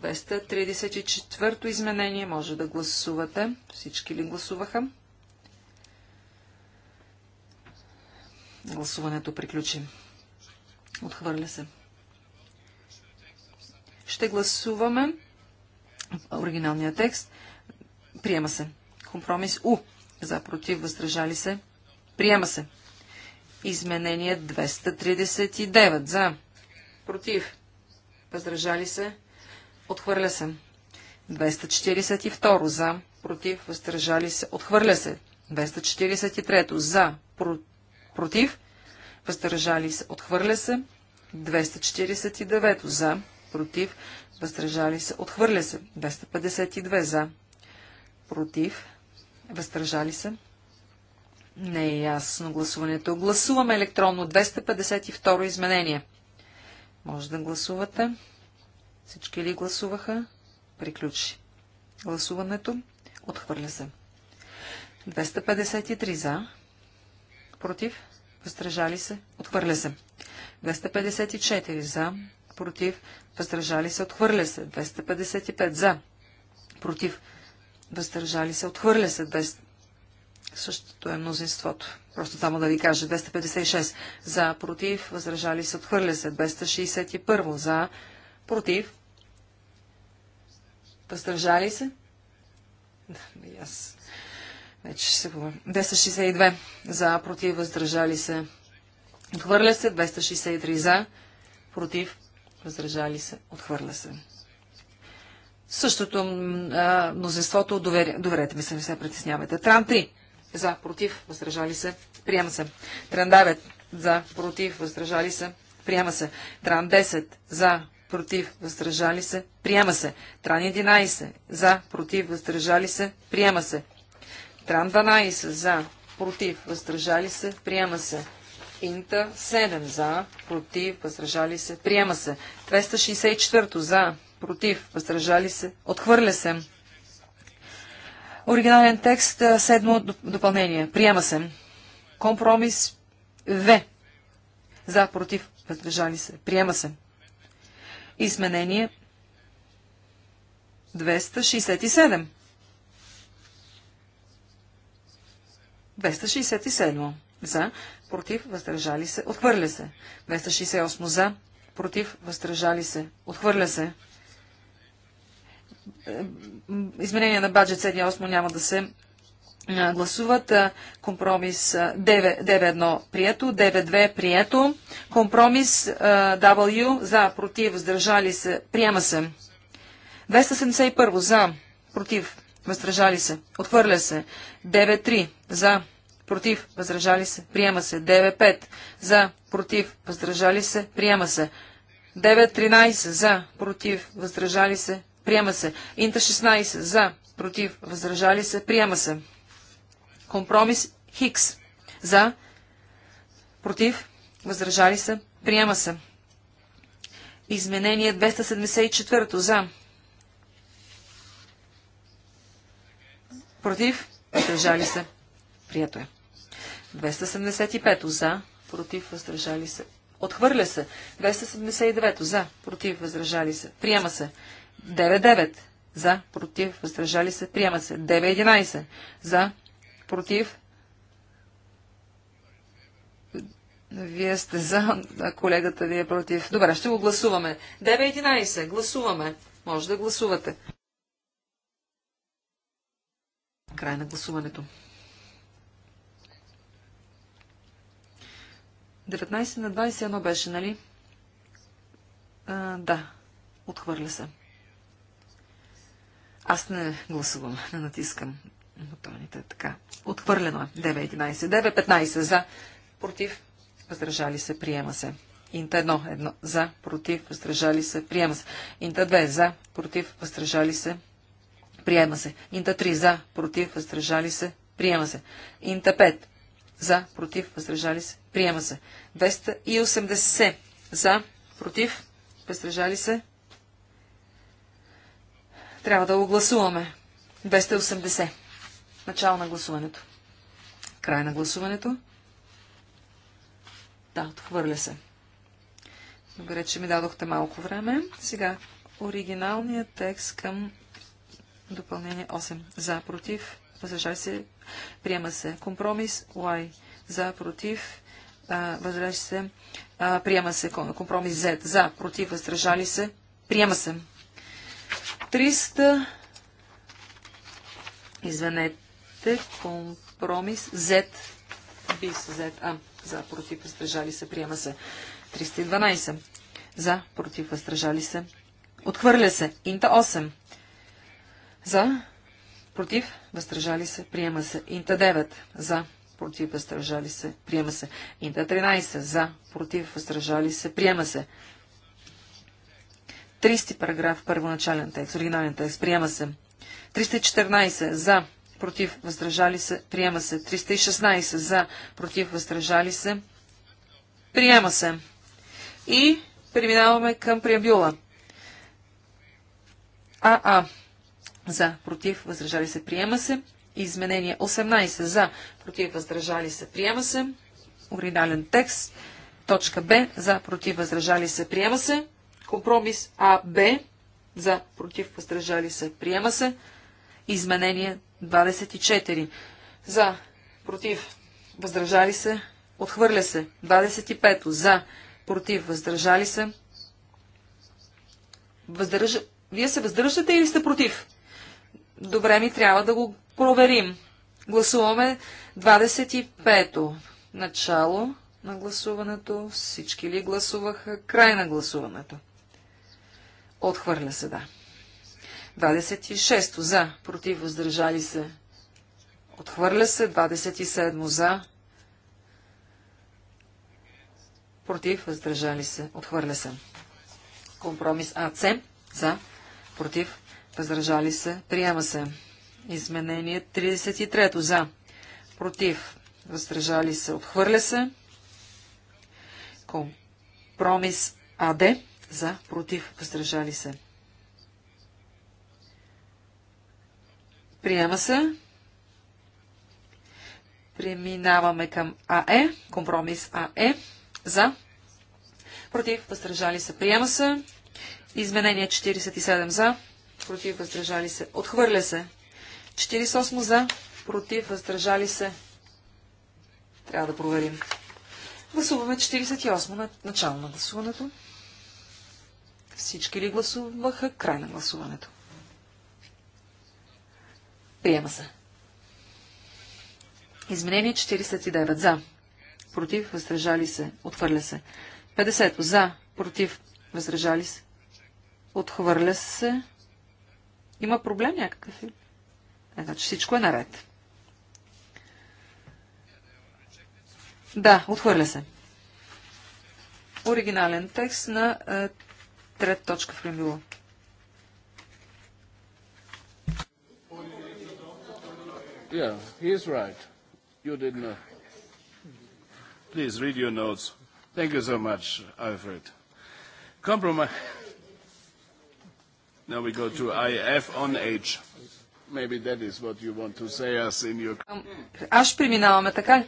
234-то изменение може да гласувате. Всички ли гласуваха? Гласуването приключи. Отхвърля се. Ще гласуваме оригиналния текст. Приема се. Компромис У. За против, въздържали се. Приема се. Изменение 239. За. Против. Въздържали се. Отхвърля се. 242. За. Против. Въздържали се. Отхвърля се. 243. За. Про... Против. Въздържали се. Отхвърля се. 249. За. Против. Въздържали се. Отхвърля се. 252. За. Против. Въздържали се. Не е ясно гласуването. Гласуваме електронно 252 изменение. Може да гласувате. Всички ли гласуваха? Приключи. Гласуването отхвърля се. 253 за. Против. Въздържали се. Отхвърля се. 254 за. Против. Въздържали се. Отхвърля се. 255 за. Против. Въздържали се. Отхвърля се. Същото е мнозинството. Просто само да ви кажа. 256 за, против, възражали се, отхвърля се. 261 за, против, въздържали се. Да, и аз вече се губам. 262 за, против, въздържали се. Отхвърля се. 263 за, против, въздържали се. Отхвърля се. Същото а, мнозинството, доверете ми се, не се притеснявайте. Трам 3 за, против, въздържали се, приема се. Тран 9 за, против, въздържали се, приема се. Тран 10 за, против, въздържали се, приема се. Тран 11 за, против, въздържали се, приема се. Тран 12 за, против, въздържали се, приема се. Инта 7 за, против, въздържали се, приема се. 264 за, против, въздържали се, отхвърля се. Оригинален текст, седмо допълнение. Приема се. Компромис В. За, против, въздържали се. Приема се. Изменение 267. 267. За, против, въздържали се, отхвърля се. 268 за, против, въздържали се, отхвърля се. Е, изменения на баджет 7 8 няма да се гласуват. Компромис 9-1 прието, 9-2 прието. Компромис W за, против, въздържали се, приема се. 271 за, против, въздържали се, отхвърля се. 9-3 за, против, въздържали се, приема се. 9-5 за, против, въздържали се, приема се. 9-13 за, против, въздържали се, Приема се. Инта 16. За. Против. Въздържали се. Приема се. Компромис Хикс. За. Против. Въздържали се. Приема се. Изменение 274. За. Против. Въздържали се. Прието е. 275. За. Против. Въздържали се. Отхвърля се. 279. За. Против. Въздържали се. Приема се. 9-9 за, против, въздържали се, приема се. 9-11 за, против. Вие сте за, а колегата ви е против. Добре, ще го гласуваме. 9-11, гласуваме. Може да гласувате. Край на гласуването. 19 на 21 беше, нали? А, да, отхвърля се. Аз не гласувам, не натискам бутоните. Така. Отхвърлено е. 9 15 За. Против. Въздържали се. Приема се. Инта 1. 1. За. Против. Въздържали се. Приема се. Инта 2. За. Против. Въздържали се. Приема се. Инта 3. За. Против. Въздържали се. Приема се. Инта 5. За. Против. Въздържали се. Приема се. 280. За. Против. Въздържали се. Трябва да го гласуваме. 280. Начало на гласуването. Край на гласуването. Да, отхвърля се. Добре, че ми дадохте малко време. Сега оригиналният текст към допълнение 8. За, против, Възражай се, приема се. Компромис, Y. За, против, възражай се, приема се. Компромис Z. За, против, въздържали се, приема се. 300. Извинете, компромис. Z. Бис. Z. А. За, против, въздържали се. Приема се. 312. За, против, въздържали се. Отхвърля се. Инта 8. За, против, въздържали се. Приема се. Инта 9. За, против, въздържали се. Приема се. Инта 13. За, против, въздържали се. Приема се. 30 параграф, първоначален текст, оригинален текст, приема се. 314 за, против, въздържали се, приема се. 316 за, против, въздържали се, приема се. И преминаваме към преамбюла. АА. За, против, въздържали се, приема се. Изменение 18. За, против, въздържали се, приема се. Оригинален текст. Точка Б. За, против, въздържали се, приема се. Компромис АБ за против въздържали се приема се. Изменение 24 за против въздържали се отхвърля се. 25 за против въздържали се. Въздържа... Вие се въздържате или сте против? Добре, ми трябва да го проверим. Гласуваме 25-то. Начало на гласуването. Всички ли гласуваха? Край на гласуването. Отхвърля се, да. 26 за, против, въздържали се. Отхвърля се, 27 за, против, въздържали се. Отхвърля се. Компромис АЦ за, против, въздържали се. Приема се. Изменение 33 за, против, въздържали се. Отхвърля се. Компромис АД за, против, въздържали се. Приема се. Преминаваме към АЕ, компромис АЕ, за, против, въздържали се, приема се. Изменение 47 за, против, въздържали се, отхвърля се. 48 за, против, въздържали се. Трябва да проверим. Гласуваме 48 на начало на гласуването. Всички ли гласуваха? Край на гласуването. Приема се. Изменение 49. За. Против. Въздържали се. Отхвърля се. 50. За. Против. Въздържали се. Отхвърля се. Има проблем някакъв ли? Е, значи всичко е наред. Да, отхвърля се. Оригинален текст на е, Трета точка в преамбюла. Yeah, he is right. You didn't know. Please read your notes. Thank you so much, Alfred. Compromise. Now we go to IF on H. Maybe that is what you want to say us in your... Аж преминаваме, така ли?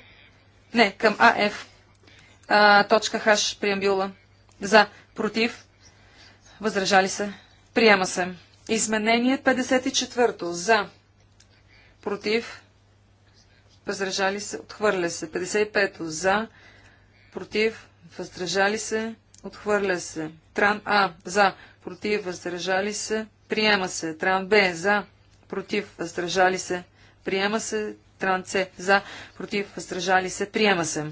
Не, към АФ. А, точка Хаш преамбюла. За, против, Въздържали се. Приема се. Изменение 54. За. Против. Въздържали се. Отхвърля се. 55. За. Против. Въздържали се. Отхвърля се. Тран А. За. Против. Въздържали се. Приема се. Тран Б. За. Против. Въздържали се. Приема се. Тран С. За. Против. Въздържали се. Приема се.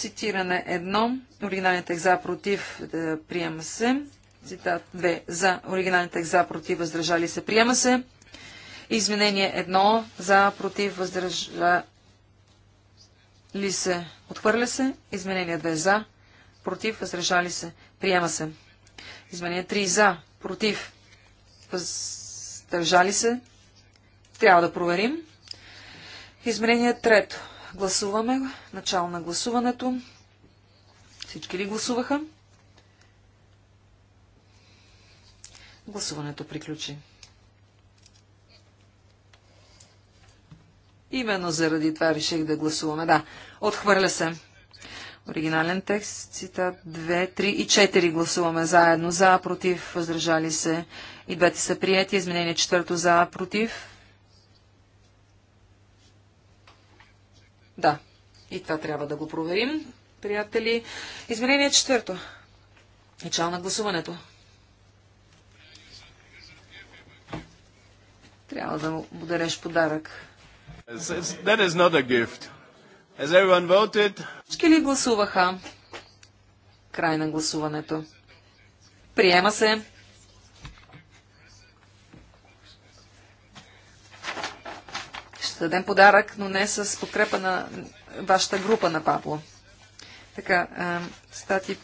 Цитиране 1. Оригинален текст за против да е, приема се. Цитат 2. За оригинален текст за против въздържали се приема се. Изменение 1. За против въздържали се отхвърля се. Изменение 2. За против въздържали се приема се. Изменение 3. За против въздържали се. Трябва да проверим. Изменение 3. Гласуваме. Начало на гласуването. Всички ли гласуваха? Гласуването приключи. Именно заради това реших да гласуваме. Да, отхвърля се. Оригинален текст, цитат 2, 3 и 4 гласуваме заедно. За, против, въздържали се. И двете са прияти. Изменение четвърто за, против, Да, и това трябва да го проверим, приятели. Изменение четвърто. Начало на гласуването. Трябва да му дареш подарък. That is not a gift. Has everyone voted? Всички ли гласуваха? Край на гласуването. Приема се. Ще дадем подарък, но не с подкрепа на вашата група на Пабло. Така, стати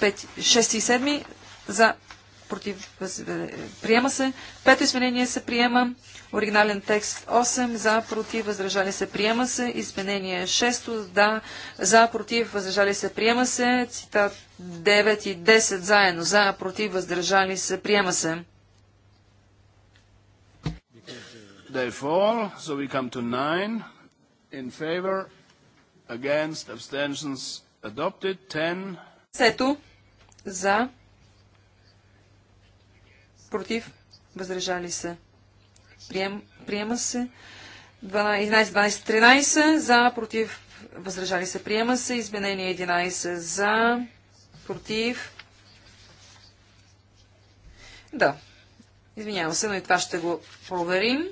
5, 6 и 7 за против, приема се. Пето изменение се приема. Оригинален текст 8 за против, възражали се, приема се. Изменение 6 да, за против, възражали се, приема се. Цитат 9 и 10 заедно за против, въздържали се, приема се. They fall, so we come to nine. In favor, against, abstentions, adopted. Ten. Сето за, против, възрежали се. Прием, приема се. 12, 12, 13 за, против, възражали се. Приема се. Изменение 11 за, против. Да, Извинявам се, но и това ще го проверим.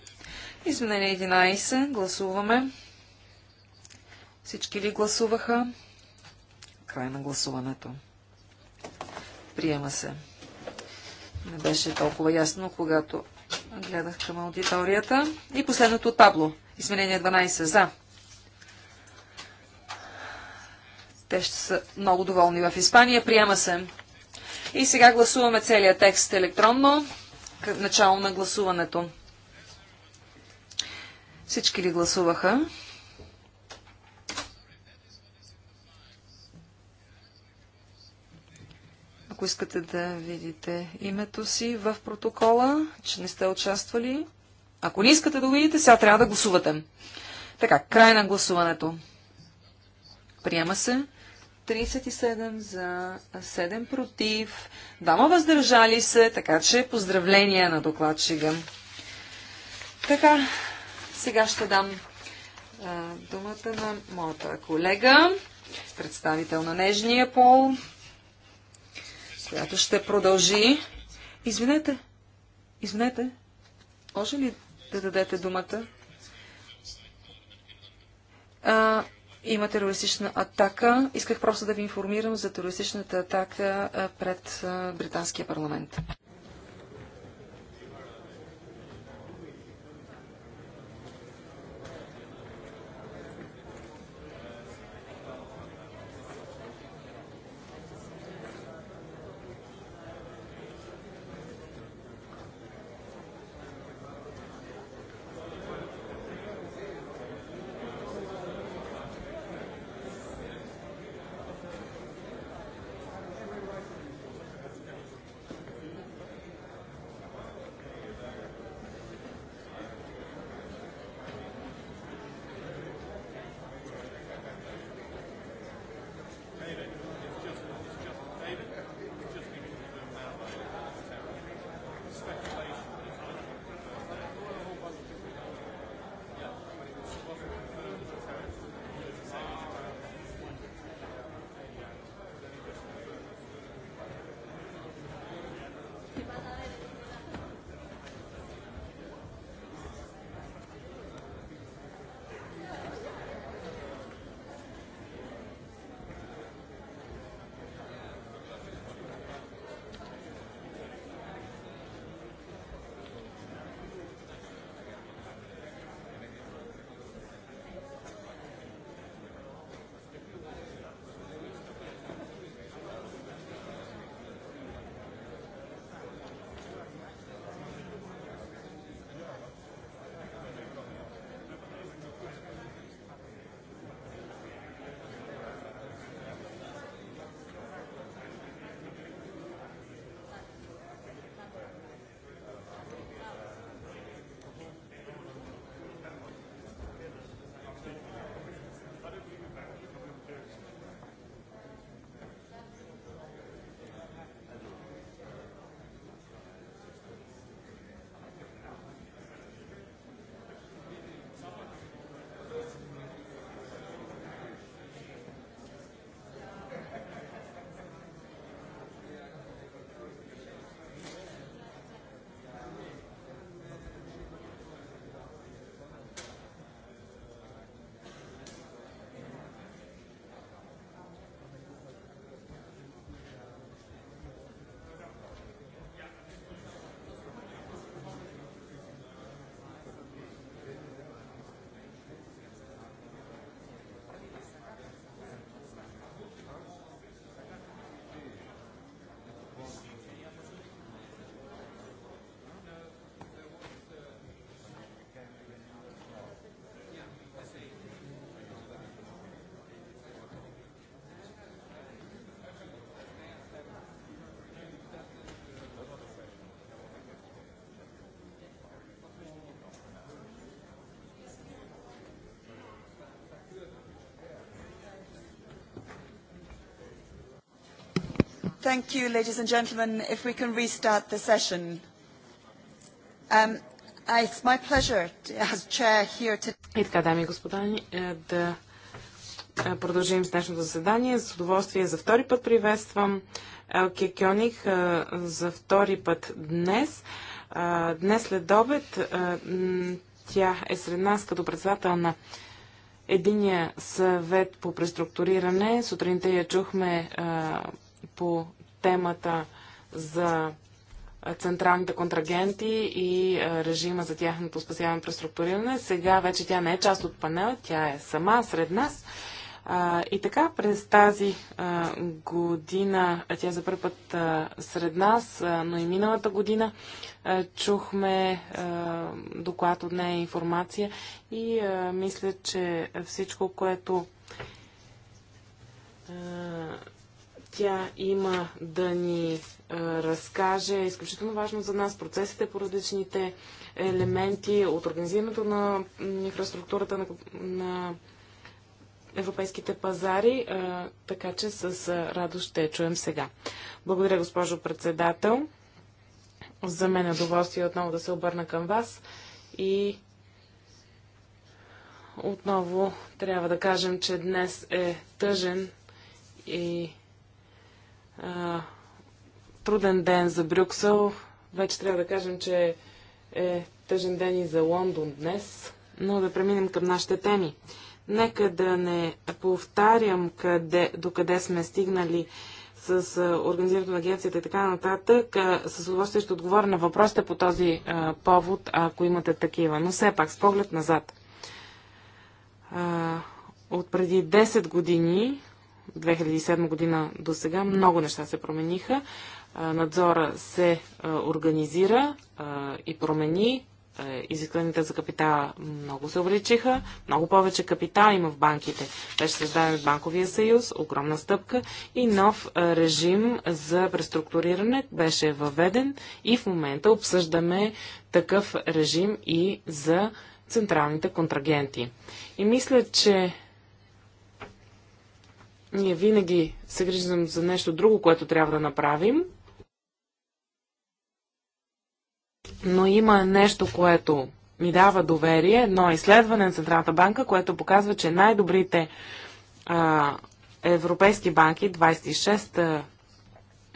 Изменение 11. Гласуваме. Всички ли гласуваха? Край на гласуването. Приема се. Не беше толкова ясно, когато гледах към аудиторията. И последното табло. Изменение 12. За. Те ще са много доволни в Испания. Приема се. И сега гласуваме целият текст електронно. Начало на гласуването. Всички ли гласуваха? Ако искате да видите името си в протокола, че не сте участвали, ако не искате да го видите, сега трябва да гласувате. Така, край на гласуването. Приема се. 37 за 7 против, Дама, въздържали се, така че поздравления на докладчика. Така, сега ще дам а, думата на моята колега, представител на Нежния пол, която ще продължи. Извинете, извинете, може ли да дадете думата? А, има терористична атака. Исках просто да ви информирам за терористичната атака пред Британския парламент. Thank you, ladies and gentlemen. If we can restart the session. Um, it's my pleasure as chair here to... И така, дами и господа, е, да е, продължим с днешното заседание. С удоволствие за втори път приветствам Елке Кьоних е, за втори път днес. Днес след обед тя е сред нас като председател на Единия съвет по преструктуриране. Сутринта я чухме по темата за централните контрагенти и режима за тяхното спасяване преструктуриране. Сега вече тя не е част от панела, тя е сама сред нас. И така, през тази година, тя е за първ път сред нас, но и миналата година, чухме доклад от нея информация и мисля, че всичко, което тя има да ни разкаже. Е изключително важно за нас процесите по различните елементи от организирането на инфраструктурата на, на европейските пазари, така че с радост ще чуем сега. Благодаря, госпожо председател. За мен е удоволствие отново да се обърна към вас и отново трябва да кажем, че днес е тъжен и труден ден за Брюксел. Вече трябва да кажем, че е тъжен ден и за Лондон днес, но да преминем към нашите теми. Нека да не повтарям къде, докъде сме стигнали с организирането на агенцията и така нататък. С удоволствие ще отговоря на въпросите по този повод, ако имате такива. Но все пак, с поглед назад. от преди 10 години 2007 година до сега много неща се промениха. Надзора се организира и промени. Изискванията за капитала много се увеличиха, много повече капитал има в банките. Беше създаден Банковия съюз, огромна стъпка и нов режим за преструктуриране беше въведен и в момента обсъждаме такъв режим и за централните контрагенти. И мисля, че ние винаги се грижим за нещо друго, което трябва да направим, но има нещо, което ми дава доверие, едно е изследване на Централната банка, което показва, че най-добрите европейски банки, 26, а,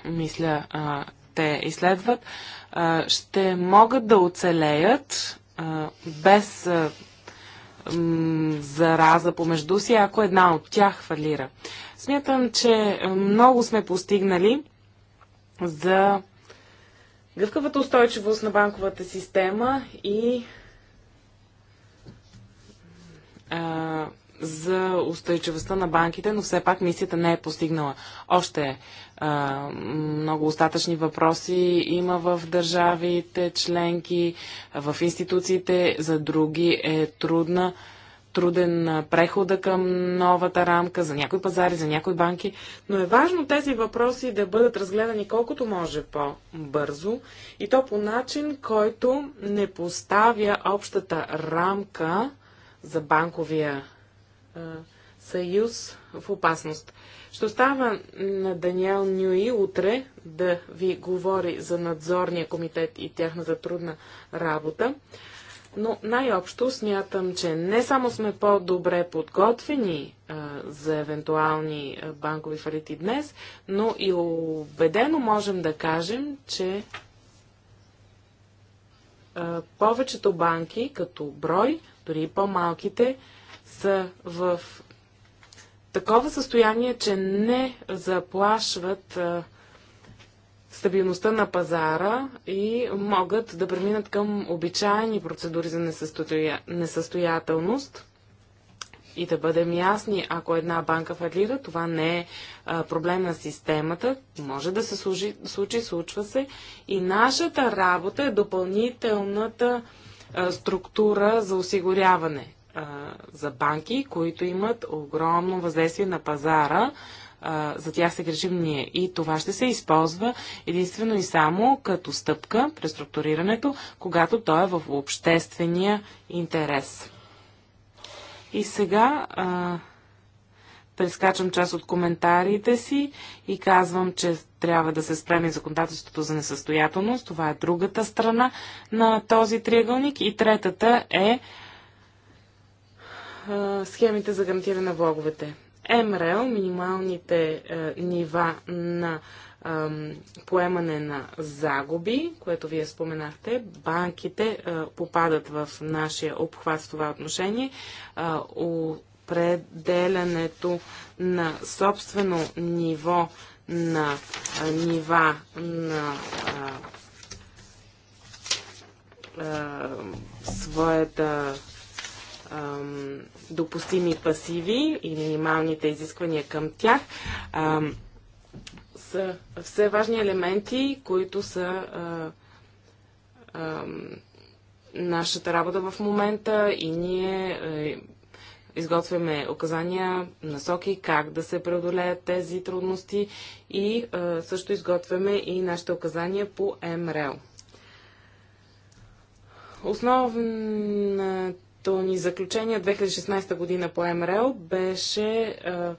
мисля, а, те изследват, а, ще могат да оцелеят без зараза помежду си, ако една от тях фалира. Смятам, че много сме постигнали за гъвкавата устойчивост на банковата система и а, за устойчивостта на банките, но все пак мисията не е постигнала. Още а, много остатъчни въпроси има в държавите, членки, в институциите, за други е трудна труден прехода към новата рамка за някои пазари, за някои банки, но е важно тези въпроси да бъдат разгледани колкото може по-бързо и то по начин, който не поставя общата рамка за банковия съюз в опасност. Ще става на Даниел Нюи утре да ви говори за надзорния комитет и тяхната трудна работа. Но най-общо смятам, че не само сме по-добре подготвени а, за евентуални банкови фалити днес, но и убедено можем да кажем, че а, повечето банки като брой, дори и по-малките, са в такова състояние, че не заплашват стабилността на пазара и могат да преминат към обичайни процедури за несъстоя... несъстоятелност и да бъдем ясни, ако една банка фалира, това не е а, проблем на системата, може да се служи, случи, случва се. И нашата работа е допълнителната структура за осигуряване за банки, които имат огромно въздействие на пазара. За тях се грижим ние. И това ще се използва единствено и само като стъпка, структурирането, когато то е в обществения интерес. И сега а, прескачам част от коментарите си и казвам, че трябва да се спреме законодателството за несъстоятелност. Това е другата страна на този триъгълник. И третата е схемите за гарантиране на влоговете. МРЛ, минималните а, нива на а, поемане на загуби, което вие споменахте, банките а, попадат в нашия обхват с това отношение. А, определянето на собствено ниво на а, нива на а, а, своята ам, допустими пасиви и минималните изисквания към тях ам, са все важни елементи, които са ам, нашата работа в момента и ние е, изготвяме указания, насоки как да се преодолеят тези трудности и е, също изготвяме и нашите указания по МРЛ. Основната то ни заключение 2016 година по МРЛ беше а,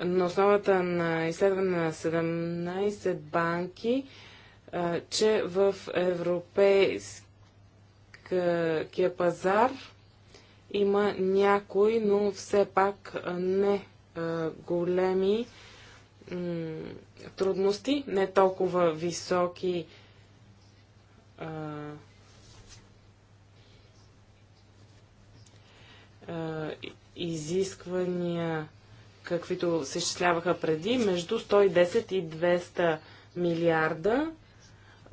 на основата на изследване на 17 банки, а, че в европейския пазар има някои, но все пак не а, големи трудности, не толкова високи изисквания, каквито се изчисляваха преди, между 110 и 200 милиарда.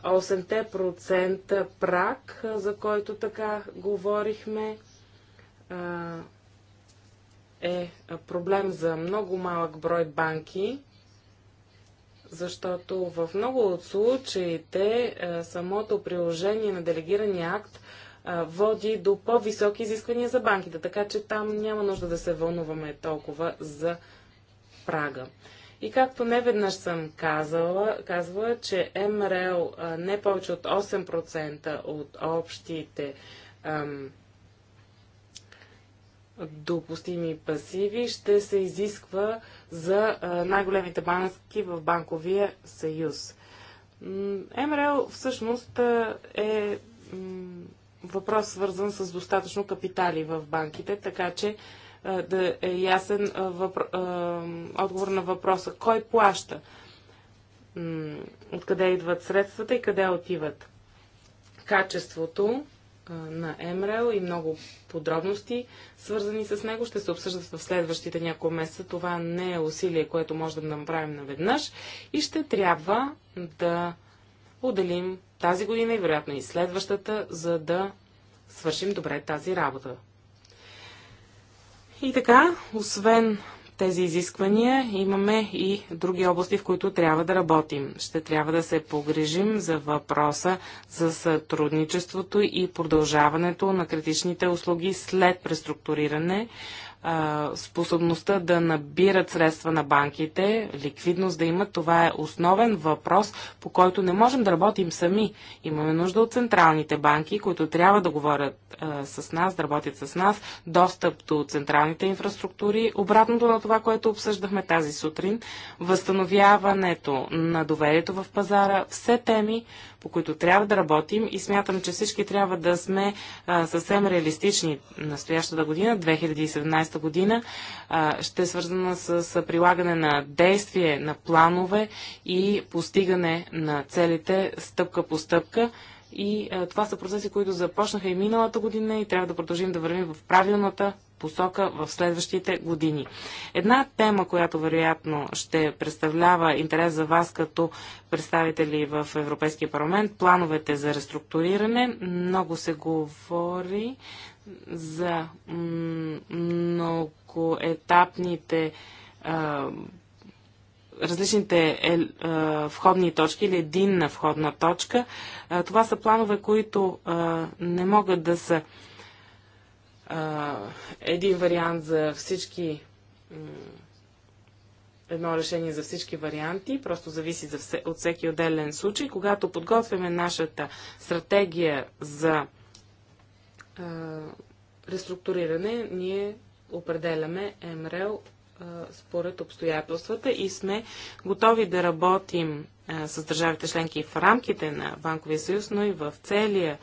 8% прак, за който така говорихме, е проблем за много малък брой банки, защото в много от случаите самото приложение на делегирания акт води до по-високи изисквания за банките, така че там няма нужда да се вълнуваме толкова за прага. И както не веднъж съм казала, казвала, че МРЛ не повече от 8% от общите ам, допустими пасиви ще се изисква за най-големите банки в банковия съюз. МРЛ всъщност е въпрос, свързан с достатъчно капитали в банките, така че да е ясен въпро... отговор на въпроса кой плаща, откъде идват средствата и къде отиват. Качеството на МРЛ и много подробности, свързани с него, ще се обсъждат в следващите няколко месеца. Това не е усилие, което можем да направим наведнъж и ще трябва да отделим тази година и вероятно и следващата, за да свършим добре тази работа. И така, освен тези изисквания, имаме и други области, в които трябва да работим. Ще трябва да се погрежим за въпроса за сътрудничеството и продължаването на критичните услуги след преструктуриране, а, способността да набират средства на банките, ликвидност да имат, това е основен въпрос, по който не можем да работим сами. Имаме нужда от централните банки, които трябва да говорят а, с нас, да работят с нас, достъп до централните инфраструктури, обратното на това, което обсъждахме тази сутрин, възстановяването на доверието в пазара, все теми, по които трябва да работим и смятам, че всички трябва да сме а, съвсем реалистични. Настоящата година, 2017 година, а, ще е свързана с, с прилагане на действие, на планове и постигане на целите стъпка по стъпка и а, е, това са процеси, които започнаха и миналата година и трябва да продължим да вървим в правилната посока в следващите години. Една тема, която вероятно ще представлява интерес за вас като представители в Европейския парламент, плановете за реструктуриране. Много се говори за многоетапните различните е, е, входни точки или единна входна точка. Е, това са планове, които е, не могат да са е, един вариант за всички. Е, едно решение за всички варианти, просто зависи за все, от всеки отделен случай. Когато подготвяме нашата стратегия за е, реструктуриране, ние определяме МРЛ според обстоятелствата и сме готови да работим с държавите членки в рамките на Банковия съюз, но и в целия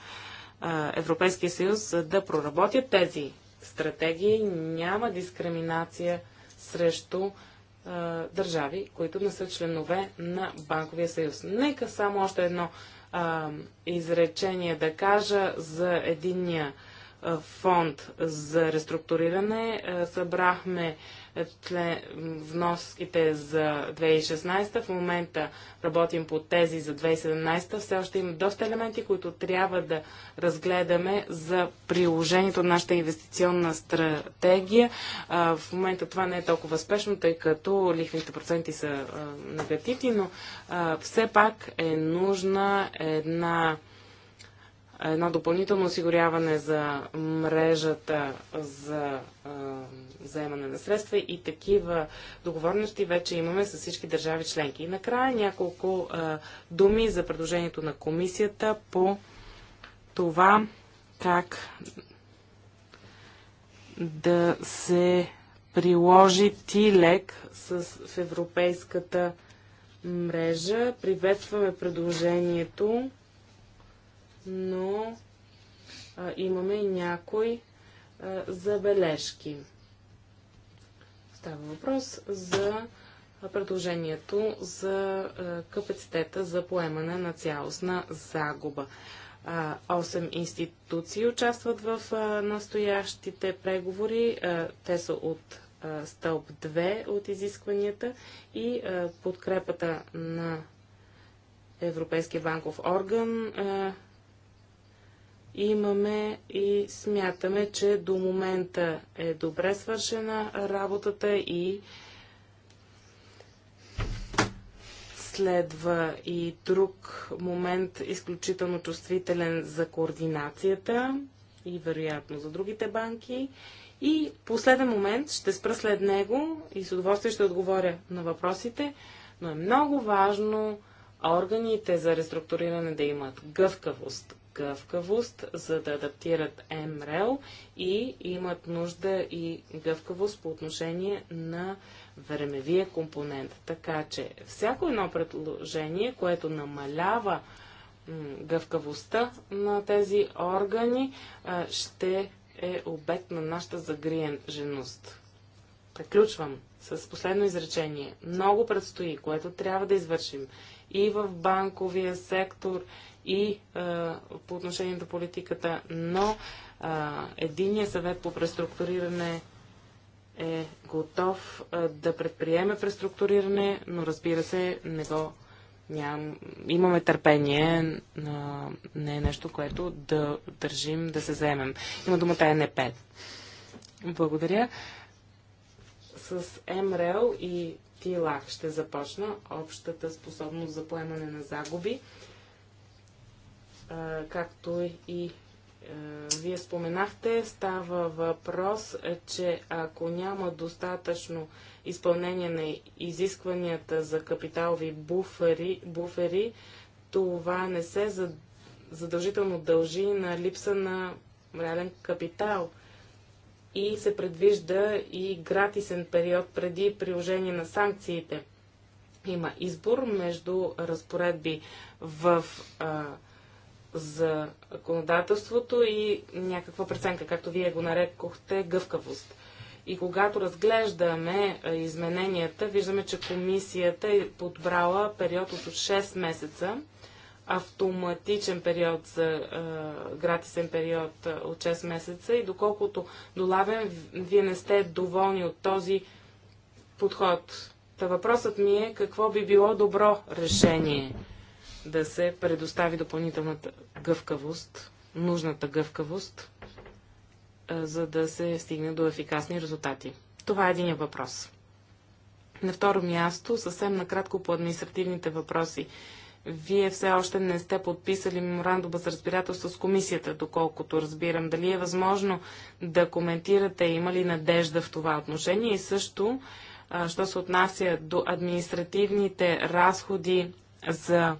Европейския съюз, да проработят тези стратегии. Няма дискриминация срещу държави, които не са членове на Банковия съюз. Нека само още едно изречение да кажа за единния фонд за реструктуриране. Събрахме вноските за 2016. В момента работим по тези за 2017. Все още има доста елементи, които трябва да разгледаме за приложението на нашата инвестиционна стратегия. В момента това не е толкова спешно, тъй като лихвените проценти са негативни, но все пак е нужна една едно допълнително осигуряване за мрежата за заемане на средства и такива договорности вече имаме с всички държави членки. И накрая няколко а, думи за предложението на комисията по това как да се приложи ТИЛЕК с, в европейската мрежа. Приветстваме предложението, но а, имаме и някои а, забележки. Става въпрос за предложението за е, капацитета за поемане на цялостна загуба. Е, осем институции участват в е, настоящите преговори. Те са от стълб 2 от изискванията и подкрепата на Европейския банков орган имаме и смятаме, че до момента е добре свършена работата и следва и друг момент, изключително чувствителен за координацията и вероятно за другите банки. И последен момент, ще спра след него и с удоволствие ще отговоря на въпросите, но е много важно органите за реструктуриране да имат гъвкавост, гъвкавост, за да адаптират МРЕЛ и имат нужда и гъвкавост по отношение на времевия компонент. Така че всяко едно предложение, което намалява гъвкавостта на тези органи, ще е обект на нашата загриенженост. Приключвам с последно изречение. Много предстои, което трябва да извършим и в банковия сектор, и а, е, по отношение до политиката, но а, е, единия съвет по преструктуриране е готов а, е, да предприеме преструктуриране, но разбира се, не го ням, имаме търпение, а, не е нещо, което да държим да се вземем. Има думата НП. Благодаря. С МРЛ и ТИЛАК ще започна общата способност за поемане на загуби както и е, вие споменахте, става въпрос, е, че ако няма достатъчно изпълнение на изискванията за капиталови буфери, буфери това не се задължително дължи на липса на реален капитал. И се предвижда и гратисен период преди приложение на санкциите. Има избор между разпоредби в а, за законодателството и някаква преценка, както вие го нарекохте, гъвкавост. И когато разглеждаме измененията, виждаме, че комисията е подбрала период от 6 месеца, автоматичен период за е, гратисен период от 6 месеца и доколкото долавям, вие не сте доволни от този подход. Та въпросът ми е какво би било добро решение да се предостави допълнителната гъвкавост, нужната гъвкавост, за да се стигне до ефикасни резултати. Това е един въпрос. На второ място, съвсем накратко по административните въпроси. Вие все още не сте подписали меморандума за разбирателство с комисията, доколкото разбирам. Дали е възможно да коментирате, има ли надежда в това отношение и също, що се отнася до административните разходи за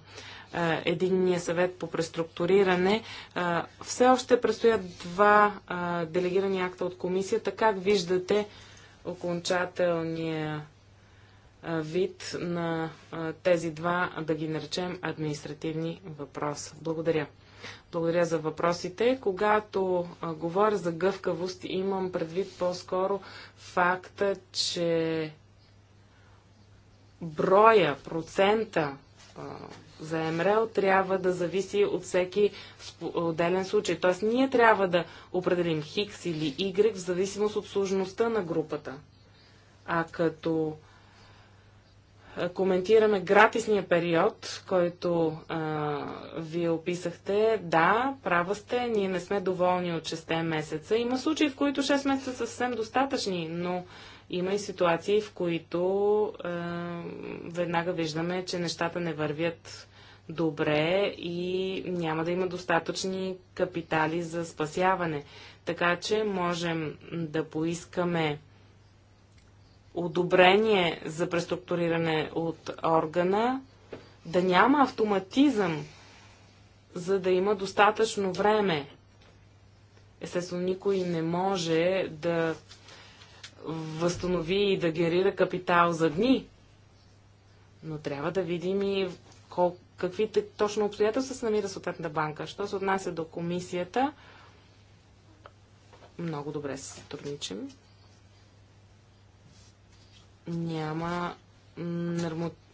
е, единния съвет по преструктуриране. Е, все още предстоят два е, делегирани акта от комисията. Как виждате окончателния вид на тези два, да ги наречем, административни въпроса? Благодаря. Благодаря за въпросите. Когато говоря за гъвкавост, имам предвид по-скоро факта, че броя, процента за МРЛ трябва да зависи от всеки отделен случай. Тоест ние трябва да определим Хикс или Y в зависимост от сложността на групата. А като коментираме гратисния период, който а, вие описахте, да, права сте, ние не сме доволни от 6 месеца. Има случаи, в които 6 месеца са съвсем достатъчни, но има и ситуации, в които е, веднага виждаме, че нещата не вървят добре и няма да има достатъчни капитали за спасяване. Така че можем да поискаме одобрение за преструктуриране от органа, да няма автоматизъм, за да има достатъчно време. Естествено, никой не може да възстанови и да генерира капитал за дни. Но трябва да видим и кол... какви точно обстоятелства се намира съответната банка. Що се отнася до комисията, много добре се сътрудничим. Няма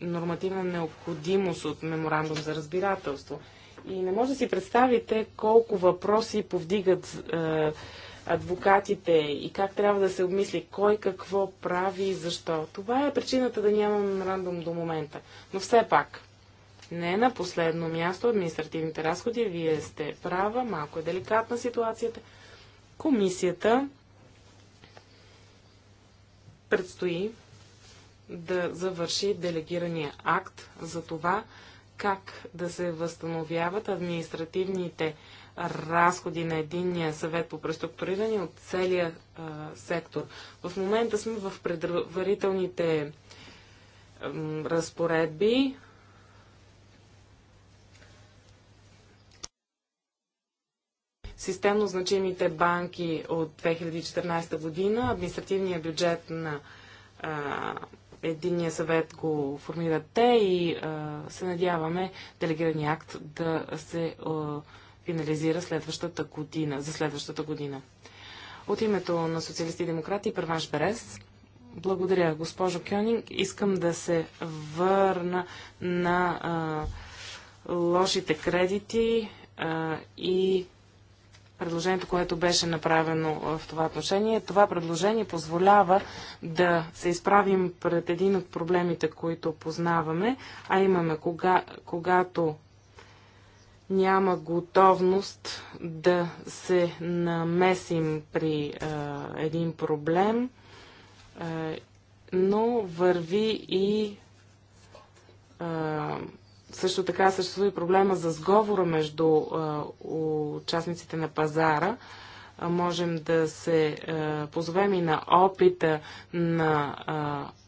нормативна необходимост от меморандум за разбирателство. И не може да си представите колко въпроси повдигат е, адвокатите и как трябва да се обмисли кой какво прави и защо. Това е причината да нямаме меморандум до момента. Но все пак, не на последно място административните разходи. Вие сте права, малко е деликатна ситуацията. Комисията предстои да завърши делегирания акт за това как да се възстановяват административните разходи на единния съвет по преструктуриране от целия а, сектор. В момента сме в предварителните а, разпоредби. Системно значимите банки от 2014 година, административния бюджет на а, единния съвет го формират те и а, се надяваме делегирания акт да се а, финализира следващата година, за следващата година. От името на социалисти и демократи Първанш Берес. Благодаря, госпожо Кьонинг. Искам да се върна на а, лошите кредити а, и предложението, което беше направено в това отношение. Това предложение позволява да се изправим пред един от проблемите, които познаваме, а имаме кога, когато няма готовност да се намесим при а, един проблем, а, но върви и също така съществува и проблема за сговора между участниците на пазара. можем да се позовем и на опита на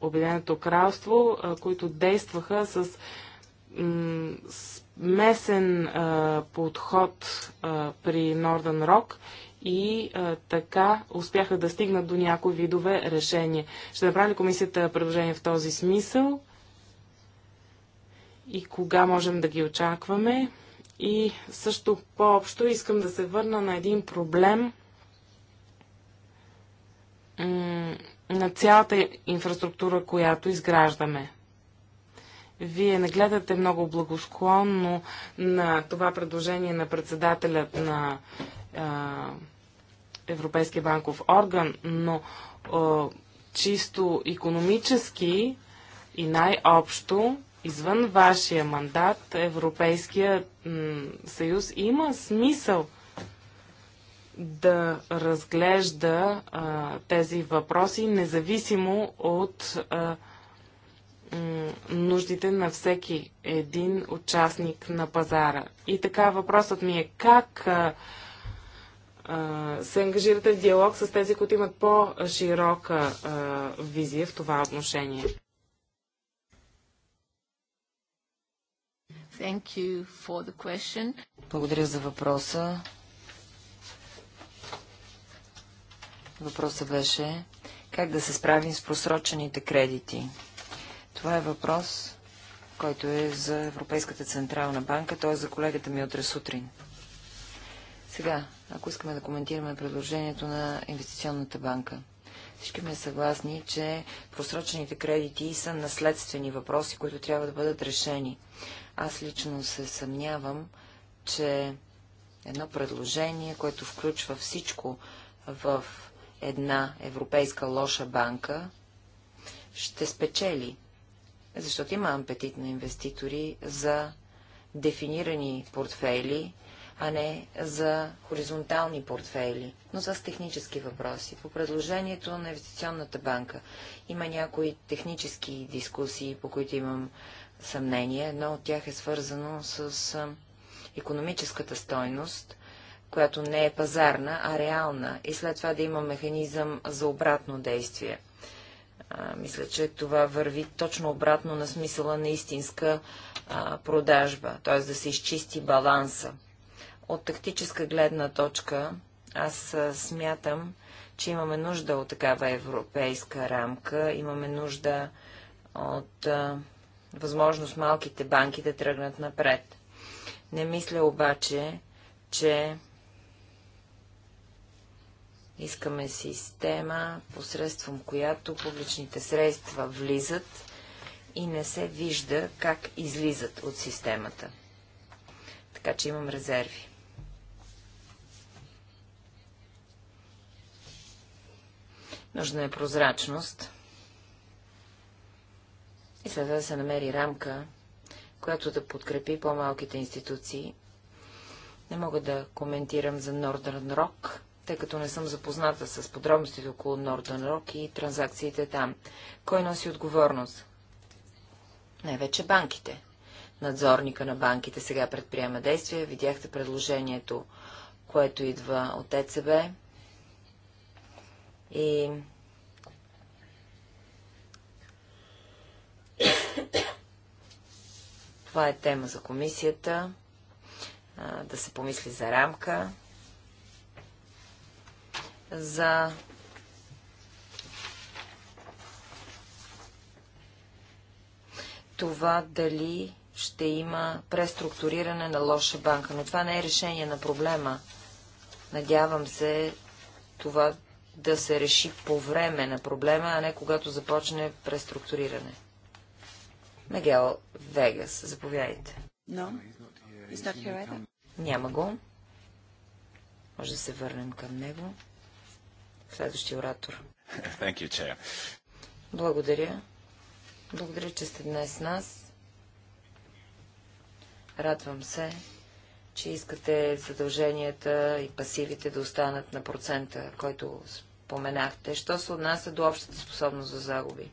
Обединеното кралство, които действаха с смесен подход при Northern Rock, и а, така успяха да стигнат до някои видове решение. Ще направи комисията предложение в този смисъл? и кога можем да ги очакваме. И също по-общо искам да се върна на един проблем на цялата инфраструктура, която изграждаме. Вие не гледате много благосклонно на това предложение на председателят на Европейския банков орган, но чисто економически и най-общо извън вашия мандат, Европейския съюз има смисъл да разглежда а, тези въпроси, независимо от а, нуждите на всеки един участник на пазара. И така въпросът ми е как а, а, се ангажирате в диалог с тези, които имат по-широка визия в това отношение. Thank you for the question. Благодаря за въпроса. Въпросът беше как да се справим с просрочените кредити. Това е въпрос, който е за Европейската централна банка, т.е. за колегата ми утре сутрин. Сега, ако искаме да коментираме предложението на Инвестиционната банка. Всички ме съгласни, че просрочените кредити са наследствени въпроси, които трябва да бъдат решени. Аз лично се съмнявам, че едно предложение, което включва всичко в една европейска лоша банка, ще спечели, защото има апетит на инвеститори за дефинирани портфейли, а не за хоризонтални портфейли, но с технически въпроси. По предложението на Инвестиционната банка има някои технически дискусии, по които имам съмнения. Едно от тях е свързано с економическата стойност, която не е пазарна, а реална, и след това да има механизъм за обратно действие. А, мисля, че това върви точно обратно на смисъла на истинска а, продажба, т.е. да се изчисти баланса. От тактическа гледна точка аз а, смятам, че имаме нужда от такава европейска рамка, имаме нужда от а, възможност малките банки да тръгнат напред. Не мисля обаче, че искаме система, посредством която публичните средства влизат и не се вижда как излизат от системата. Така че имам резерви. Нужна е прозрачност и следва да се намери рамка, която да подкрепи по-малките институции. Не мога да коментирам за Northern Rock, тъй като не съм запозната с подробностите около Northern Rock и транзакциите там. Кой носи отговорност? Най-вече банките. Надзорника на банките сега предприема действия. Видяхте предложението, което идва от ЕЦБ. И Това е тема за комисията. да се помисли за рамка. За това дали ще има преструктуриране на лоша банка. Но това не е решение на проблема. Надявам се това да се реши по време на проблема, а не когато започне преструктуриране. Мегел Вегас. Заповядайте. Но. Няма го. Може да се върнем към него. Следващия оратор. Благодаря. Благодаря, че сте днес с нас. Радвам се, че искате задълженията и пасивите да останат на процента, който споменахте. Що се отнася до общата способност за загуби?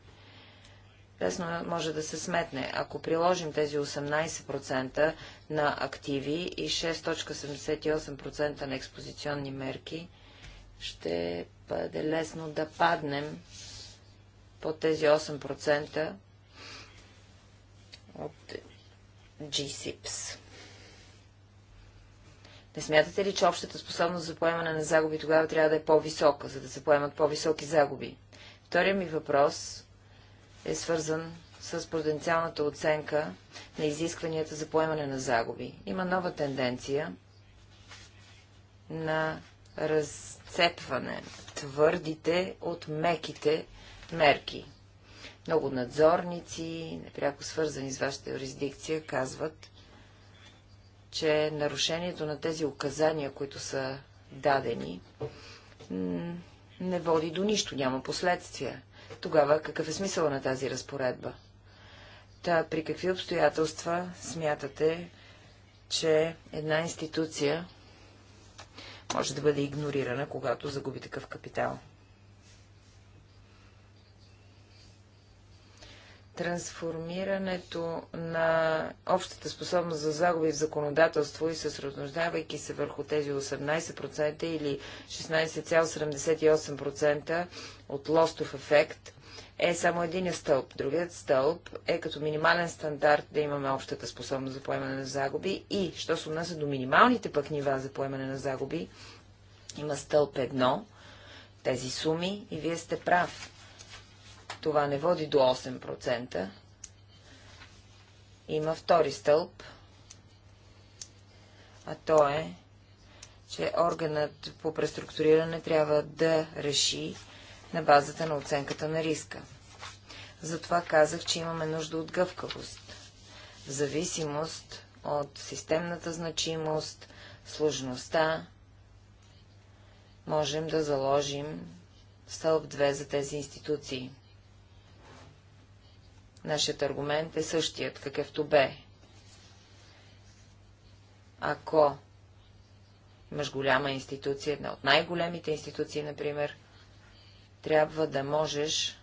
лесно е, може да се сметне. Ако приложим тези 18% на активи и 6.78% на експозиционни мерки, ще бъде лесно да паднем по тези 8% от GSIPS. Не смятате ли, че общата способност за поемане на загуби тогава трябва да е по-висока, за да се поемат по-високи загуби? Втория ми въпрос е свързан с потенциалната оценка на изискванията за поемане на загуби. Има нова тенденция на разцепване твърдите от меките мерки. Много надзорници, непряко свързани с вашата юрисдикция, казват, че нарушението на тези указания, които са дадени, не води до нищо, няма последствия тогава какъв е смисъл на тази разпоредба? Та при какви обстоятелства смятате, че една институция може да бъде игнорирана, когато загуби такъв капитал? трансформирането на общата способност за загуби в законодателство и съсредоточавайки се върху тези 18% или 16,78% от лостов ефект е само един стълб. Другият стълб е като минимален стандарт да имаме общата способност за поемане на загуби и, що се отнася до минималните пък нива за поемане на загуби, има стълб едно, тези суми и вие сте прав. Това не води до 8%. Има втори стълб, а то е, че органът по преструктуриране трябва да реши на базата на оценката на риска. Затова казах, че имаме нужда от гъвкавост, в зависимост от системната значимост, сложността, можем да заложим стълб 2 за тези институции. Нашият аргумент е същият, какъвто бе. Ако имаш голяма институция, една от най-големите институции, например, трябва да можеш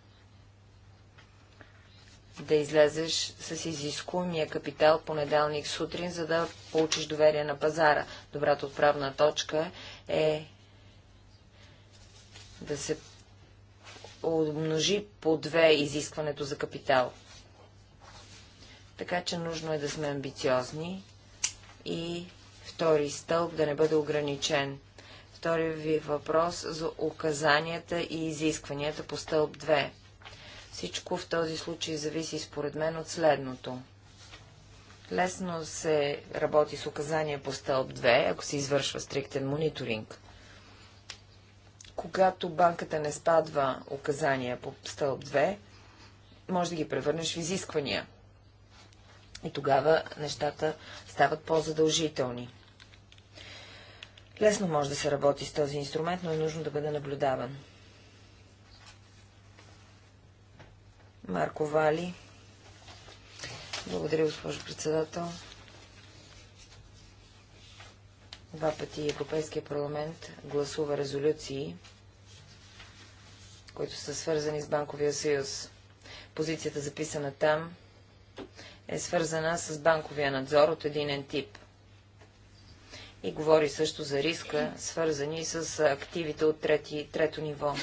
да излезеш с изискуемия капитал понеделник сутрин, за да получиш доверие на пазара. Добрата отправна точка е да се умножи по две изискването за капитал. Така че нужно е да сме амбициозни и втори стълб да не бъде ограничен Втори ви въпрос за указанията и изискванията по стълб 2. Всичко в този случай зависи според мен от следното. Лесно се работи с указания по стълб 2, ако се извършва стриктен мониторинг. Когато банката не спадва указания по стълб 2, може да ги превърнеш в изисквания. И тогава нещата стават по-задължителни. Лесно може да се работи с този инструмент, но е нужно да бъде наблюдаван. Марко Вали. Благодаря, госпожо председател. Два пъти Европейския парламент гласува резолюции, които са свързани с Банковия съюз. Позицията, записана там, е свързана с банковия надзор от един тип – и говори също за риска, свързани с активите от трети, трето ниво.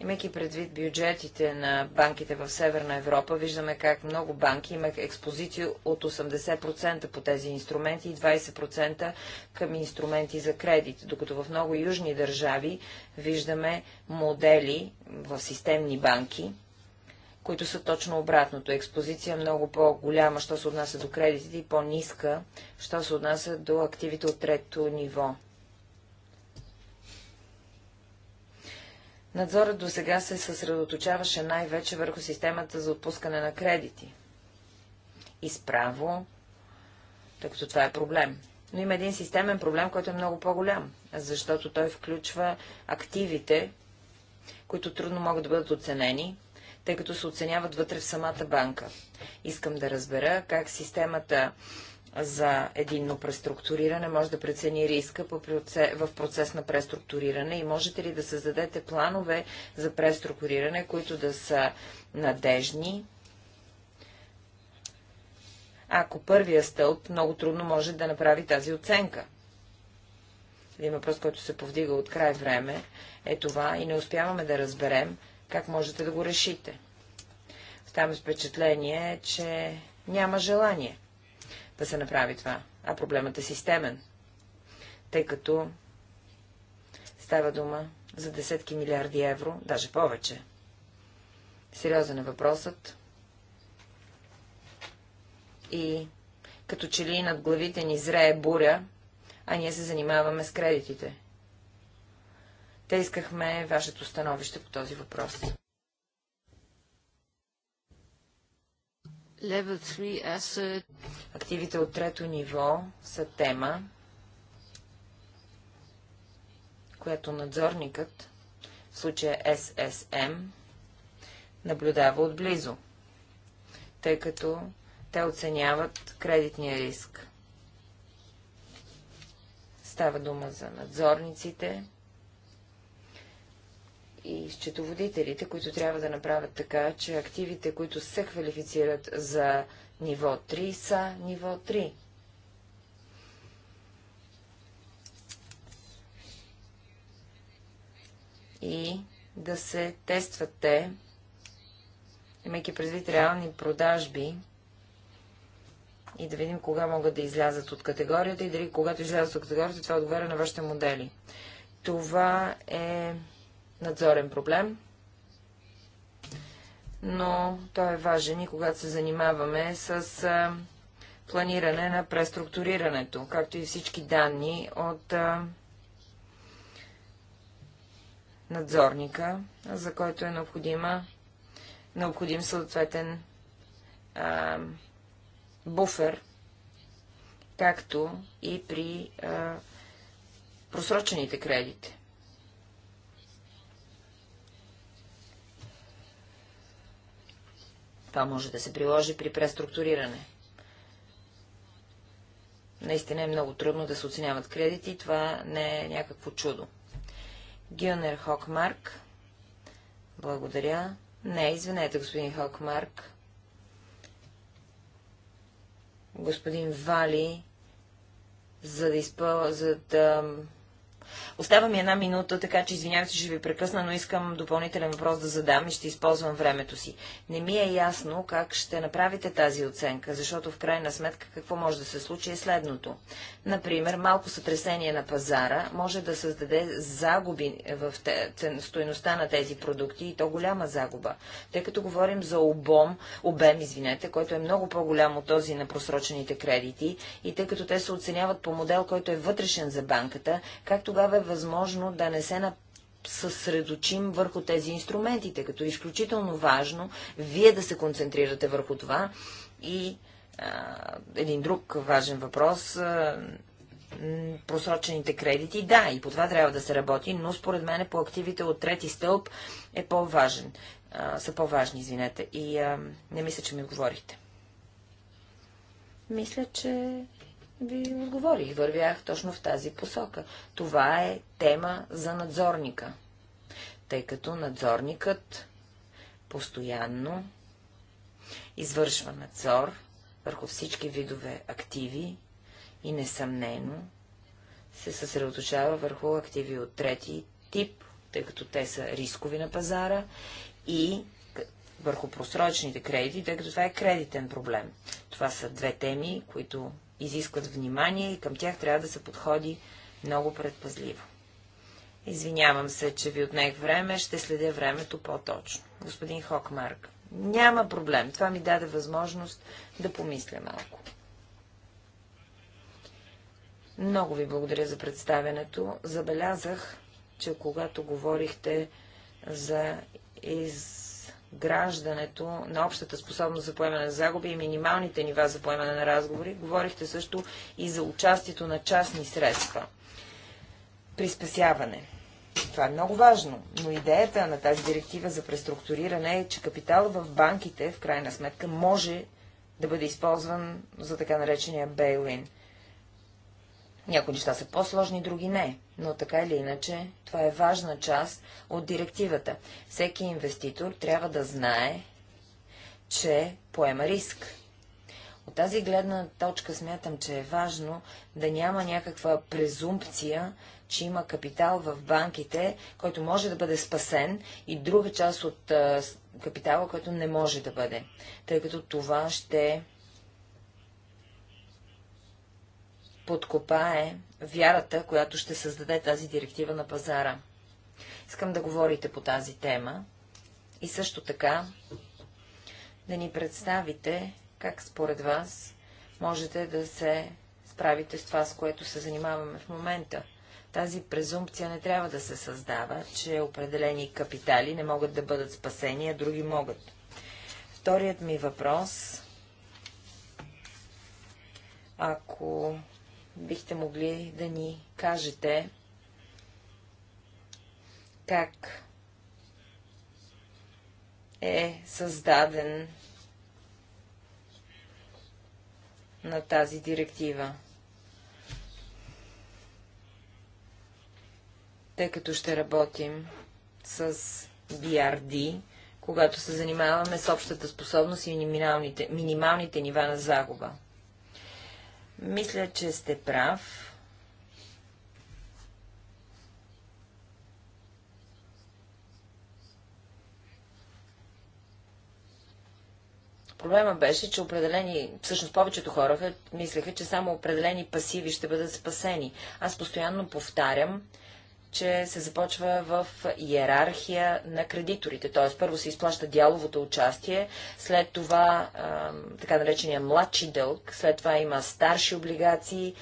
Имайки предвид бюджетите на банките в Северна Европа, виждаме как много банки имах експозиции от 80% по тези инструменти и 20% към инструменти за кредит, докато в много южни държави виждаме модели в системни банки, които са точно обратното. Експозиция е много по-голяма, що се отнася до кредитите и по-ниска, що се отнася до активите от трето ниво. Надзорът до сега се съсредоточаваше най-вече върху системата за отпускане на кредити. И справо, тъй като това е проблем. Но има един системен проблем, който е много по-голям, защото той включва активите, които трудно могат да бъдат оценени, тъй като се оценяват вътре в самата банка. Искам да разбера как системата за единно преструктуриране може да прецени риска в процес на преструктуриране и можете ли да създадете планове за преструктуриране, които да са надежни, ако първия стълб много трудно може да направи тази оценка. Един въпрос, който се повдига от край време, е това и не успяваме да разберем как можете да го решите? Ставам впечатление, че няма желание да се направи това, а проблемът е системен, тъй като става дума за десетки милиарди евро, даже повече. Сериозен е въпросът. И като че ли над главите ни зрее буря, а ние се занимаваме с кредитите. Те искахме вашето становище по този въпрос. Е, Активите от трето ниво са тема, която надзорникът, в случая SSM, наблюдава отблизо, тъй като те оценяват кредитния риск. Става дума за надзорниците, и счетоводителите, които трябва да направят така, че активите, които се квалифицират за ниво 3, са ниво 3. И да се тестват те, имайки предвид реални продажби, и да видим кога могат да излязат от категорията и дали когато излязат от категорията, това отговаря на вашите модели. Това е надзорен проблем, но той е важен и когато се занимаваме с планиране на преструктурирането, както и всички данни от надзорника, за който е необходима, необходим съответен а, буфер, както и при а, просрочените кредити. Това може да се приложи при преструктуриране. Наистина е много трудно да се оценяват кредити и това не е някакво чудо. Гюнер Хокмарк. Благодаря. Не, извинете, господин Хокмарк. Господин Вали, за да, изпъл... за да Остава ми една минута, така че извинявам се, ще ви прекъсна, но искам допълнителен въпрос да задам и ще използвам времето си. Не ми е ясно как ще направите тази оценка, защото в крайна сметка какво може да се случи е следното. Например, малко сътресение на пазара може да създаде загуби в стоеността на тези продукти и то голяма загуба. Тъй като говорим за обом, обем, извинете, който е много по-голям от този на просрочените кредити и тъй като те се оценяват по модел, който е вътрешен за банката, както тогава е възможно да не се съсредочим върху тези инструменти, тъй като е изключително важно вие да се концентрирате върху това и а, един друг важен въпрос а, просрочените кредити. Да, и по това трябва да се работи, но според мен по активите от трети стълб е по-важен. са по-важни, извинете. И а, не мисля, че ми отговорихте. Мисля, че ви отговорих. Вървях точно в тази посока. Това е тема за надзорника, тъй като надзорникът постоянно извършва надзор върху всички видове активи и несъмнено се съсредоточава върху активи от трети тип, тъй като те са рискови на пазара и върху просрочните кредити, тъй като това е кредитен проблем. Това са две теми, които изискват внимание и към тях трябва да се подходи много предпазливо. Извинявам се, че ви отнех време, ще следя времето по-точно. Господин Хокмарк, няма проблем. Това ми даде възможност да помисля малко. Много ви благодаря за представянето. Забелязах, че когато говорихте за из граждането на общата способност за поемане на загуби и минималните нива за поемане на разговори. Говорихте също и за участието на частни средства при спасяване. Това е много важно, но идеята на тази директива за преструктуриране е, че капитал в банките, в крайна сметка, може да бъде използван за така наречения бейлин – някои неща са по-сложни, други не, но така или иначе това е важна част от директивата. Всеки инвеститор трябва да знае, че поема риск. От тази гледна точка смятам, че е важно да няма някаква презумпция, че има капитал в банките, който може да бъде спасен и друга част от капитала, който не може да бъде, тъй като това ще подкопае вярата, която ще създаде тази директива на пазара. Искам да говорите по тази тема и също така да ни представите как според вас можете да се справите с това, с което се занимаваме в момента. Тази презумпция не трябва да се създава, че определени капитали не могат да бъдат спасени, а други могат. Вторият ми въпрос, ако бихте могли да ни кажете как е създаден на тази директива. Тъй като ще работим с BRD, когато се занимаваме с общата способност и минималните, минималните нива на загуба. Мисля, че сте прав. Проблема беше, че определени, всъщност повечето хора мислеха, че само определени пасиви ще бъдат спасени. Аз постоянно повтарям, че се започва в иерархия на кредиторите. Т.е. първо се изплаща дяловото участие, след това така наречения младши дълг, след това има старши облигации.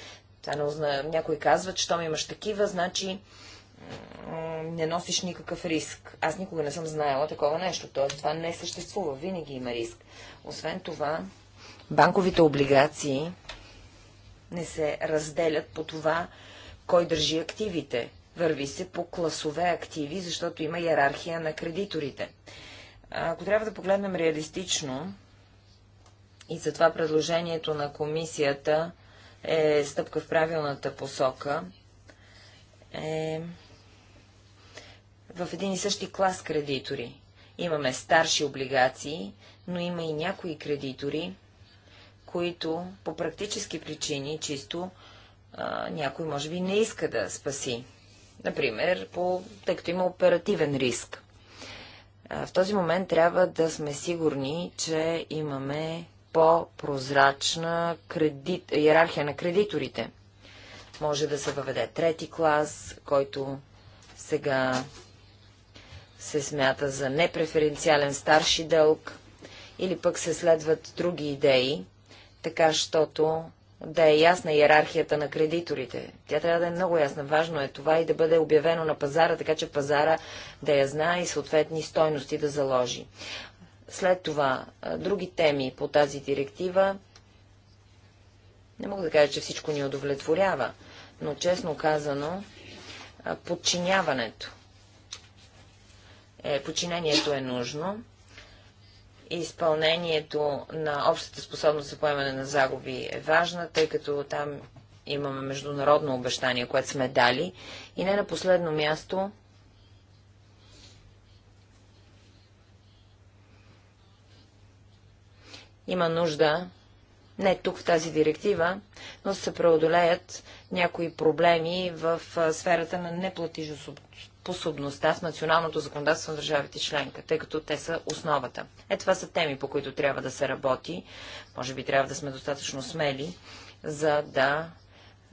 Това не узна... Някой казва, че щом имаш такива, значи не носиш никакъв риск. Аз никога не съм знаела такова нещо, т.е. това не съществува, винаги има риск. Освен това, банковите облигации не се разделят по това, кой държи активите. Върви се по класове активи, защото има иерархия на кредиторите. Ако трябва да погледнем реалистично, и затова предложението на комисията е стъпка в правилната посока, е в един и същи клас кредитори. Имаме старши облигации, но има и някои кредитори, които по практически причини чисто а, някой може би не иска да спаси Например, по, тъй като има оперативен риск. В този момент трябва да сме сигурни, че имаме по-прозрачна кредит, иерархия на кредиторите. Може да се въведе трети клас, който сега се смята за непреференциален старши дълг, или пък се следват други идеи, така щото да е ясна иерархията на кредиторите. Тя трябва да е много ясна. Важно е това и да бъде обявено на пазара, така че пазара да я знае и съответни стойности да заложи. След това, други теми по тази директива. Не мога да кажа, че всичко ни удовлетворява, но честно казано, подчиняването. Е, подчинението е нужно изпълнението на общата способност за поемане на загуби е важна, тъй като там имаме международно обещание, което сме дали. И не на последно място има нужда, не тук в тази директива, но се преодолеят някои проблеми в сферата на неплатежоспособността способността с националното законодателство на държавите членка, тъй като те са основата. Е, това са теми, по които трябва да се работи. Може би трябва да сме достатъчно смели, за да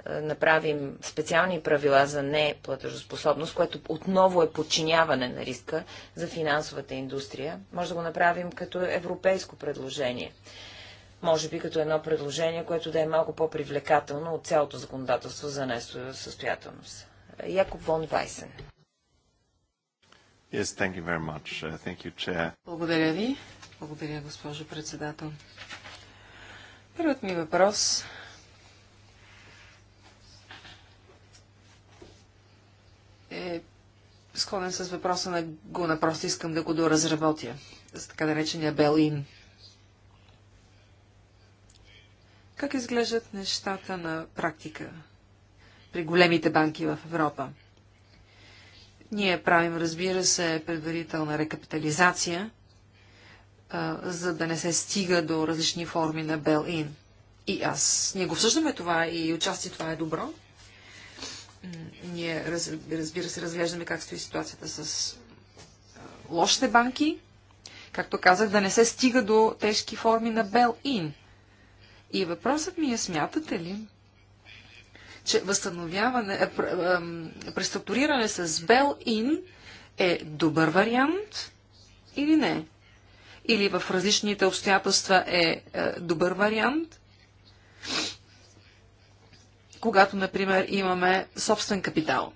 е, направим специални правила за неплатежоспособност, което отново е подчиняване на риска за финансовата индустрия. Може да го направим като европейско предложение. Може би като едно предложение, което да е малко по-привлекателно от цялото законодателство за несъстоятелност. Е, Якоб Вон Вайсен. Yes, thank you very much. Uh, thank you, chair. Благодаря ви. Благодаря, госпожо председател. Първият ми въпрос е сходен с въпроса на Гуна. Просто искам да го доразработя. За така наречения да Белин. Как изглеждат нещата на практика при големите банки в Европа? Ние правим, разбира се, предварителна рекапитализация, а, за да не се стига до различни форми на бел-ин. И аз. Ние го обсъждаме това и отчасти това е добро. Ние, раз, разбира се, разглеждаме как стои ситуацията с а, лошите банки. Както казах, да не се стига до тежки форми на бел-ин. И въпросът ми е, смятате ли, че възстановяване, е, преструктуриране с Бел-Ин е добър вариант или не? Или в различните обстоятелства е, е добър вариант? Когато, например, имаме собствен капитал.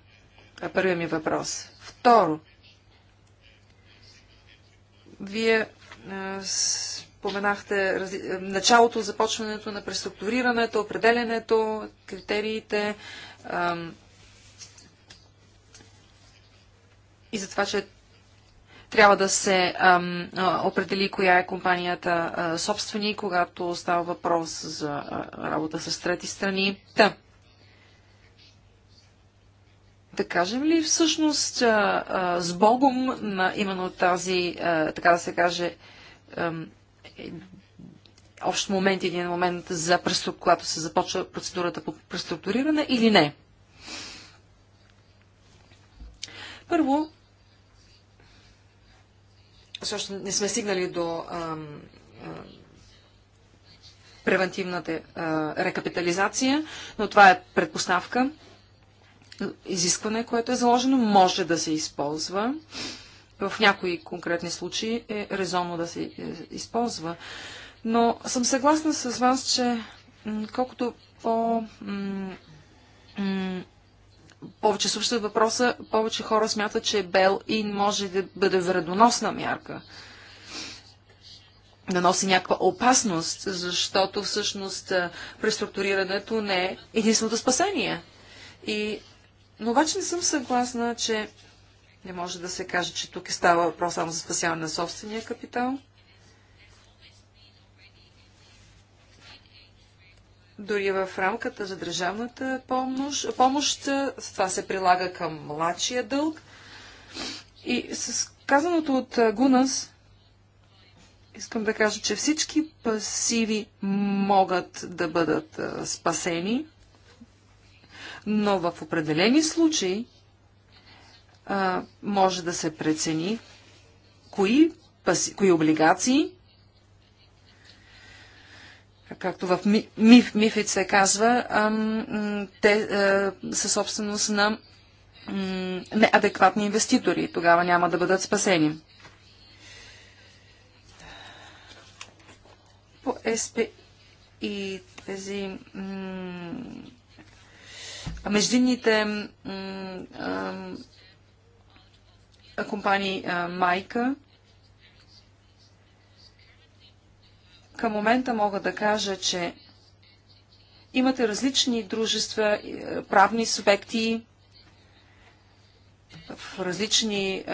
Е първият ми въпрос. Второ, вие споменахте раз... Е, началото, започването на преструктурирането, определенето, критериите ам... и за това, че трябва да се ам, определи коя е компанията а, собствени, когато става въпрос за а, работа с трети страни. Та. Да. да кажем ли всъщност а, а, с Богом на именно тази, а, така да се каже, ам, е общ момент, един момент за преструк, когато се започва процедурата по преструктуриране или не? Първо, също не сме стигнали до ам, ам, превентивната а, рекапитализация, но това е предпоставка. Изискване, което е заложено, може да се използва. А, в някои конкретни случаи е резонно да се е, използва. Но съм съгласна с вас, че колкото по повече слушат въпроса, повече хора смятат, че бел-ин може да бъде вредоносна мярка. Да носи някаква опасност, защото всъщност е, преструктурирането не е единственото спасение. И, но обаче не съм съгласна, че не може да се каже, че тук е става въпрос само за спасяване на собствения капитал. Дори в рамката за държавната помощ, помощ това се прилага към младшия дълг. И с казаното от Гунас, искам да кажа, че всички пасиви могат да бъдат спасени, но в определени случаи а, може да се прецени кои, паси, кои облигации, както в МИФ, МИФИТ се казва, а, те а, са собственост на а, неадекватни инвеститори. Тогава няма да бъдат спасени. По СП и тези междинните компании майка. Към момента мога да кажа, че имате различни дружества, правни субекти в различни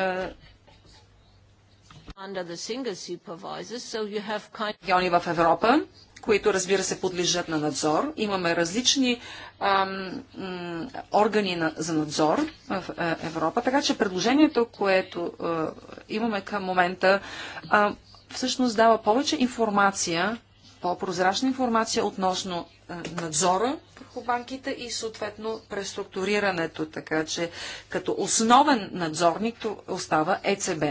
региони в Европа, които разбира се подлежат на надзор. Имаме различни ам, органи на, за надзор в е, Европа, така че предложението, което а, е, имаме към момента, а, всъщност дава повече информация, по-прозрачна информация относно а, е, надзора върху банките и съответно преструктурирането, така че като основен надзорник остава ЕЦБ.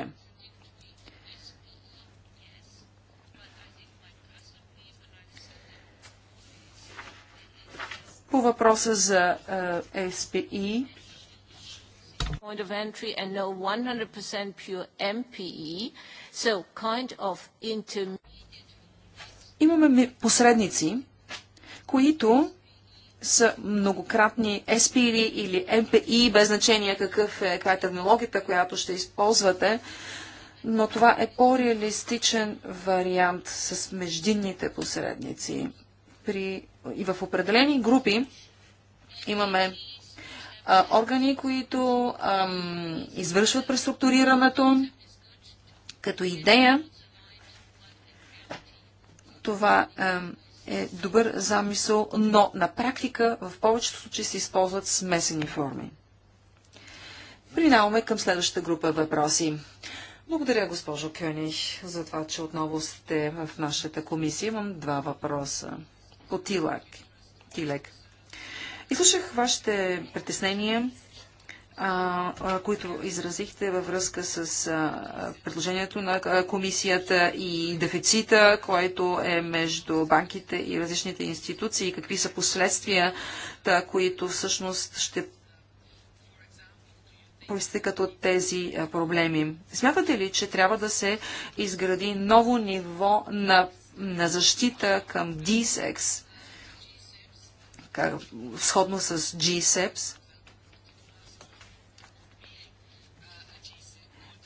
По въпроса за СПИ, point of entry and no 100% pure MPE, so kind of Имаме посредници, които са многократни SPI или MPI, без значение какъв е, каква е терминологията, която ще използвате, но това е по-реалистичен вариант с междинните посредници при, и в определени групи имаме а, органи, които а, извършват преструктурирането като идея. Това а, е добър замисъл, но на практика в повечето случаи се използват смесени форми. Принаваме към следващата група въпроси. Благодаря, госпожо Кюних, за това, че отново сте в нашата комисия. Имам два въпроса. Тилак. Тилек. слушах вашите притеснения, а, а, които изразихте във връзка с а, предложението на комисията и дефицита, който е между банките и различните институции, какви са последствията, които всъщност ще проистекат от тези проблеми. Смятате ли, че трябва да се изгради ново ниво на на защита към DSEX, сходно с GSEPS.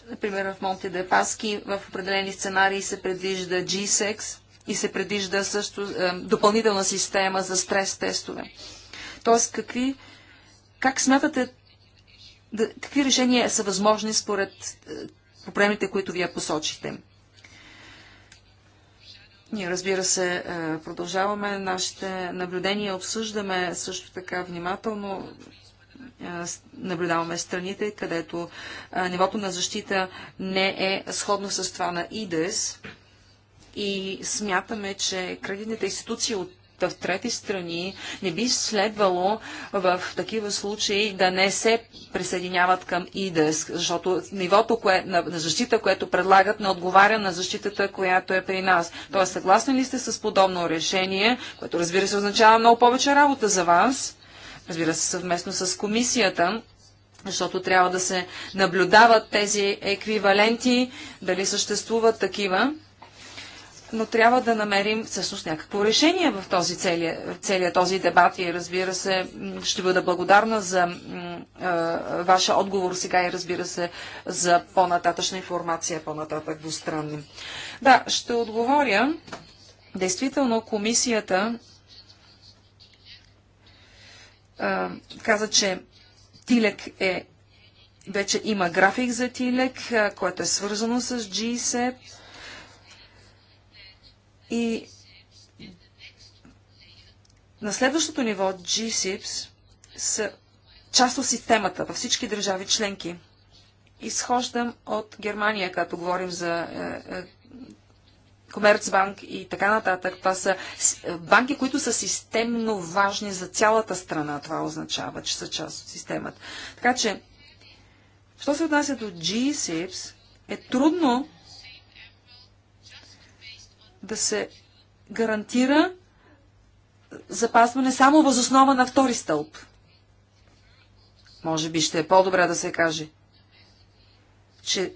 Например, в Монте де Паски в определени сценарии се предвижда GSEX и се предвижда също е, допълнителна система за стрес-тестове. Тоест, какви, как смятате, да, какви решения са възможни според е, проблемите, които вие посочихте? Ние, разбира се, е, продължаваме нашите наблюдения, обсъждаме също така внимателно е, наблюдаваме страните, където е, нивото на защита не е сходно с това на ИДЕС и смятаме, че кредитните институции от в трети страни, не би следвало в такива случаи да не се присъединяват към ИДЕС, защото нивото кое, на, на защита, което предлагат, не отговаря на защитата, която е при нас. Тоест, съгласни ли сте с подобно решение, което разбира се означава много повече работа за вас, разбира се съвместно с комисията, защото трябва да се наблюдават тези еквиваленти, дали съществуват такива но трябва да намерим всъщност някакво решение в този целият целия този дебат и разбира се, ще бъда благодарна за е, ваша отговор сега и разбира се за по-нататъчна информация, по-нататък двустранни. Да, ще отговоря. Действително, комисията е, каза, че Тилек е вече има график за Тилек, което е свързано с GSEP. И на следващото ниво GSIPS са част от системата във всички държави членки. Изхождам от Германия, като говорим за Комерцбанк е, и така нататък. Това са е, банки, които са системно важни за цялата страна. Това означава, че са част от системата. Така че, що се отнася до GSIPS, е трудно да се гарантира запазване само възоснова на втори стълб. Може би ще е по-добре да се каже, че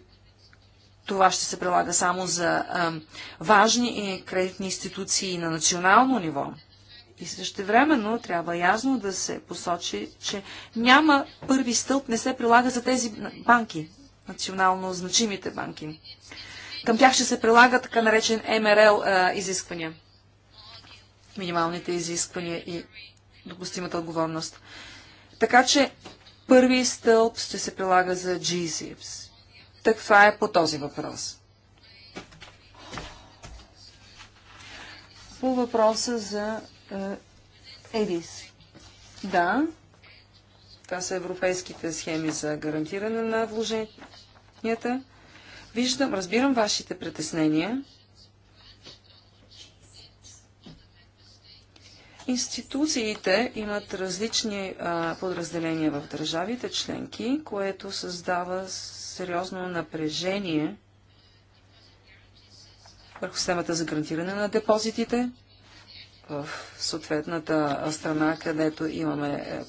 това ще се прилага само за а, важни кредитни институции на национално ниво. И също времено трябва ясно да се посочи, че няма първи стълб, не се прилага за тези банки, национално значимите банки към тях ще се прилага така наречен МРЛ а, изисквания. Минималните изисквания и допустимата отговорност. Така че първи стълб ще се прилага за GZIPS. Так това е по този въпрос. По въпроса за ЕДИС. Да, това са европейските схеми за гарантиране на вложенията. Виждам, разбирам вашите притеснения. Институциите имат различни а, подразделения в държавите членки, което създава сериозно напрежение върху системата за гарантиране на депозитите в съответната страна, където, имаме, е,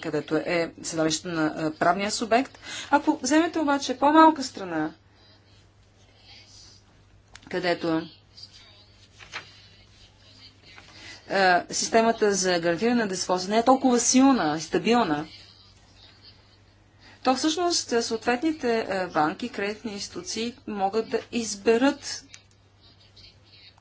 където е седалището на е, правния субект. Ако вземете обаче по-малка страна, където системата за гарантиране на дисфоза не е толкова силна и стабилна, то всъщност съответните банки, кредитни институции могат да изберат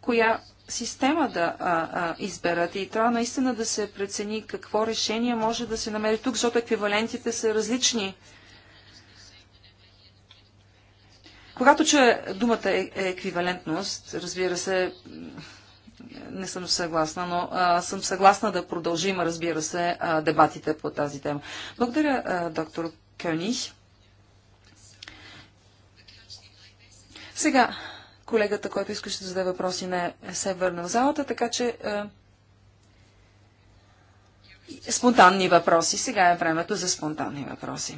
коя система да а, а, изберат. И трябва наистина да се прецени какво решение може да се намери тук, защото еквивалентите са различни. Когато че думата е еквивалентност, разбира се, не съм съгласна, но а, съм съгласна да продължим, разбира се, а, дебатите по тази тема. Благодаря, а, доктор Кюних. Сега, колегата, който искаше да зададе въпроси, не се е върна в залата, така че а, спонтанни въпроси. Сега е времето за спонтанни въпроси.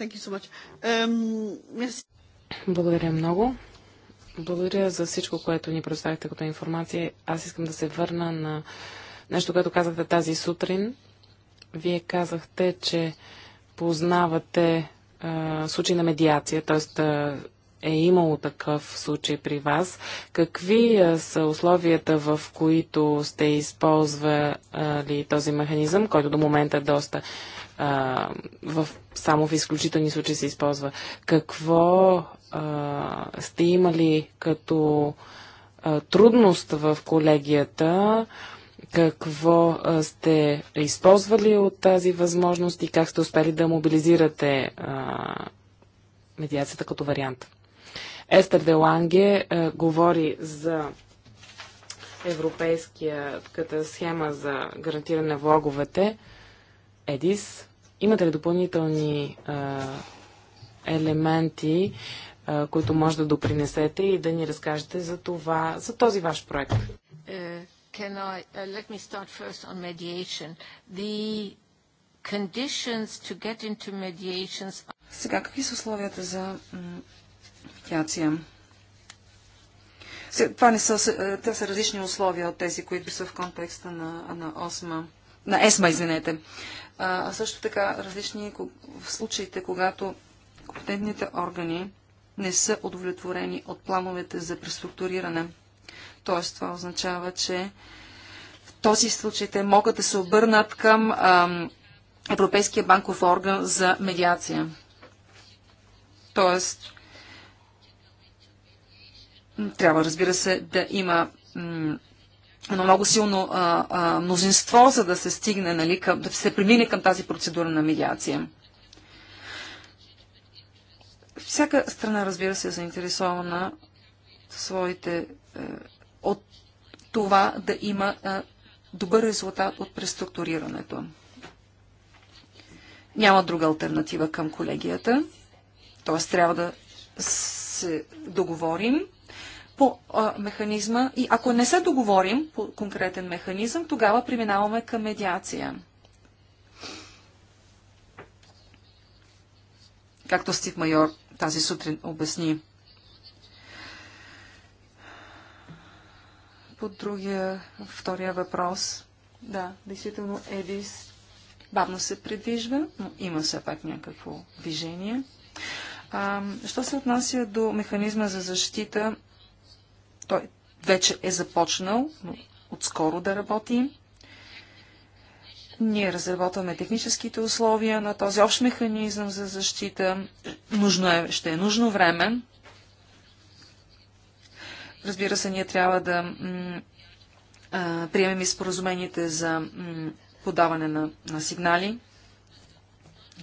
Thank you so much. Um, yes. Благодаря много. Благодаря за всичко, което ни представихте като информация. Аз искам да се върна на нещо, което казахте тази сутрин. Вие казахте, че познавате а, случай на медиация, т.е. е имало такъв случай при вас. Какви а, са условията, в които сте използвали този механизъм, който до момента е доста в, само в изключителни случаи се използва. Какво а, сте имали като а, трудност в колегията? Какво а, сте използвали от тази възможност и как сте успели да мобилизирате а, медиацията като вариант? Естер Деланге а, говори за европейската схема за гарантиране на влоговете, ЕДИС, Имате ли допълнителни а, елементи, а, които може да допринесете и да ни разкажете за това, за този ваш проект? Uh, I, uh, mediations... Сега, какви са условията за медиация? Това не са, е, те са различни условия от тези, които са в контекста на, на, осма, на ЕСМА, извинете а също така различни в случаите, когато компетентните органи не са удовлетворени от плановете за преструктуриране. Тоест, това означава, че в този случай те могат да се обърнат към а, Европейския банков орган за медиация. Тоест, трябва, разбира се, да има едно много силно а, а, мнозинство, за да се стигне, нали, към, да се премине към тази процедура на медиация. Всяка страна, разбира се, е заинтересована своите, е, от това да има е, добър резултат от преструктурирането. Няма друга альтернатива към колегията, т.е. трябва да се договорим по а, механизма и ако не се договорим по конкретен механизъм, тогава преминаваме към медиация. Както Стив Майор тази сутрин обясни. По другия, втория въпрос. Да, действително Едис бавно се придвижва, но има все пак някакво движение. А, що се отнася до механизма за защита той вече е започнал отскоро да работи. Ние разработваме техническите условия на този общ механизъм за защита. Нужно е, ще е нужно време. Разбира се, ние трябва да приемем и споразумените за подаване на, на сигнали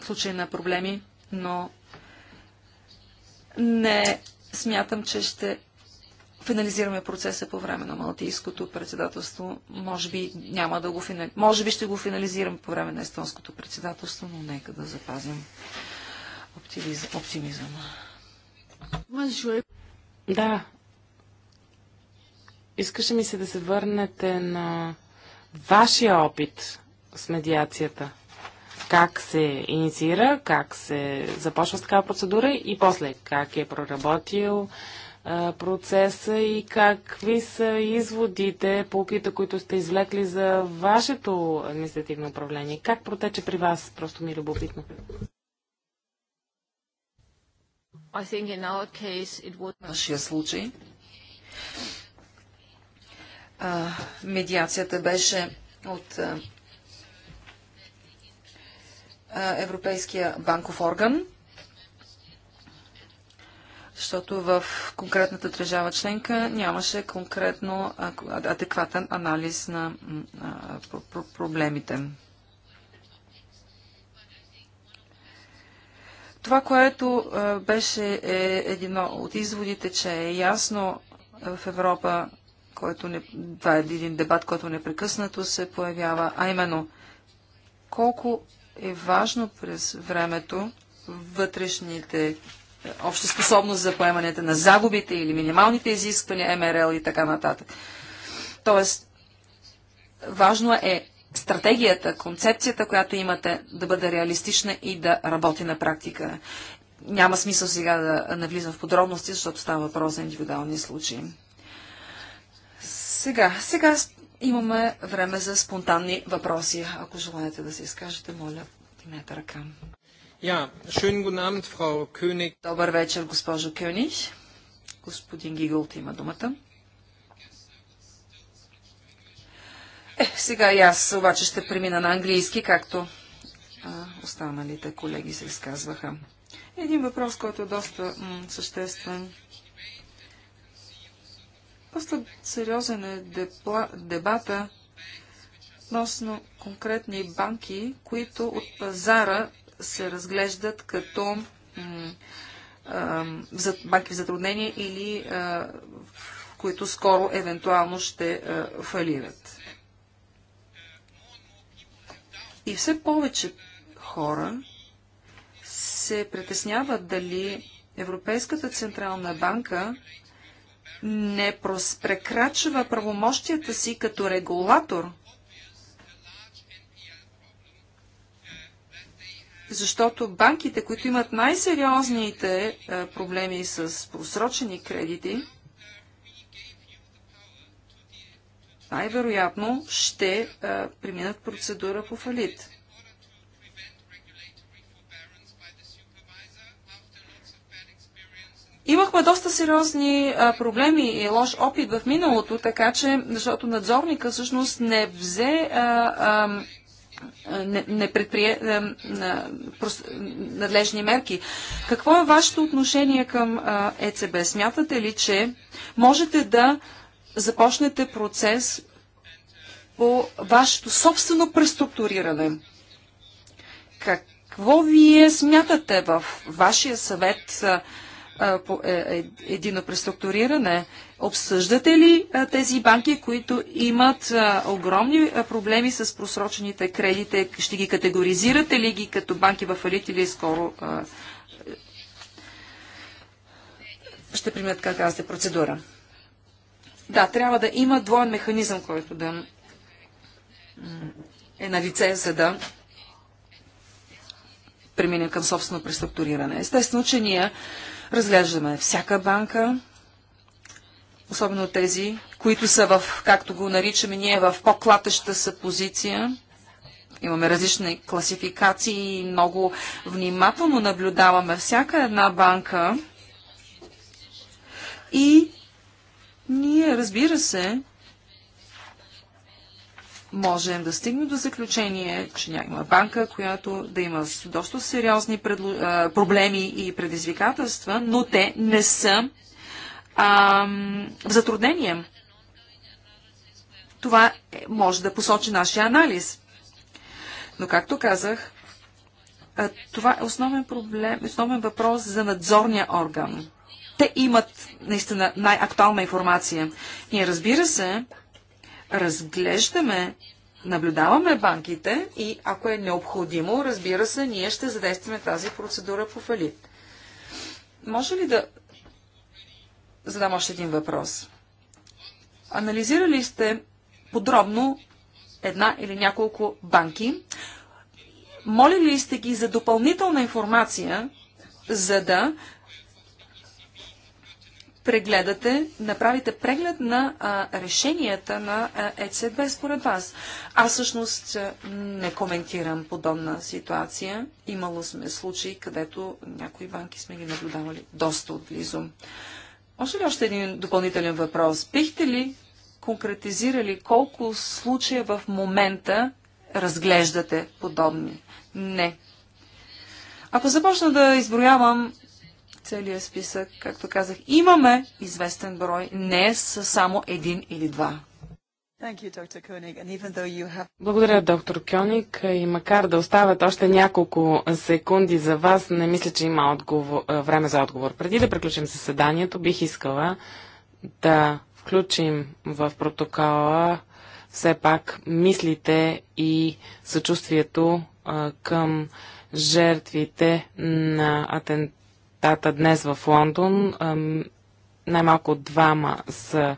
в случай на проблеми, но не смятам, че ще финализираме процеса по време на Малтийското председателство. Може би няма да го финали... Може би ще го финализираме по време на Естонското председателство, но нека да запазим оптимиз... оптимизъм. Да. Искаше ми се да се върнете на вашия опит с медиацията. Как се инициира, как се започва с такава процедура и после как е проработил процеса и какви са изводите, полките, които сте извлекли за вашето административно управление? Как протече при вас? Просто ми е любопитно. Нашия случай а, медиацията беше от а, Европейския банков орган защото в конкретната държава членка нямаше конкретно адекватен анализ на проблемите. Това, което беше е едно от изводите, че е ясно в Европа, който не, това е един дебат, който непрекъснато се появява, а именно колко е важно през времето вътрешните обща способност за поемането на загубите или минималните изисквания, МРЛ и така нататък. Тоест, важно е стратегията, концепцията, която имате, да бъде реалистична и да работи на практика. Няма смисъл сега да навлизам в подробности, защото става въпрос за индивидуални случаи. Сега, сега имаме време за спонтанни въпроси. Ако желаете да се изкажете, моля, дигнете ръка. Ja, schönen guten Abend, Frau König. Добър вечер, госпожо Кюниш. Господин Гигълт има думата. Е, сега и аз обаче ще премина на английски, както а, останалите колеги се изказваха. Един въпрос, който е доста съществен. Доста сериозен е депла, дебата относно конкретни банки, които от пазара се разглеждат като банки в затруднение или които скоро евентуално ще фалират. И все повече хора се притесняват дали Европейската Централна банка не прекрачва правомощията си като регулатор – защото банките, които имат най-сериозните е, проблеми с просрочени кредити, най-вероятно ще е, преминат процедура по фалит. Имахме доста сериозни е, проблеми и лош опит в миналото, така че, защото надзорника всъщност не взе а, а, не, не предприе а, прос, надлежни мерки. Какво е вашето отношение към а, ЕЦБ? Смятате ли, че можете да започнете процес по вашето собствено преструктуриране? Какво вие смятате в вашия съвет а, по е, е, едино преструктуриране? Обсъждате ли а, тези банки, които имат а, огромни а, проблеми с просрочените кредите? Ще ги категоризирате ли ги като банки в фалит или скоро ще примат как аз процедура? Да, трябва да има двоен механизъм, който да е на лице, за да преминем към собствено преструктуриране. Естествено, че ние разглеждаме всяка банка, особено тези, които са в, както го наричаме ние, в по-клатеща са позиция. Имаме различни класификации и много внимателно наблюдаваме всяка една банка. И ние, разбира се, можем да стигнем до заключение, че няма банка, която да има доста сериозни предло... проблеми и предизвикателства, но те не са а, в затруднение. Това е, може да посочи нашия анализ. Но, както казах, това е основен проблем, основен въпрос за надзорния орган. Те имат наистина най-актуална информация. Ние, разбира се, разглеждаме, наблюдаваме банките и ако е необходимо, разбира се, ние ще задействаме тази процедура по фалит. Може ли да задам още един въпрос. Анализирали сте подробно една или няколко банки? Молили сте ги за допълнителна информация, за да прегледате, направите преглед на а, решенията на а, ЕЦБ според вас. Аз всъщност не коментирам подобна ситуация. Имало сме случаи, където някои банки сме ги наблюдавали доста отблизо. Може ли още един допълнителен въпрос? Бихте ли конкретизирали колко случая в момента разглеждате подобни? Не. Ако започна да изброявам целият списък, както казах, имаме известен брой, не с само един или два благодаря, доктор Кьоник. И макар да остават още няколко секунди за вас, не мисля, че има отговор, време за отговор. Преди да приключим заседанието, бих искала да включим в протокола все пак мислите и съчувствието към жертвите на атентата днес в Лондон. най-малко двама са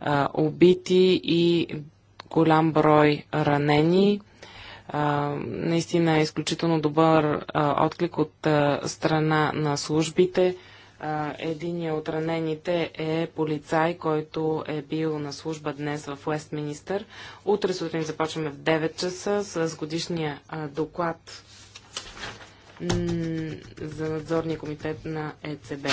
а, убити и голям брой ранени. А, наистина е изключително добър а, отклик от а, страна на службите. Единият от ранените е полицай, който е бил на служба днес в Уестминистър. Утре сутрин започваме в 9 часа с годишния доклад за надзорния комитет на ЕЦБ.